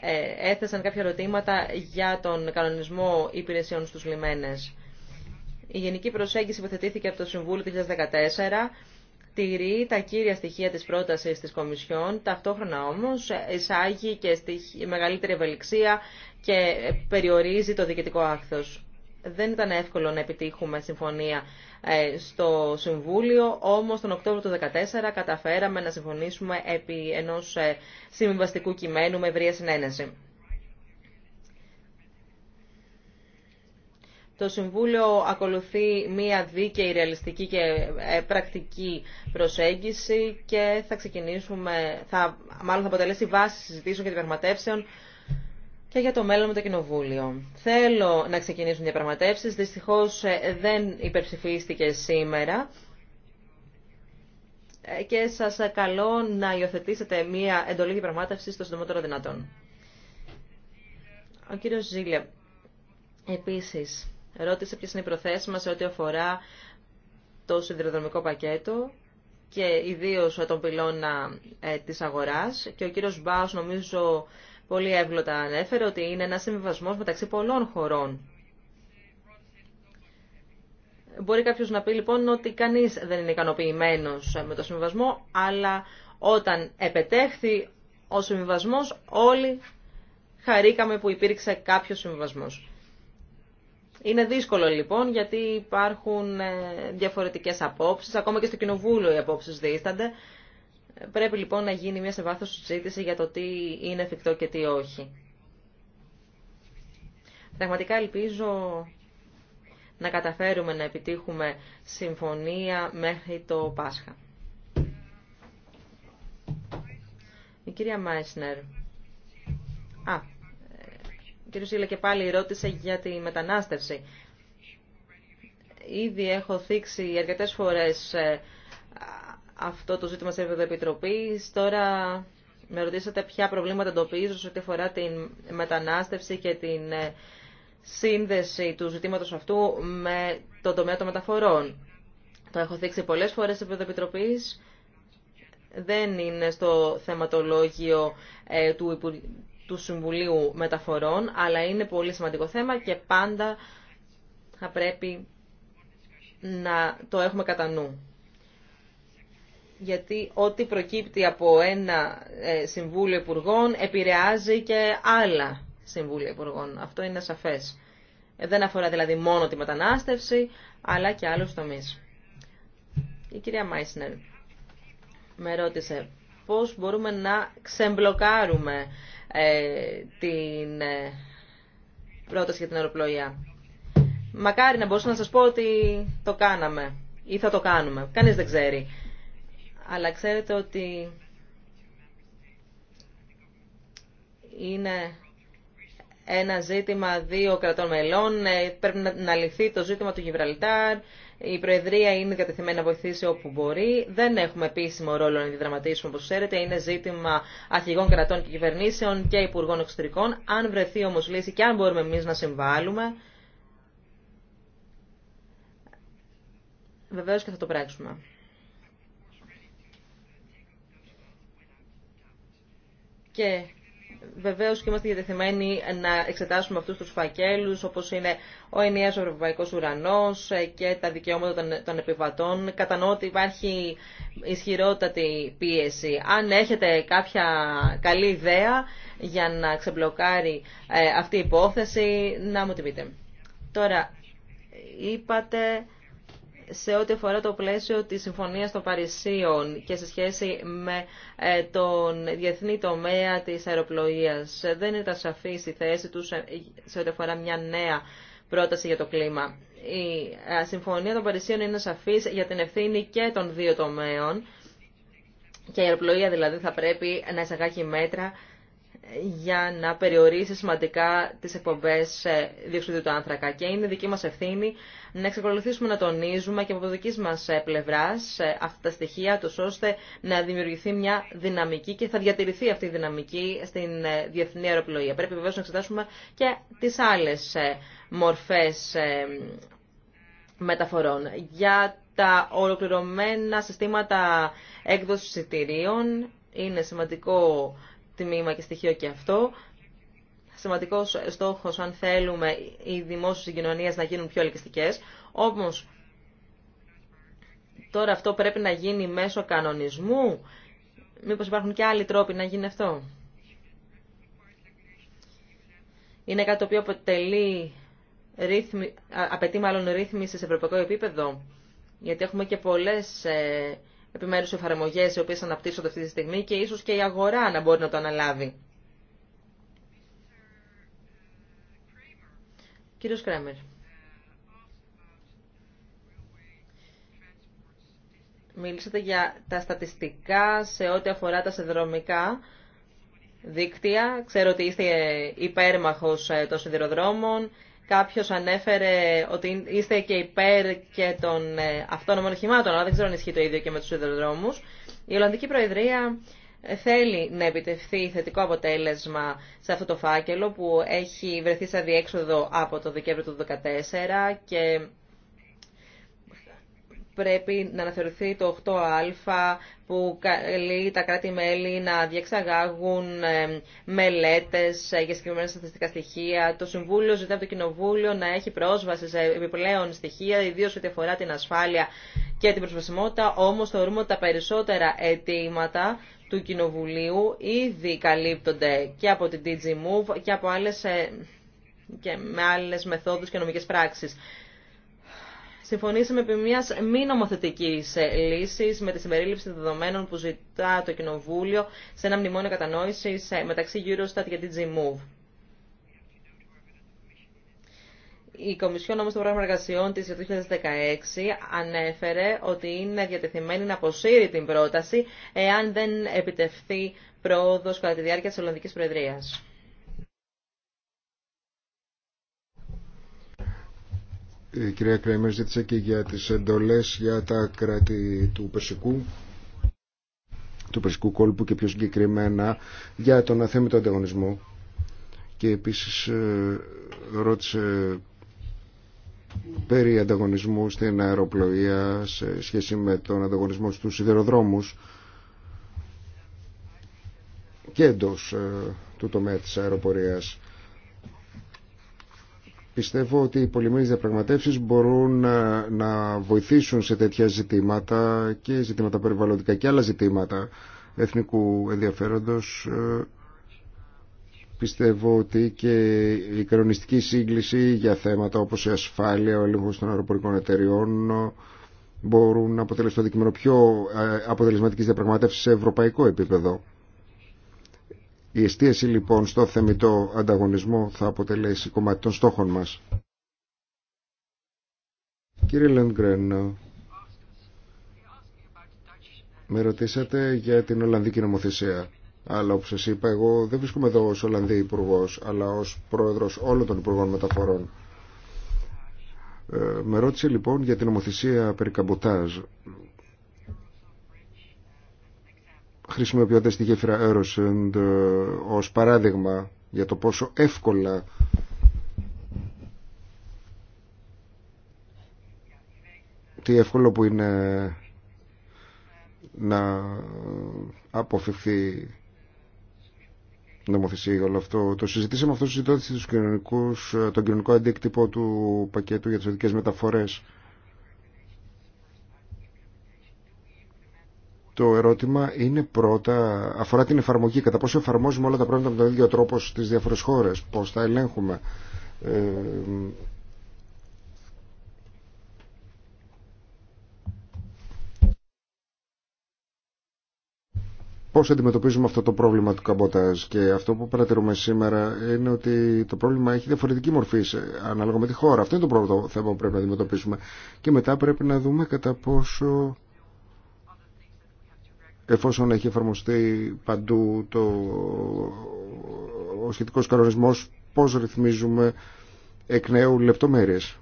ε, έθεσαν κάποια ερωτήματα για τον κανονισμό υπηρεσιών στους λιμένες. Η γενική προσέγγιση που από το Συμβούλιο 2014 τηρεί τα κύρια στοιχεία της πρότασης της Κομισιόν, ταυτόχρονα όμως εισάγει και στη μεγαλύτερη ευελιξία και περιορίζει το διοικητικό άκθος. Δεν ήταν εύκολο να επιτύχουμε συμφωνία ε, στο Συμβούλιο, όμως τον Οκτώβριο του 2014 καταφέραμε να συμφωνήσουμε επί ενός ε, συμβαστικού κειμένου με ευρεία συνένεση. Το Συμβούλιο ακολουθεί μία δίκαιη, ρεαλιστική και ε, πρακτική προσέγγιση και θα ξεκινήσουμε, θα, μάλλον θα αποτελέσει βάση συζητήσεων και διαπραγματεύσεων και για το μέλλον με το Κοινοβούλιο. Θέλω να ξεκινήσουν διαπραγματεύσει. Δυστυχώ ε, δεν υπερψηφίστηκε σήμερα. Ε, και σα καλώ να υιοθετήσετε μία εντολή διαπραγμάτευση το συντομότερο δυνατόν. Ο κύριο Ζήλια, επίση, ρώτησε ποιε είναι οι προθέσει μα σε ό,τι αφορά το σιδηροδρομικό πακέτο και ιδίω τον πυλώνα ε, τη αγορά. Και ο κύριο Μπάου, νομίζω, πολύ εύγλωτα ανέφερε ότι είναι ένα συμβιβασμό μεταξύ πολλών χωρών. Μπορεί κάποιος να πει λοιπόν ότι κανείς δεν είναι ικανοποιημένος με το συμβιβασμό, αλλά όταν επετέχθη ο συμβιβασμός όλοι χαρήκαμε που υπήρξε κάποιος συμβιβασμός. Είναι δύσκολο λοιπόν γιατί υπάρχουν ε, διαφορετικές απόψεις, ακόμα και στο κοινοβούλιο οι απόψεις δίστανται. Πρέπει λοιπόν να γίνει μια σε βάθος συζήτηση για το τι είναι εφικτό και τι όχι. Πραγματικά ελπίζω να καταφέρουμε να επιτύχουμε συμφωνία μέχρι το Πάσχα. Η κυρία Μάισνερ. Α, κύριος Ήλε και πάλι ρώτησε για τη μετανάστευση. Ήδη έχω θίξει αρκετές φορές ε, αυτό το ζήτημα σε επίπεδο επιτροπή. Τώρα με ρωτήσατε ποια προβλήματα εντοπίζω σε ό,τι αφορά την μετανάστευση και την ε, σύνδεση του ζητήματος αυτού με το τομέα των μεταφορών. Το έχω δείξει πολλές φορές σε επίπεδο Δεν είναι στο θεματολόγιο ε, του, του Συμβουλίου Μεταφορών, αλλά είναι πολύ σημαντικό θέμα και πάντα θα πρέπει να το έχουμε κατά νου γιατί ό,τι προκύπτει από ένα ε, Συμβούλιο Υπουργών επηρεάζει και άλλα Συμβούλια Υπουργών. Αυτό είναι σαφές. Ε, δεν αφορά δηλαδή μόνο τη μετανάστευση, αλλά και άλλους τομείς. Η κυρία Μάισνερ με ρώτησε πώς μπορούμε να ξεμπλοκάρουμε ε, την πρόταση για την αεροπλοεία. Μακάρι να μπορούσα να σας πω ότι το κάναμε ή θα το κάνουμε. Κανείς δεν ξέρει αλλά ξέρετε ότι είναι ένα ζήτημα δύο κρατών μελών. Ε, πρέπει να λυθεί το ζήτημα του Γιβραλτάρ. Η Προεδρία είναι κατεθειμένη να βοηθήσει όπου μπορεί. Δεν έχουμε επίσημο ρόλο να διδραματίσουμε, όπω ξέρετε. Είναι ζήτημα αρχηγών κρατών και κυβερνήσεων και υπουργών εξωτερικών. Αν βρεθεί όμω λύση και αν μπορούμε εμεί να συμβάλλουμε. Βεβαίω και θα το πράξουμε. Και βεβαίως και είμαστε διατεθειμένοι να εξετάσουμε αυτούς τους φακέλους, όπως είναι ο ενιαίος ευρωπαϊκός ουρανός και τα δικαιώματα των, επιβατών. Κατανοώ ότι υπάρχει ισχυρότατη πίεση. Αν έχετε κάποια καλή ιδέα για να ξεμπλοκάρει ε, αυτή η υπόθεση, να μου την πείτε. Τώρα, είπατε σε ό,τι αφορά το πλαίσιο της Συμφωνίας των Παρισίων και σε σχέση με ε, τον διεθνή τομέα της αεροπλοείας. Δεν ήταν σαφή η θέση τους ε, σε ό,τι αφορά μια νέα πρόταση για το κλίμα. Η ε, Συμφωνία των Παρισίων είναι σαφής για την ευθύνη και των δύο τομέων και η αεροπλοεία δηλαδή θα πρέπει να εισαγάγει μέτρα για να περιορίσει σημαντικά τι εκπομπέ διοξιδίου του άνθρακα. Και είναι δική μα ευθύνη να εξακολουθήσουμε να τονίζουμε και από δική μα ε, πλευρά ε, αυτά τα στοιχεία, ώστε να δημιουργηθεί μια δυναμική και θα διατηρηθεί αυτή η δυναμική στην ε, διεθνή αεροπλοεία. Πρέπει βεβαίω να εξετάσουμε και τι άλλε μορφές μεταφορών. Για τα ολοκληρωμένα συστήματα έκδοσης εισιτηρίων είναι σημαντικό τμήμα και στοιχείο και αυτό. Σημαντικό στόχο αν θέλουμε, οι δημόσιες συγκοινωνίε να γίνουν πιο ελκυστικέ. Όμως, τώρα αυτό πρέπει να γίνει μέσω κανονισμού. Μήπως υπάρχουν και άλλοι τρόποι να γίνει αυτό. Είναι κάτι το οποίο αποτελεί, ρύθμι, απαιτεί μάλλον ρύθμιση σε ευρωπαϊκό επίπεδο. Γιατί έχουμε και πολλές ε, επιμέρους εφαρμογές οι οποίες αναπτύσσονται αυτή τη στιγμή και ίσως και η αγορά να μπορεί να το αναλάβει. Κύριος Κρέμερ. Μίλησατε για τα στατιστικά σε ό,τι αφορά τα σιδηροδρομικά δίκτυα. Ξέρω ότι είστε υπέρμαχος ε, των σιδηροδρόμων κάποιος ανέφερε ότι είστε και υπέρ και των ε, αυτόνομων οχημάτων, αλλά δεν ξέρω αν ισχύει το ίδιο και με τους σιδηροδρόμους. Η Ολλανδική Προεδρία ε, θέλει να επιτευχθεί θετικό αποτέλεσμα σε αυτό το φάκελο που έχει βρεθεί σε διέξοδο από το Δεκέμβριο του 2014 και πρέπει να αναθεωρηθεί το 8α που καλεί τα κράτη-μέλη να διεξαγάγουν μελέτες ε, για συγκεκριμένα στατιστικά στοιχεία. Το Συμβούλιο ζητά από το Κοινοβούλιο να έχει πρόσβαση σε επιπλέον στοιχεία, ιδίως ό,τι αφορά την ασφάλεια και την προσβασιμότητα. Όμως θεωρούμε ότι τα περισσότερα αιτήματα του Κοινοβουλίου ήδη καλύπτονται και από την DG Move και από άλλες ε, και με άλλες μεθόδους και νομικές πράξεις συμφωνήσαμε επί μια μη νομοθετική ε, λύσης με τη συμπερίληψη δεδομένων που ζητά το Κοινοβούλιο σε ένα μνημόνιο κατανόηση ε, μεταξύ Eurostat και DG Move. Η Κομισιόν όμως των πρόγραμμα εργασιών της 2016 ανέφερε ότι είναι διατεθειμένη να αποσύρει την πρόταση εάν δεν επιτευχθεί πρόοδος κατά τη διάρκεια της Ολλανδικής Προεδρίας. Ε, η κυρία Κρέμερ ζήτησε και για τις εντολές για τα κράτη του Περσικού του Περσικού κόλπου και πιο συγκεκριμένα για τον αθέμητο ανταγωνισμό και επίσης ε, ρώτησε περί ανταγωνισμού στην αεροπλοεία σε σχέση με τον ανταγωνισμό στους σιδηροδρόμους και εντός ε, του τομέα της αεροπορίας Πιστεύω ότι οι πολυμερείς διαπραγματεύσεις μπορούν να, να βοηθήσουν σε τέτοια ζητήματα και ζητήματα περιβαλλοντικά και άλλα ζητήματα εθνικού ενδιαφέροντος. Ε, πιστεύω ότι και η κανονιστική σύγκληση για θέματα όπως η ασφάλεια, ο έλεγχος των αεροπορικών εταιριών ε, μπορούν να αποτελέσουν το αντικείμενο πιο ε, αποτελεσματικής διαπραγματεύσης σε ευρωπαϊκό επίπεδο. Η εστίαση λοιπόν στο θεμητό ανταγωνισμό θα αποτελέσει κομμάτι των στόχων μας. Κύριε Λεντγκρεν, με ρωτήσατε για την Ολλανδική νομοθεσία. Αλλά όπως σας είπα εγώ δεν βρίσκομαι εδώ ως Ολλανδή υπουργό, αλλά ως πρόεδρος όλων των υπουργών μεταφορών. Ε, με ρώτησε λοιπόν για την νομοθεσία περί καμποτάζ χρησιμοποιώντα τη γέφυρα Έρωσεντ ως παράδειγμα για το πόσο εύκολα τι εύκολο που είναι να αποφευθεί νομοθεσία για όλο αυτό. Το συζητήσαμε αυτό συζητώντας τον κοινωνικό αντίκτυπο του πακέτου για τις οδικές μεταφορές το ερώτημα είναι πρώτα, αφορά την εφαρμογή. Κατά πόσο εφαρμόζουμε όλα τα πράγματα με τον ίδιο τρόπο στις διάφορες χώρες, πώς τα ελέγχουμε. Ε, Πώς αντιμετωπίζουμε αυτό το πρόβλημα του καμποτάζ και αυτό που παρατηρούμε σήμερα είναι ότι το πρόβλημα έχει διαφορετική μορφή ανάλογα με τη χώρα. Αυτό είναι το πρώτο θέμα που πρέπει να αντιμετωπίσουμε. Και μετά πρέπει να δούμε κατά πόσο εφόσον έχει εφαρμοστεί παντού το, ο σχετικός κανονισμός πώς ρυθμίζουμε εκ νέου λεπτομέρειες.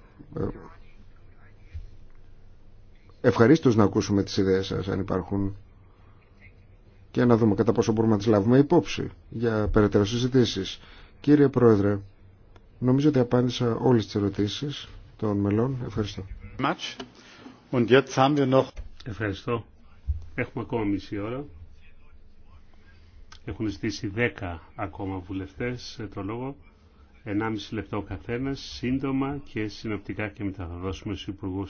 Ευχαρίστως να ακούσουμε τις ιδέες σας αν υπάρχουν και να δούμε κατά πόσο μπορούμε να τις λάβουμε υπόψη για περαιτέρω συζητήσει. Κύριε Πρόεδρε, νομίζω ότι απάντησα όλες τις ερωτήσεις των μελών. Ευχαριστώ. Ευχαριστώ. Έχουμε ακόμα μισή ώρα. Έχουν ζητήσει 10 ακόμα βουλευτές ε, το λόγο. 1,5 λεπτό ο καθένας, σύντομα και συνοπτικά και μετά θα δώσουμε στους υπουργού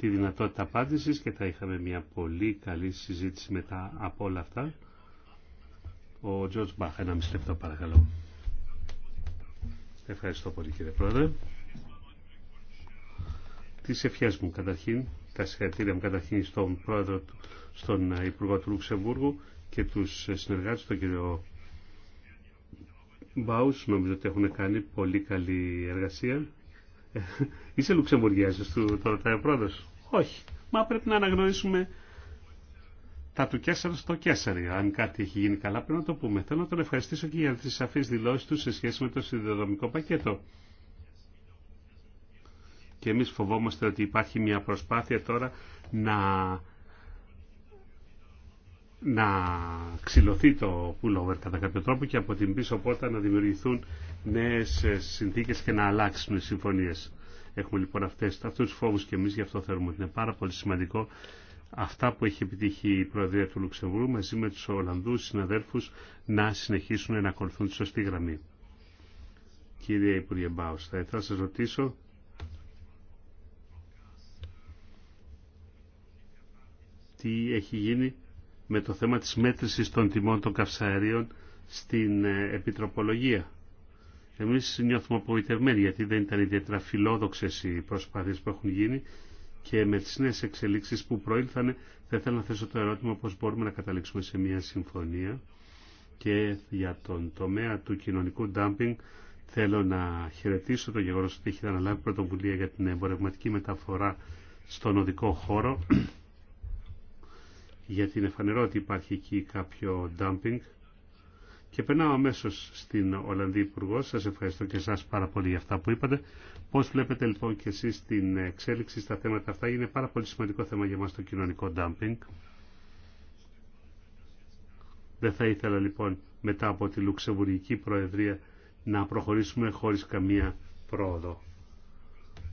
τη δυνατότητα απάντησης και θα είχαμε μια πολύ καλή συζήτηση μετά από όλα αυτά. Ο Τζορτς Μπαχ, 1,5 λεπτό παρακαλώ. Ευχαριστώ πολύ κύριε Πρόεδρε. Τις ευχές μου καταρχήν, τα συγχαρητήρια μου καταρχήν στον Πρόεδρο του στον Υπουργό του Λουξεμβούργου και τους συνεργάτες, τον κύριο Μπάους, νομίζω ότι έχουν κάνει πολύ καλή εργασία. Ε, είσαι Λουξεμβουργιάς, του τώρα ο πρόεδρος. Όχι. Μα πρέπει να αναγνωρίσουμε τα του Κέσσαρ στο Κέσσαρι. Αν κάτι έχει γίνει καλά πρέπει να το πούμε. Θέλω να τον ευχαριστήσω και για τις σαφείς δηλώσεις του σε σχέση με το συνδεδομικό πακέτο. Και εμείς φοβόμαστε ότι υπάρχει μια προσπάθεια τώρα να να ξυλωθεί το pullover κατά κάποιο τρόπο και από την πίσω πόρτα να δημιουργηθούν νέες ε, συνθήκες και να αλλάξουν οι συμφωνίες. Έχουμε λοιπόν αυτές, αυτούς τους φόβους και εμείς γι' αυτό θεωρούμε ότι είναι πάρα πολύ σημαντικό αυτά που έχει επιτύχει η Προεδρία του Λουξεμβούργου μαζί με τους Ολλανδούς συναδέρφους να συνεχίσουν να ακολουθούν τη σωστή γραμμή. Κύριε Υπουργέ Μπάους, θα ήθελα να σας ρωτήσω τι έχει γίνει με το θέμα της μέτρησης των τιμών των καυσαερίων στην ε, επιτροπολογία. Εμείς νιώθουμε απογοητευμένοι γιατί δεν ήταν ιδιαίτερα φιλόδοξες οι προσπάθειες που έχουν γίνει και με τις νέες εξελίξεις που προήλθανε θα ήθελα να θέσω το ερώτημα πώς μπορούμε να καταλήξουμε σε μια συμφωνία και για τον τομέα του κοινωνικού ντάμπινγκ θέλω να χαιρετήσω το γεγονός ότι έχει αναλάβει πρωτοβουλία για την εμπορευματική μεταφορά στον οδικό χώρο γιατί είναι φανερό ότι υπάρχει εκεί κάποιο dumping. Και περνάω αμέσω στην Ολλανδή Υπουργό. Σα ευχαριστώ και εσά πάρα πολύ για αυτά που είπατε. Πώ βλέπετε λοιπόν και εσεί την εξέλιξη στα θέματα αυτά, είναι πάρα πολύ σημαντικό θέμα για μα το κοινωνικό dumping. Δεν θα ήθελα λοιπόν μετά από τη Λουξεμβουργική Προεδρία να προχωρήσουμε χωρίς καμία πρόοδο.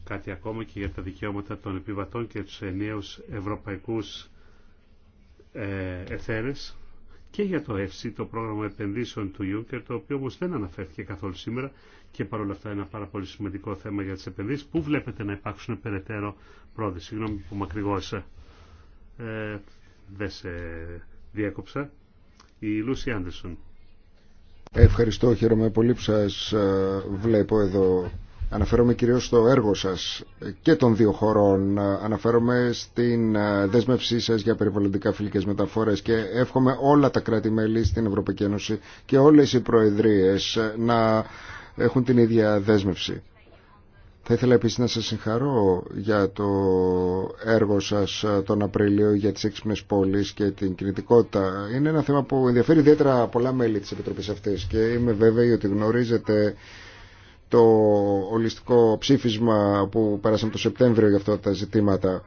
Κάτι ακόμα και για τα δικαιώματα των επιβατών και τους ενιαίους ευρωπαϊκούς ε, εθέρες και για το ΕΦΣΥ, το πρόγραμμα επενδύσεων του Ιούκερ, το οποίο όμως δεν αναφέρθηκε καθόλου σήμερα και παρόλα αυτά είναι ένα πάρα πολύ σημαντικό θέμα για τις επενδύσεις. Πού βλέπετε να υπάρξουν περαιτέρω πρόοδοι. Συγγνώμη που βλεπετε να υπαρξουν περαιτερω προοδες συγγνωμη που μακρηγορησα Ε, δεν σε διέκοψα. Η Λούση Άντερσον. Ευχαριστώ, χαίρομαι πολύ που σας ε, βλέπω εδώ Αναφέρομαι κυρίως στο έργο σας και των δύο χωρών. Αναφέρομαι στην ε, δέσμευσή σας για περιβαλλοντικά φιλικές μεταφορές και εύχομαι όλα τα κράτη-μέλη στην Ευρωπαϊκή Ένωση και όλες οι προεδρίες ε, να έχουν την ίδια δέσμευση. Θα ήθελα επίσης να σας συγχαρώ για το έργο σας ε, τον Απριλίο για τις έξυπνες πόλεις και την κινητικότητα. Είναι ένα θέμα που ενδιαφέρει ιδιαίτερα πολλά μέλη της Επιτροπής αυτής και είμαι βέβαιη ότι γνωρίζετε το ολιστικό ψήφισμα που πέρασαν το Σεπτέμβριο για αυτά τα ζητήματα.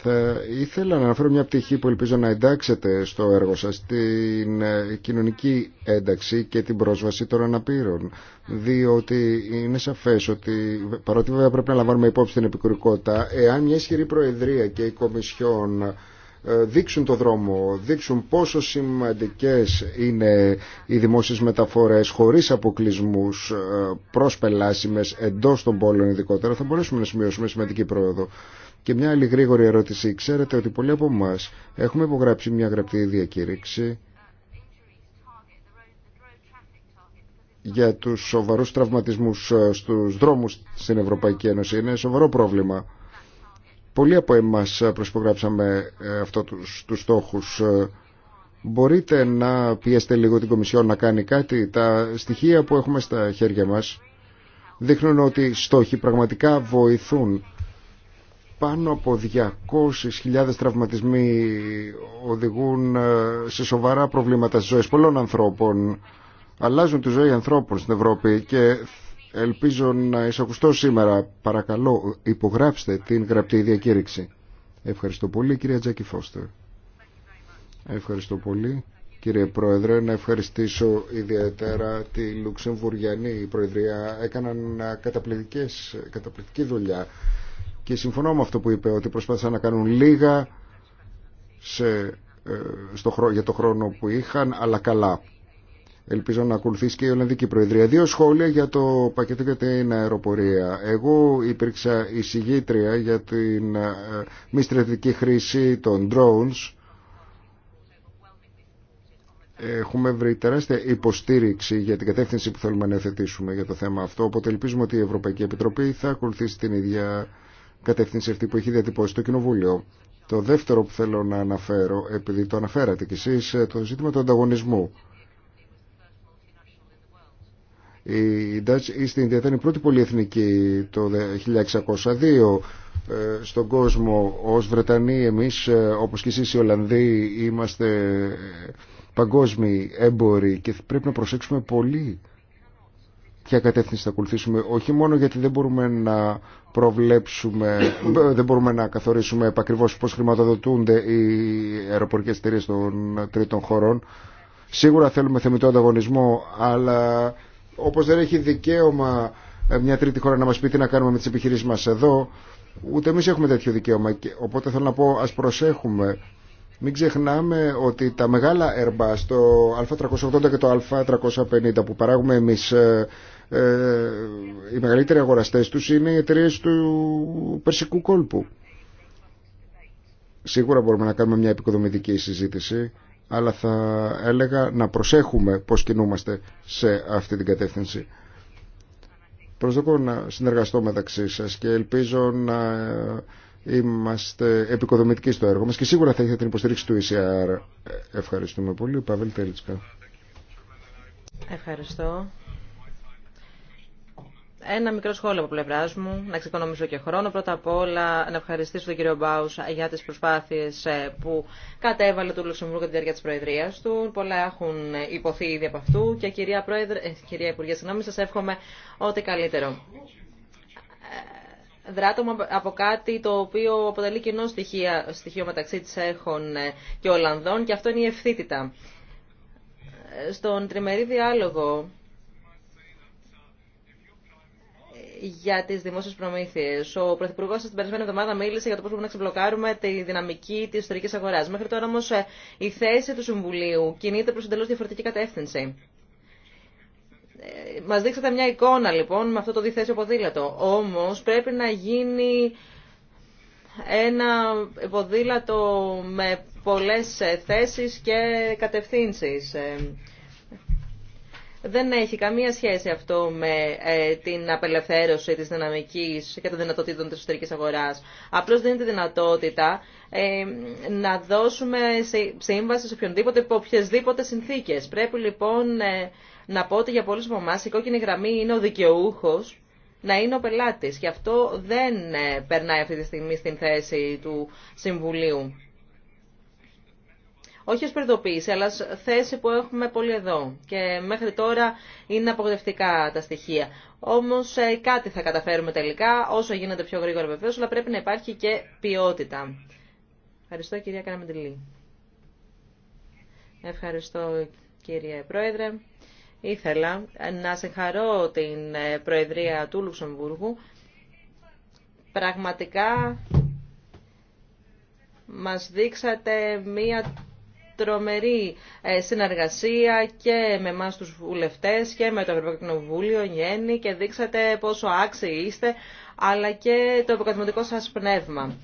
Θα ήθελα να αναφέρω μια πτυχή που ελπίζω να εντάξετε στο έργο σας, την ε, κοινωνική ένταξη και την πρόσβαση των αναπήρων. Διότι είναι σαφές ότι, παρότι βέβαια πρέπει να λαμβάνουμε υπόψη την επικουρικότητα, εάν μια ισχυρή προεδρία και η Κομισιόν ε, δείξουν το δρόμο, δείξουν πόσο σημαντικές είναι οι δημόσιες μεταφορές χωρίς αποκλεισμούς ε, προσπελάσιμες εντός των πόλεων ειδικότερα θα μπορέσουμε να σημειώσουμε σημαντική πρόοδο. Και μια άλλη γρήγορη ερώτηση. Ξέρετε ότι πολλοί από εμά έχουμε υπογράψει μια γραπτή διακήρυξη για τους σοβαρούς τραυματισμούς ε, στους δρόμους στην Ευρωπαϊκή Ένωση. Είναι σοβαρό πρόβλημα Πολλοί από εμάς προσπογράψαμε ε, αυτούς τους, τους στόχους. Ε, μπορείτε να πιέσετε λίγο την Κομισιόν να κάνει κάτι. Τα στοιχεία που έχουμε στα χέρια μας δείχνουν ότι στόχοι πραγματικά βοηθούν. Πάνω από 200.000 τραυματισμοί οδηγούν ε, σε σοβαρά προβλήματα στις ζωές πολλών ανθρώπων. Αλλάζουν τη ζωή ανθρώπων στην Ευρώπη και Ελπίζω να εισακουστώ σήμερα. Παρακαλώ, υπογράψτε την γραπτή διακήρυξη. Ευχαριστώ πολύ, κυρία Τζάκη Φώστερ. Ευχαριστώ πολύ, κύριε Πρόεδρε. Να ευχαριστήσω ιδιαίτερα τη Λουξεμβουριανή η Προεδρία. Έκαναν καταπληκτικές, καταπληκτική δουλειά και συμφωνώ με αυτό που είπε, ότι προσπάθησαν να κάνουν λίγα σε, ε, για το χρόνο που είχαν, αλλά καλά. Ελπίζω να ακολουθήσει και η Ολλανδική Προεδρία. Δύο σχόλια για το πακέτο για την αεροπορία. Εγώ υπήρξα εισηγήτρια για την ε, μη στρατιωτική χρήση των drones. Έχουμε βρει τεράστια υποστήριξη για την κατεύθυνση που θέλουμε να εθετήσουμε για το θέμα αυτό. Οπότε ελπίζουμε ότι η Ευρωπαϊκή Επιτροπή θα ακολουθήσει την ίδια κατεύθυνση αυτή που έχει διατυπώσει το Κοινοβούλιο. Το δεύτερο που θέλω να αναφέρω, επειδή το αναφέρατε κι εσείς, ε, το ζήτημα του ανταγωνισμού. Η Dutch East India ήταν η πρώτη πολυεθνική το 1602 ε, στον κόσμο ως Βρετανοί εμείς ε, όπως και εσείς οι Ολλανδοί είμαστε ε, παγκόσμιοι έμποροι και πρέπει να προσέξουμε πολύ ποια κατεύθυνση θα ακολουθήσουμε όχι μόνο γιατί δεν μπορούμε να προβλέψουμε δεν μπορούμε να καθορίσουμε επακριβώς πώς χρηματοδοτούνται οι αεροπορικές εταιρείε των τρίτων χωρών σίγουρα θέλουμε θεμητό ανταγωνισμό αλλά όπως δεν έχει δικαίωμα ε, μια τρίτη χώρα να μας πει τι να κάνουμε με τις επιχειρήσεις μας εδώ, ούτε εμείς έχουμε τέτοιο δικαίωμα. Οπότε θέλω να πω ας προσέχουμε. Μην ξεχνάμε ότι τα μεγάλα έρμπα στο Α380 και το Α350 που παράγουμε εμείς, ε, ε, οι μεγαλύτεροι αγοραστές τους είναι οι εταιρείε του Περσικού κόλπου. Σίγουρα μπορούμε να κάνουμε μια επικοδομητική συζήτηση αλλά θα έλεγα να προσέχουμε πώς κινούμαστε σε αυτή την κατεύθυνση. Προσδοκώ να συνεργαστώ μεταξύ σας και ελπίζω να είμαστε επικοδομητικοί στο έργο μας και σίγουρα θα έχετε την υποστήριξη του ECR. Ε, ευχαριστούμε πολύ. Παβέλ Τελίτσκα. Ευχαριστώ. Ένα μικρό σχόλιο από πλευρά μου, να ξεκονομήσω και χρόνο. Πρώτα απ' όλα, να ευχαριστήσω τον κύριο Μπάουσα για τι προσπάθειε ε, που κατέβαλε το Λουξεμβούργο κατά τη διάρκεια τη Προεδρία του. Πολλά έχουν υποθεί ήδη από αυτού και κυρία, ε, κυρία Υπουργέ, συγγνώμη, σα εύχομαι ό,τι καλύτερο. Ε, Δράτωμα από κάτι το οποίο αποτελεί κοινό στοιχείο, στοιχείο μεταξύ Τσέχων και Ολλανδών και αυτό είναι η ευθύτητα. Στον τριμερή διάλογο για τι δημόσιες προμήθειε. Ο Πρωθυπουργό την περασμένη εβδομάδα μίλησε για το πώ μπορούμε να ξεμπλοκάρουμε τη δυναμική τη ιστορική αγορά. Μέχρι τώρα όμω ε, η θέση του Συμβουλίου κινείται προς εντελώ διαφορετική κατεύθυνση. Ε, Μα δείξατε μια εικόνα λοιπόν με αυτό το διθέσιο ποδήλατο. Όμω, πρέπει να γίνει ένα ποδήλατο με πολλέ ε, θέσει και κατευθύνσει. Δεν έχει καμία σχέση αυτό με ε, την απελευθέρωση της δυναμικής και των δυνατοτήτων της εσωτερικής αγοράς. Απλώς δίνει τη δυνατότητα ε, να δώσουμε σύμβαση σε οποιονδήποτε υπό οποιασδήποτε συνθήκες. Πρέπει λοιπόν ε, να πω ότι για πολλούς από εμάς η κόκκινη γραμμή είναι ο δικαιούχος να είναι ο πελάτης. Γι' αυτό δεν περνάει αυτή τη στιγμή στην θέση του Συμβουλίου όχι ως προειδοποίηση, αλλά ως θέση που έχουμε πολύ εδώ. Και μέχρι τώρα είναι απογοητευτικά τα στοιχεία. Όμως ε, κάτι θα καταφέρουμε τελικά, όσο γίνεται πιο γρήγορα βεβαίως, αλλά πρέπει να υπάρχει και ποιότητα. Ευχαριστώ κυρία Καραμεντιλή. Ευχαριστώ κύριε Πρόεδρε. Ήθελα να συγχαρώ την ε, Προεδρία του Λουξεμβούργου. Πραγματικά μας δείξατε μία τρομερή ε, συνεργασία και με εμά τους βουλευτές και με το Ευρωπαϊκό Κοινοβούλιο γέννη και δείξατε πόσο άξιοι είστε αλλά και το επικαθηματικό σας πνεύμα.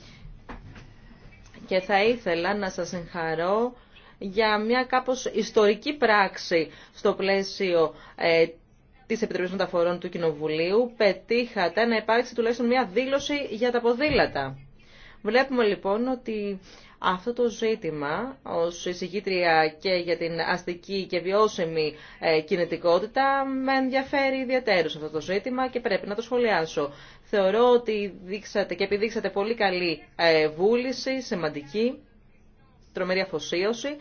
Και θα ήθελα να σας συγχαρώ για μια κάπως ιστορική πράξη στο πλαίσιο ε, της Επιτροπής Μεταφορών του Κοινοβουλίου. Πετύχατε να υπάρξει τουλάχιστον μια δήλωση για τα ποδήλατα. Βλέπουμε λοιπόν ότι αυτό το ζήτημα ως εισηγήτρια και για την αστική και βιώσιμη ε, κινητικότητα με ενδιαφέρει ιδιαίτερο αυτό το ζήτημα και πρέπει να το σχολιάσω. Θεωρώ ότι δείξατε και επιδείξατε πολύ καλή ε, βούληση, σημαντική, τρομερή αφοσίωση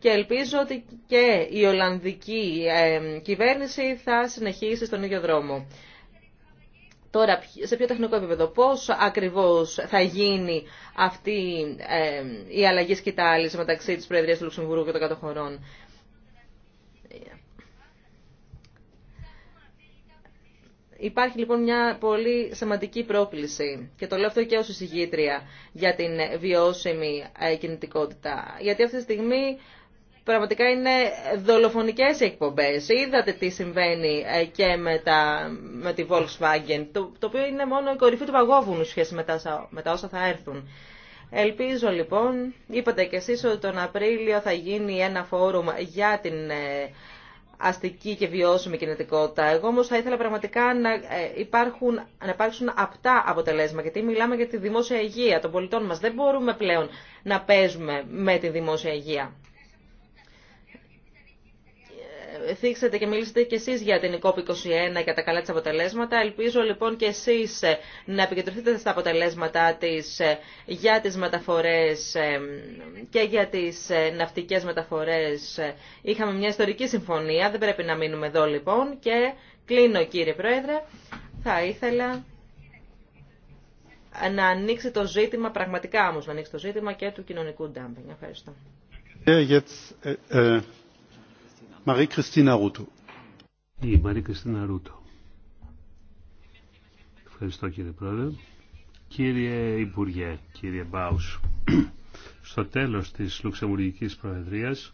και ελπίζω ότι και η Ολλανδική ε, κυβέρνηση θα συνεχίσει στον ίδιο δρόμο. Τώρα, σε ποιο τεχνικό επίπεδο, πώς ακριβώς θα γίνει αυτή η αλλαγή σκητάλης μεταξύ της Προεδρίας του Λουξεμβούργου και των κατοχωρών. Υπάρχει λοιπόν μια πολύ σημαντική πρόκληση και το λέω αυτό και ως εισηγήτρια για την βιώσιμη ε, κινητικότητα. Γιατί αυτή τη στιγμή πραγματικά είναι δολοφονικές οι εκπομπές. Είδατε τι συμβαίνει ε, και με, τα, με τη Volkswagen, το, οποίο είναι μόνο η κορυφή του παγόβουνου σχέση με τα, όσα θα έρθουν. Ελπίζω λοιπόν, είπατε και εσείς ότι τον Απρίλιο θα γίνει ένα φόρουμ για την ε, αστική και βιώσιμη κινητικότητα. Εγώ όμως θα ήθελα πραγματικά να, ε, υπάρχουν, να υπάρξουν απτά αποτελέσματα, γιατί μιλάμε για τη δημόσια υγεία των πολιτών μας. Δεν μπορούμε πλέον να παίζουμε με τη δημόσια υγεία θίξατε και μιλήσατε και εσείς για την COP21 και τα καλά της αποτελέσματα. Ελπίζω λοιπόν και εσείς ε, να επικεντρωθείτε στα αποτελέσματά της ε, για τις μεταφορές ε, και για τις ναυτικές μεταφορές. Είχαμε μια ιστορική συμφωνία, δεν πρέπει να μείνουμε εδώ λοιπόν και κλείνω κύριε Πρόεδρε. Θα ήθελα να ανοίξει το ζήτημα, πραγματικά όμως να ανοίξει το ζήτημα και του κοινωνικού ντάμπινγκ. Ευχαριστώ. Κριστίνα Η Μαρή Κριστίνα Ρούτου. Ευχαριστώ κύριε Πρόεδρε. Κύριε Υπουργέ, κύριε Μπάους, στο τέλος της Λουξεμβουργικής Προεδρίας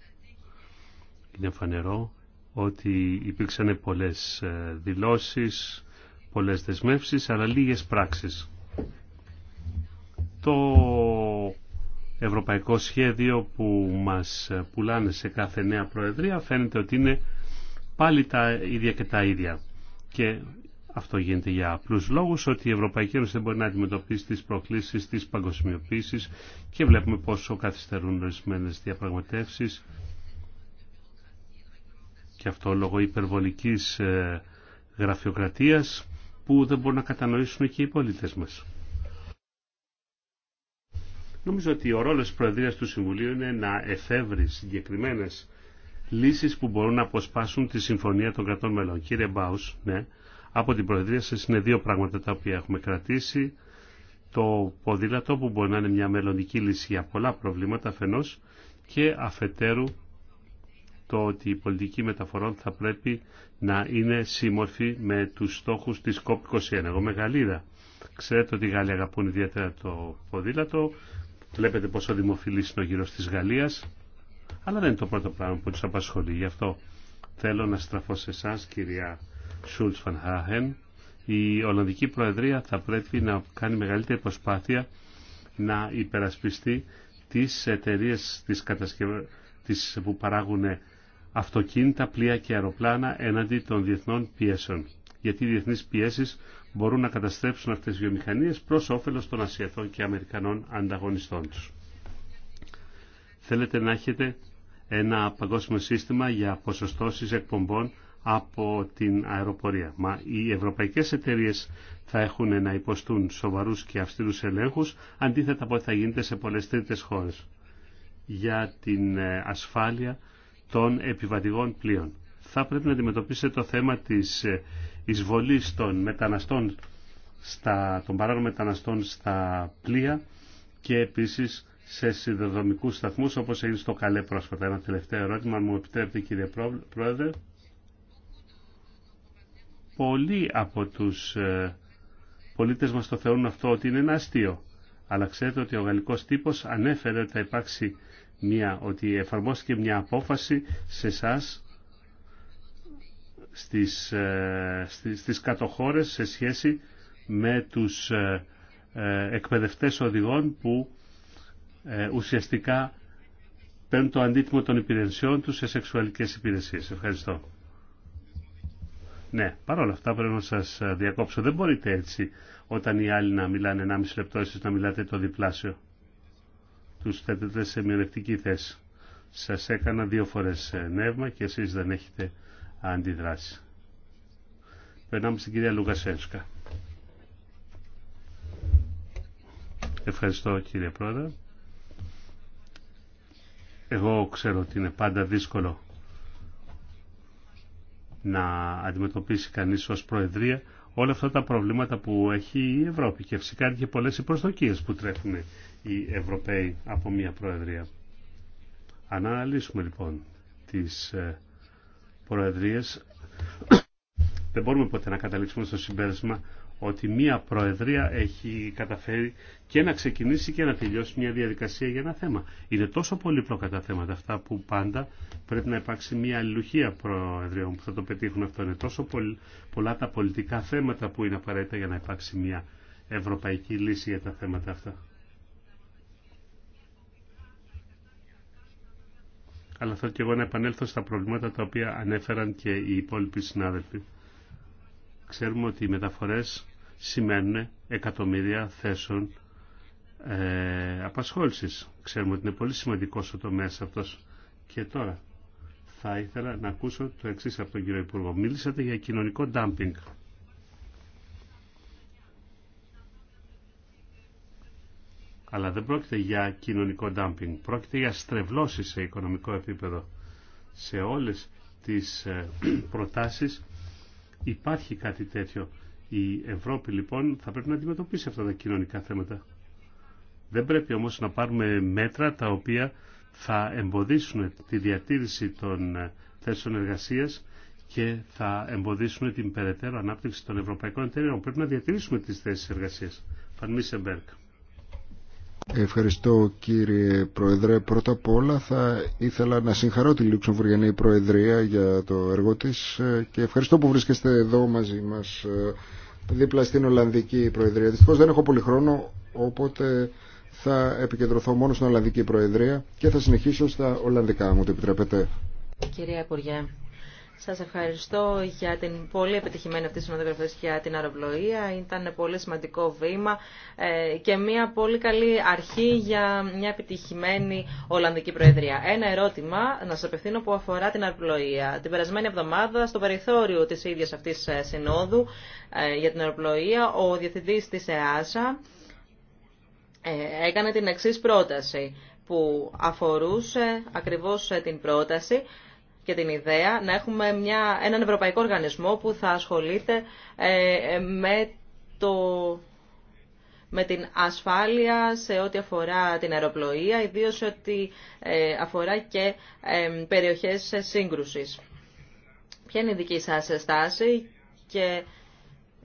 είναι φανερό ότι υπήρξαν πολλές ε, δηλώσεις, πολλές δεσμεύσεις, αλλά λίγες πράξεις. Το ευρωπαϊκό σχέδιο που μας πουλάνε σε κάθε νέα προεδρία φαίνεται ότι είναι πάλι τα ίδια και τα ίδια. Και αυτό γίνεται για απλού λόγου ότι η Ευρωπαϊκή Ένωση δεν μπορεί να αντιμετωπίσει τι προκλήσει της παγκοσμιοποίηση και βλέπουμε πόσο καθυστερούν ορισμένε διαπραγματεύσει και αυτό λόγω υπερβολικής ε, γραφειοκρατίας που δεν μπορούν να κατανοήσουν και οι πολίτες μας. Νομίζω ότι ο ρόλος της Προεδρίας του Συμβουλίου είναι να εφεύρει συγκεκριμένε λύσεις που μπορούν να αποσπάσουν τη συμφωνία των κρατών μελών. Κύριε Μπάους, ναι, από την Προεδρία σας είναι δύο πράγματα τα οποία έχουμε κρατήσει. Το ποδήλατο που μπορεί να είναι μια μελλοντική λύση για πολλά προβλήματα αφενός και αφετέρου το ότι η πολιτική μεταφορών θα πρέπει να είναι σύμμορφη με τους στόχους της COP21. Εγώ μεγαλύδα. Ξέρετε ότι οι Γάλλοι αγαπούν ιδιαίτερα το ποδήλατο. Βλέπετε πόσο δημοφιλής είναι ο γύρο τη Γαλλία, αλλά δεν είναι το πρώτο πράγμα που του απασχολεί. Γι' αυτό θέλω να στραφώ σε εσά, κυρία Σούλτ Φανχάχεν. Η Ολλανδική Προεδρία θα πρέπει να κάνει μεγαλύτερη προσπάθεια να υπερασπιστεί τις εταιρείε τις που παράγουν αυτοκίνητα, πλοία και αεροπλάνα έναντι των διεθνών πιέσεων. Γιατί οι διεθνεί πιέσει μπορούν να καταστρέψουν αυτές τις βιομηχανίες προς όφελος των Ασιατών και Αμερικανών ανταγωνιστών τους. Θέλετε να έχετε ένα παγκόσμιο σύστημα για ποσοστώσεις εκπομπών από την αεροπορία. Μα οι ευρωπαϊκές εταιρείες θα έχουν να υποστούν σοβαρούς και αυστηρούς ελέγχους, αντίθετα από ό,τι θα γίνεται σε πολλές τρίτες χώρες για την ε, ασφάλεια των επιβατηγών πλοίων θα πρέπει να αντιμετωπίσετε το θέμα της ε, εισβολής των μεταναστών, στα, των μεταναστών στα πλοία και επίσης σε συνδεδομικούς σταθμούς όπως έγινε στο Καλέ πρόσφατα. Ένα τελευταίο ερώτημα, αν μου επιτρέπετε κύριε Πρόεδρε. Πολλοί από τους ε, πολίτες μας το θεωρούν αυτό ότι είναι ένα αστείο. Αλλά ξέρετε ότι ο γαλλικός τύπος ανέφερε ότι θα υπάρξει μια, ότι εφαρμόστηκε μια απόφαση σε εσά στις, ε, στις, στις κατοχώρες σε σχέση με τους ε, ε, εκπαιδευτές οδηγών που ουσιαστικά παίρνουν το αντίτιμο των υπηρεσιών τους σε σεξουαλικές υπηρεσίες. Ευχαριστώ. Ναι, παρόλα αυτά πρέπει να σας διακόψω. Δεν μπορείτε έτσι όταν οι άλλοι να μιλάνε 1,5 λεπτό, εσείς να μιλάτε το διπλάσιο. Τους θέτετε σε μειονεκτική θέση. Σας έκανα δύο φορές νεύμα και εσείς δεν έχετε αντιδράσει. Περνάμε στην κυρία Λουγασένσκα. Ευχαριστώ κύριε Πρόεδρε. Εγώ ξέρω ότι είναι πάντα δύσκολο να αντιμετωπίσει κανείς ως Προεδρία όλα αυτά τα προβλήματα που έχει η Ευρώπη και φυσικά και πολλές οι προσδοκίες που τρέχουν οι Ευρωπαίοι από μια Προεδρία. αναλύσουμε λοιπόν τις ε, προεδρίες δεν μπορούμε ποτέ να καταλήξουμε στο συμπέρασμα ότι μία προεδρία έχει καταφέρει και να ξεκινήσει και να τελειώσει μια διαδικασία για ένα θέμα. Είναι τόσο πολύπλοκα τα θέματα αυτά που πάντα πρέπει να υπάρξει μια αλληλουχία προεδριών που θα το πετύχουν αυτό. Είναι τόσο πολλά τα πολιτικά θέματα που είναι απαραίτητα για να υπάρξει μια ευρωπαϊκή λύση για τα θέματα αυτά. αλλά θέλω και εγώ να επανέλθω στα προβλήματα τα οποία ανέφεραν και οι υπόλοιποι συνάδελφοι. Ξέρουμε ότι οι μεταφορές σημαίνουν εκατομμύρια θέσεων ε, απασχόλησης. Ξέρουμε ότι είναι πολύ σημαντικός ο τομέας αυτός. Και τώρα θα ήθελα να ακούσω το εξής από τον κύριο Υπουργό. Μίλησατε για κοινωνικό ντάμπινγκ. Αλλά δεν πρόκειται για κοινωνικό ντάμπινγκ, πρόκειται για στρεβλώσει σε οικονομικό επίπεδο. Σε όλες τις ε, προτάσεις υπάρχει κάτι τέτοιο. Η Ευρώπη λοιπόν θα πρέπει να αντιμετωπίσει αυτά τα κοινωνικά θέματα. Δεν πρέπει όμως να πάρουμε μέτρα τα οποία θα εμποδίσουν τη διατήρηση των ε, θέσεων εργασίας και θα εμποδίσουν την περαιτέρω ανάπτυξη των ευρωπαϊκών εταιρεών. Πρέπει να διατηρήσουμε τις θέσεις εργασίας. Φαν Ευχαριστώ κύριε Πρόεδρε. Πρώτα απ' όλα θα ήθελα να συγχαρώ τη Λουξεμβουργιανή Προεδρία για το έργο της και ευχαριστώ που βρίσκεστε εδώ μαζί μας ε, δίπλα στην Ολλανδική Προεδρία. Δυστυχώς δεν έχω πολύ χρόνο οπότε θα επικεντρωθώ μόνο στην Ολλανδική Προεδρία και θα συνεχίσω στα Ολλανδικά μου το επιτρέπετε. Κυρία Υπουργέ, σας ευχαριστώ για την πολύ επιτυχημένη αυτή συνοδογραφία για την αεροπλοεία. Ήταν πολύ σημαντικό βήμα ε, και μια πολύ καλή αρχή για μια επιτυχημένη Ολλανδική Προεδρία. Ένα ερώτημα να σας απευθύνω που αφορά την αεροπλοεία. Την περασμένη εβδομάδα στο περιθώριο της ίδιας αυτής ε, συνόδου ε, για την αεροπλοεία ο διευθυντής της ΕΑΣΑ έκανε την εξή πρόταση που αφορούσε ακριβώς την πρόταση και την ιδέα να έχουμε μια, έναν ευρωπαϊκό οργανισμό που θα ασχολείται ε, ε, με, το, με την ασφάλεια σε ό,τι αφορά την αεροπλοεία, ιδίως σε ό,τι ε, αφορά και περιοχές σύγκρουσης. Ποια είναι η δική σας στάση και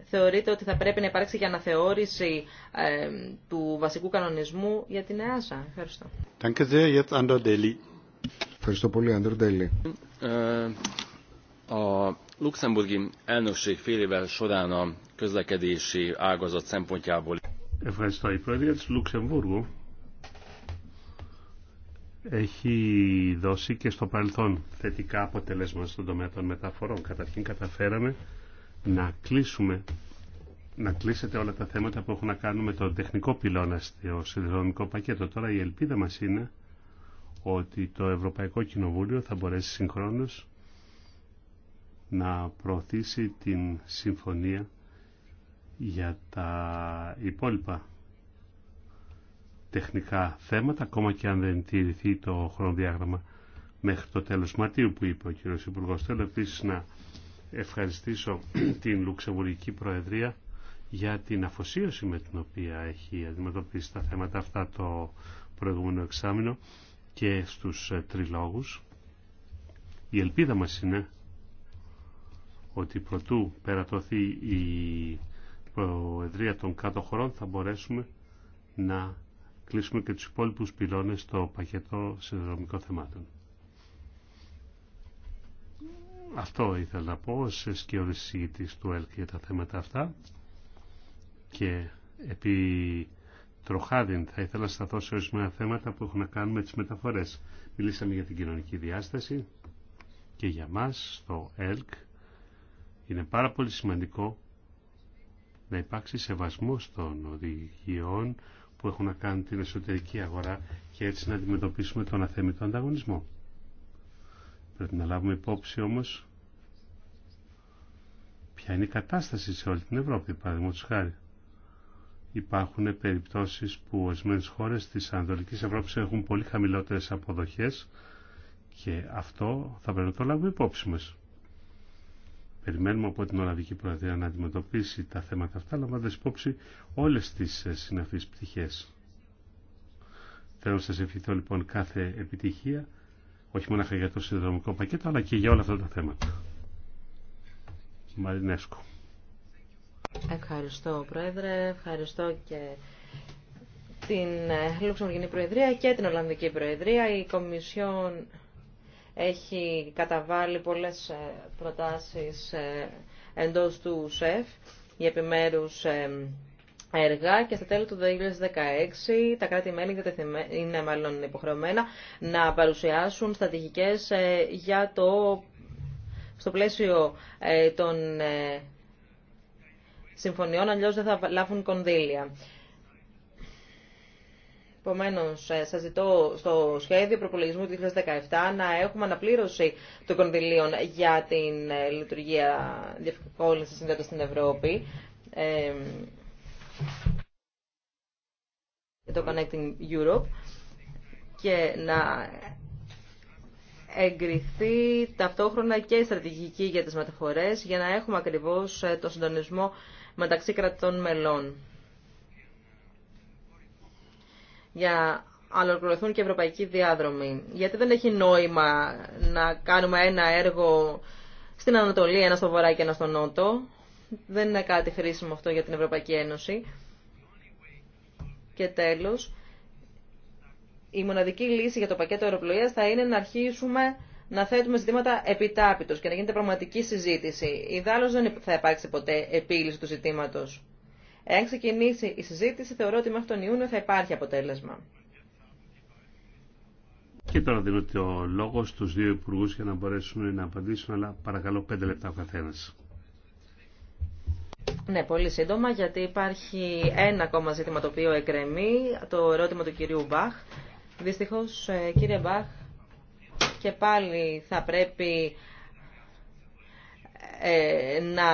θεωρείτε ότι θα πρέπει να υπάρξει και αναθεώρηση ε, του βασικού κανονισμού για την ΕΑΣΑ. Ευχαριστώ. Ευχαριστώ πολύ, Άντρο a luxemburgi elnökség fél éve során a közlekedési ágazat szempontjából. Ευχαριστώ. Η Προεδρία έχει δώσει και στο παρελθόν θετικά αποτελέσματα στον τομέα των μεταφορών. Καταρχήν καταφέραμε να κλείσουμε να κλείσετε όλα τα θέματα που έχουν να κάνουν με το τεχνικό πυλώνα στο συνδρομικό πακέτο. Τώρα η ελπίδα μας είναι ότι το Ευρωπαϊκό Κοινοβούλιο θα μπορέσει συγχρόνως να προωθήσει την συμφωνία για τα υπόλοιπα τεχνικά θέματα, ακόμα και αν δεν τηρηθεί το χρονοδιάγραμμα μέχρι το τέλος Μαρτίου που είπε ο κύριος Υπουργός. Θέλω επίση να ευχαριστήσω την Λουξεμβουργική Προεδρία για την αφοσίωση με την οποία έχει αντιμετωπίσει τα θέματα αυτά το προηγούμενο εξάμεινο και στους ε, τριλόγους. Η ελπίδα μας είναι ότι προτού περατωθεί η προεδρία των κάτω χωρών θα μπορέσουμε να κλείσουμε και τους υπόλοιπους πυλώνες στο πακετό συνδρομικών θεμάτων. Αυτό ήθελα να πω ως σκιώδης του ΕΛΚ για τα θέματα αυτά και επί Τροχάδιν, θα ήθελα να σταθώ σε ορισμένα θέματα που έχουν να κάνουν με τις μεταφορές. Μιλήσαμε για την κοινωνική διάσταση και για μας στο ΕΛΚ είναι πάρα πολύ σημαντικό να υπάρξει σεβασμός των οδηγιών που έχουν να κάνουν την εσωτερική αγορά και έτσι να αντιμετωπίσουμε τον αθέμητο ανταγωνισμό. Πρέπει να λάβουμε υπόψη όμως ποια είναι η κατάσταση σε όλη την Ευρώπη, παραδείγματος χάρη υπάρχουν περιπτώσεις που ορισμένε χώρες της Ανατολικής Ευρώπης έχουν πολύ χαμηλότερες αποδοχές και αυτό θα πρέπει να το λάβουμε υπόψη μας. Περιμένουμε από την Ολλανδική Προεδρία να αντιμετωπίσει τα θέματα αυτά, λαμβάνοντας υπόψη όλες τις ε, συναφείς πτυχές. Θέλω να σας ευχηθώ λοιπόν κάθε επιτυχία, όχι μόνο για το συνδρομικό πακέτο, αλλά και για όλα αυτά τα θέματα. Μαρινέσκο. Ευχαριστώ, Πρόεδρε. Ευχαριστώ και την ε, Λουξεμβουργική Προεδρία και την Ολλανδική Προεδρία. Η Κομισιόν έχει καταβάλει πολλές ε, προτάσεις ε, εντός του ΣΕΦ για επιμέρους έργα και στα τέλη του 2016 τα κράτη-μέλη είναι μάλλον υποχρεωμένα να παρουσιάσουν στρατηγικές για το στο πλαίσιο των συμφωνιών, αλλιώς δεν θα λάβουν κονδύλια. Επομένω, ε, σα ζητώ στο σχέδιο προπολογισμού 2017 να έχουμε αναπλήρωση των κονδυλίων για την ε, λειτουργία διευκόλυνση συνδέοντα στην Ευρώπη. Ε, το Connecting Europe και να εγκριθεί ταυτόχρονα και η στρατηγική για τις μεταφορές για να έχουμε ακριβώς ε, το συντονισμό μεταξύ κρατών μελών. Για ολοκληρωθούν και ευρωπαϊκοί διάδρομοι. Γιατί δεν έχει νόημα να κάνουμε ένα έργο στην Ανατολή, ένα στο Βορρά και ένα στο Νότο. Δεν είναι κάτι χρήσιμο αυτό για την Ευρωπαϊκή Ένωση. Και τέλος, η μοναδική λύση για το πακέτο αεροπλοείας θα είναι να αρχίσουμε να θέτουμε ζητήματα επιτάπητο και να γίνεται πραγματική συζήτηση. Ιδάλω δεν θα υπάρξει ποτέ επίλυση του ζητήματο. Εάν ξεκινήσει η συζήτηση, θεωρώ ότι μέχρι τον Ιούνιο θα υπάρχει αποτέλεσμα. Και τώρα δίνω το λόγο στους δύο υπουργούς για να μπορέσουν να απαντήσουν, αλλά παρακαλώ πέντε λεπτά ο καθένας. Ναι, πολύ σύντομα, γιατί υπάρχει ένα ακόμα ζήτημα το οποίο εκκρεμεί, το ερώτημα του κυρίου Μπαχ. Δυστυχώς, ε, κύριε Μπαχ, και πάλι θα πρέπει ε, να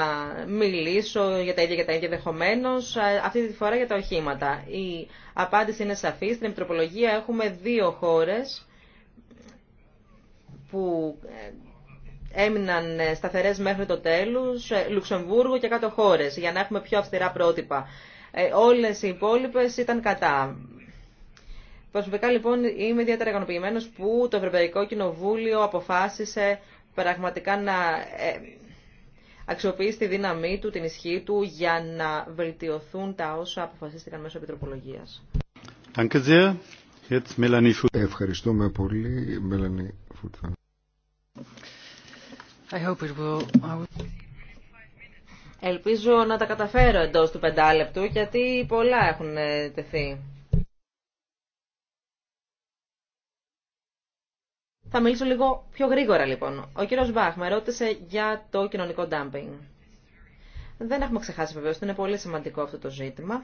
μιλήσω για τα ίδια και τα ίδια δεχομένω, ε, αυτή τη φορά για τα οχήματα. Η απάντηση είναι σαφή. Στην Επιτροπολογία έχουμε δύο χώρες που ε, έμειναν σταθερές μέχρι το τέλος, Λουξεμβούργο και κάτω χώρε για να έχουμε πιο αυστηρά πρότυπα. Όλες οι υπόλοιπε ήταν κατά. Προσωπικά λοιπόν είμαι ιδιαίτερα ικανοποιημένο που το Ευρωπαϊκό Κοινοβούλιο αποφάσισε πραγματικά να ε, αξιοποιήσει τη δύναμή του, την ισχύ του για να βελτιωθούν τα όσα αποφασίστηκαν μέσω επιτροπολογία. Ευχαριστούμε πολύ, Μελανή Φούτφαν. Ελπίζω να τα καταφέρω εντός του πεντάλεπτου, γιατί πολλά έχουν ε, τεθεί. Θα μιλήσω λίγο πιο γρήγορα λοιπόν. Ο κύριος Μπάχ με ρώτησε για το κοινωνικό ντάμπινγκ. Δεν έχουμε ξεχάσει βεβαίως, είναι πολύ σημαντικό αυτό το ζήτημα.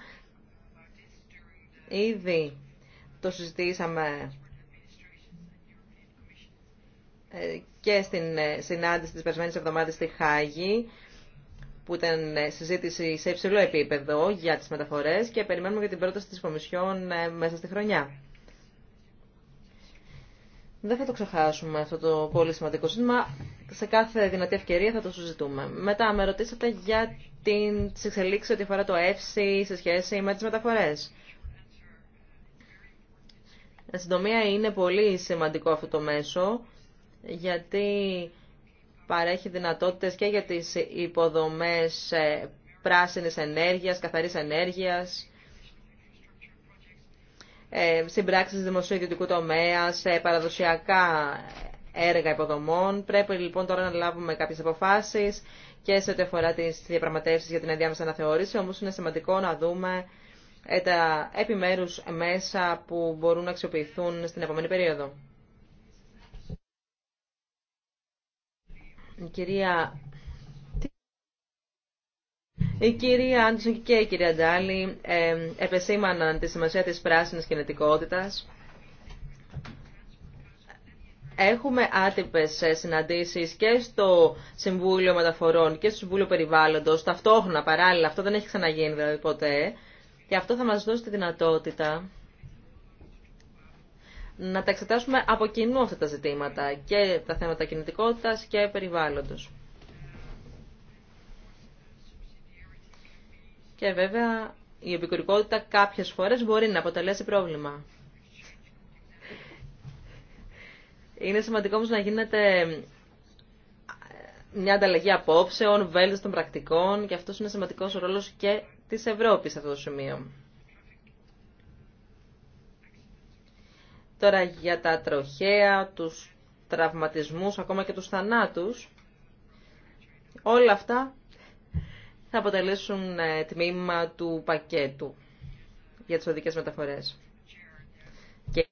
Ήδη το συζητήσαμε ε, και στην ε, συνάντηση της περσμένης εβδομάδας στη Χάγη, που ήταν ε, συζήτηση σε υψηλό επίπεδο για τις μεταφορές και περιμένουμε για την πρόταση της Κομισιόν μέσα στη χρονιά. Δεν θα το ξεχάσουμε αυτό το πολύ σημαντικό σύστημα. Σε κάθε δυνατή ευκαιρία θα το συζητούμε. Μετά με ρωτήσατε για την εξελίξει ότι αφορά το ΕΦΣΥ σε σχέση με τις μεταφορές. Στην συντομία είναι πολύ σημαντικό αυτό το μέσο γιατί παρέχει δυνατότητες και για τις υποδομές ε, πράσινης ενέργειας, καθαρής ενέργειας ε, συμπράξει δημοσίου ιδιωτικού τομέα, σε παραδοσιακά έργα υποδομών. Πρέπει λοιπόν τώρα να λάβουμε κάποιε αποφάσει και σε ό,τι αφορά τι διαπραγματεύσει για την ενδιάμεσα αναθεώρηση, όμω είναι σημαντικό να δούμε ε, τα επιμέρου μέσα που μπορούν να αξιοποιηθούν στην επόμενη περίοδο. κυρία η κυρία Άντσον και η κυρία Ντάλη ε, επεσήμαναν τη σημασία της πράσινης κινητικότητας. Έχουμε άτυπες ε, συναντήσεις και στο Συμβούλιο Μεταφορών και στο Συμβούλιο Περιβάλλοντος, ταυτόχρονα παράλληλα, αυτό δεν έχει ξαναγίνει δηλαδή ποτέ. Και αυτό θα μας δώσει τη δυνατότητα να τα εξετάσουμε από κοινού αυτά τα ζητήματα και τα θέματα κινητικότητας και περιβάλλοντος. Και βέβαια η επικουρικότητα κάποιες φορές μπορεί να αποτελέσει πρόβλημα. Είναι σημαντικό όμως να γίνεται μια ανταλλαγή απόψεων, βέλτιση των πρακτικών και αυτός είναι σημαντικός ο ρόλος και της Ευρώπης σε αυτό το σημείο. Τώρα για τα τροχέα, τους τραυματισμούς, ακόμα και τους θανάτους. Όλα αυτά θα αποτελέσουν ε, τμήμα του πακέτου για τις οδικές μεταφορές. Και...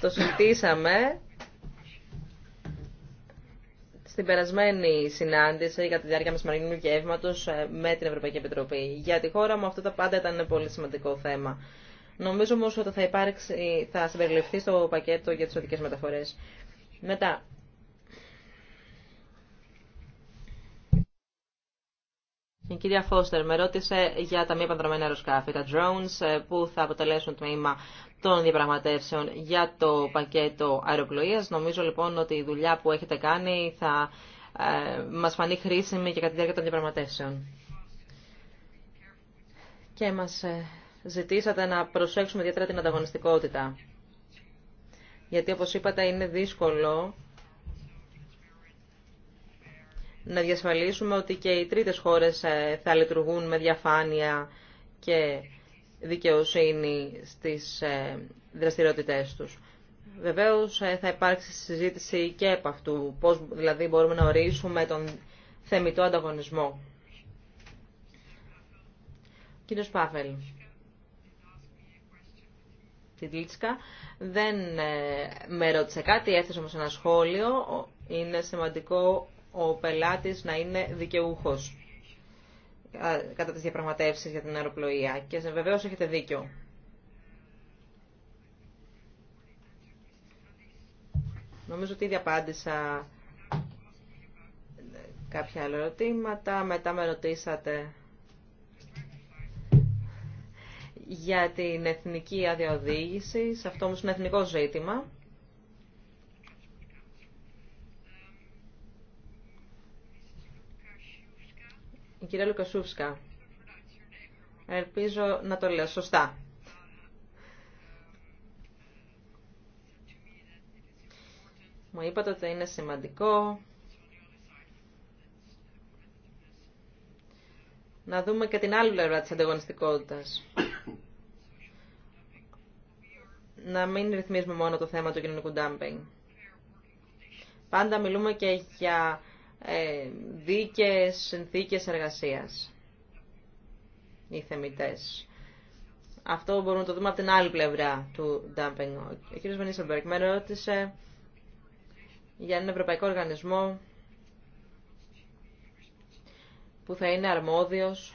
Το συζητήσαμε στην περασμένη συνάντηση για τη διάρκεια μας Μαρινού ε, με την Ευρωπαϊκή Επιτροπή. Για τη χώρα μου αυτό τα πάντα ήταν ένα πολύ σημαντικό θέμα. Νομίζω όμως ότι θα, υπάρξει, θα συμπεριληφθεί στο πακέτο για τις οδικές μεταφορές. Μετά, Η κυρία Φώστερ με ρώτησε για τα μη επανδρομένα αεροσκάφη, τα drones, ε, που θα αποτελέσουν τμήμα των διαπραγματεύσεων για το πακέτο αεροπλοείας. Νομίζω λοιπόν ότι η δουλειά που έχετε κάνει θα ε, μας φανεί χρήσιμη και κατά τη διάρκεια των διαπραγματεύσεων. Και μας ε, ζητήσατε να προσέξουμε ιδιαίτερα την ανταγωνιστικότητα. Γιατί όπως είπατε είναι δύσκολο να διασφαλίσουμε ότι και οι τρίτες χώρες ε, θα λειτουργούν με διαφάνεια και δικαιοσύνη στις ε, δραστηριότητές τους. Βεβαίως ε, θα υπάρξει συζήτηση και από αυτού, πώς δηλαδή μπορούμε να ορίσουμε τον θεμητό ανταγωνισμό. Κύριο Πάφελ, την Τλίτσκα, δεν με ρώτησε κάτι, έθεσε όμως ένα σχόλιο. Είναι σημαντικό ο πελάτης να είναι δικαιούχος κατά τις διαπραγματεύσεις για την αεροπλοεία. Και βεβαίως έχετε δίκιο. Νομίζω ότι ήδη απάντησα κάποια άλλα ερωτήματα. Μετά με ρωτήσατε για την εθνική αδειοδήγηση. Σε αυτό όμως είναι εθνικό ζήτημα. η κυρία Λουκασούφσκα. Ελπίζω να το λέω σωστά. Μου είπατε ότι είναι σημαντικό να δούμε και την άλλη πλευρά της ανταγωνιστικότητας. Να μην ρυθμίζουμε μόνο το θέμα του κοινωνικού ντάμπινγκ. Πάντα μιλούμε και για ε, δίκες, συνθήκες εργασίας οι θεμητές. Αυτό μπορούμε να το δούμε από την άλλη πλευρά του dumping. Ο κ. Βενίσελμπερκ με ρώτησε για έναν ευρωπαϊκό οργανισμό που θα είναι αρμόδιος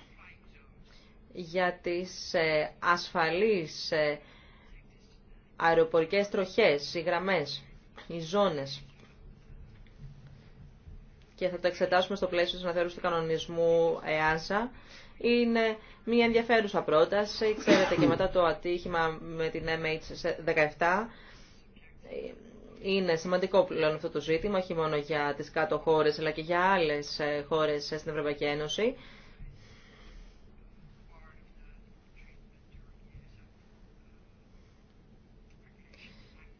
για τις ε, ασφαλείς ε, αεροπορικές τροχές, οι γραμμές, οι ζώνες και θα το εξετάσουμε στο πλαίσιο της αναθεώρησης του κανονισμού ΕΑΣΑ. Είναι μια ενδιαφέρουσα πρόταση. Ξέρετε και μετά το ατύχημα με την MH17 είναι σημαντικό πλέον αυτό το ζήτημα, όχι μόνο για τις κάτω χώρες, αλλά και για άλλες ε, χώρες ε, στην Ευρωπαϊκή Ένωση.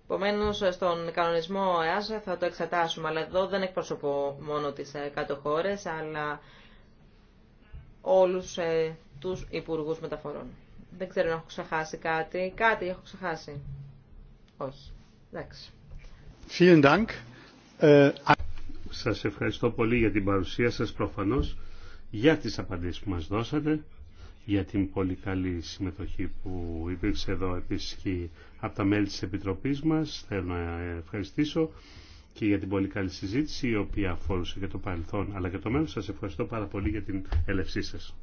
Επομένω, στον κανονισμό ΕΑΣ θα το εξετάσουμε, αλλά εδώ δεν εκπροσωπώ μόνο τις ε, κάτω χώρε, αλλά όλους ε, τους υπουργούς μεταφορών. Δεν ξέρω αν έχω ξεχάσει κάτι. Κάτι έχω ξεχάσει. Όχι. Εντάξει. Ε, σας ευχαριστώ πολύ για την παρουσία σας προφανώς, για τις απαντήσεις που μας δώσατε για την πολύ καλή συμμετοχή που υπήρξε εδώ επίση και από τα μέλη της Επιτροπής μας. Θέλω να ευχαριστήσω και για την πολύ καλή συζήτηση η οποία αφορούσε και το παρελθόν αλλά και το μέλλον. Σας ευχαριστώ πάρα πολύ για την έλευσή σας.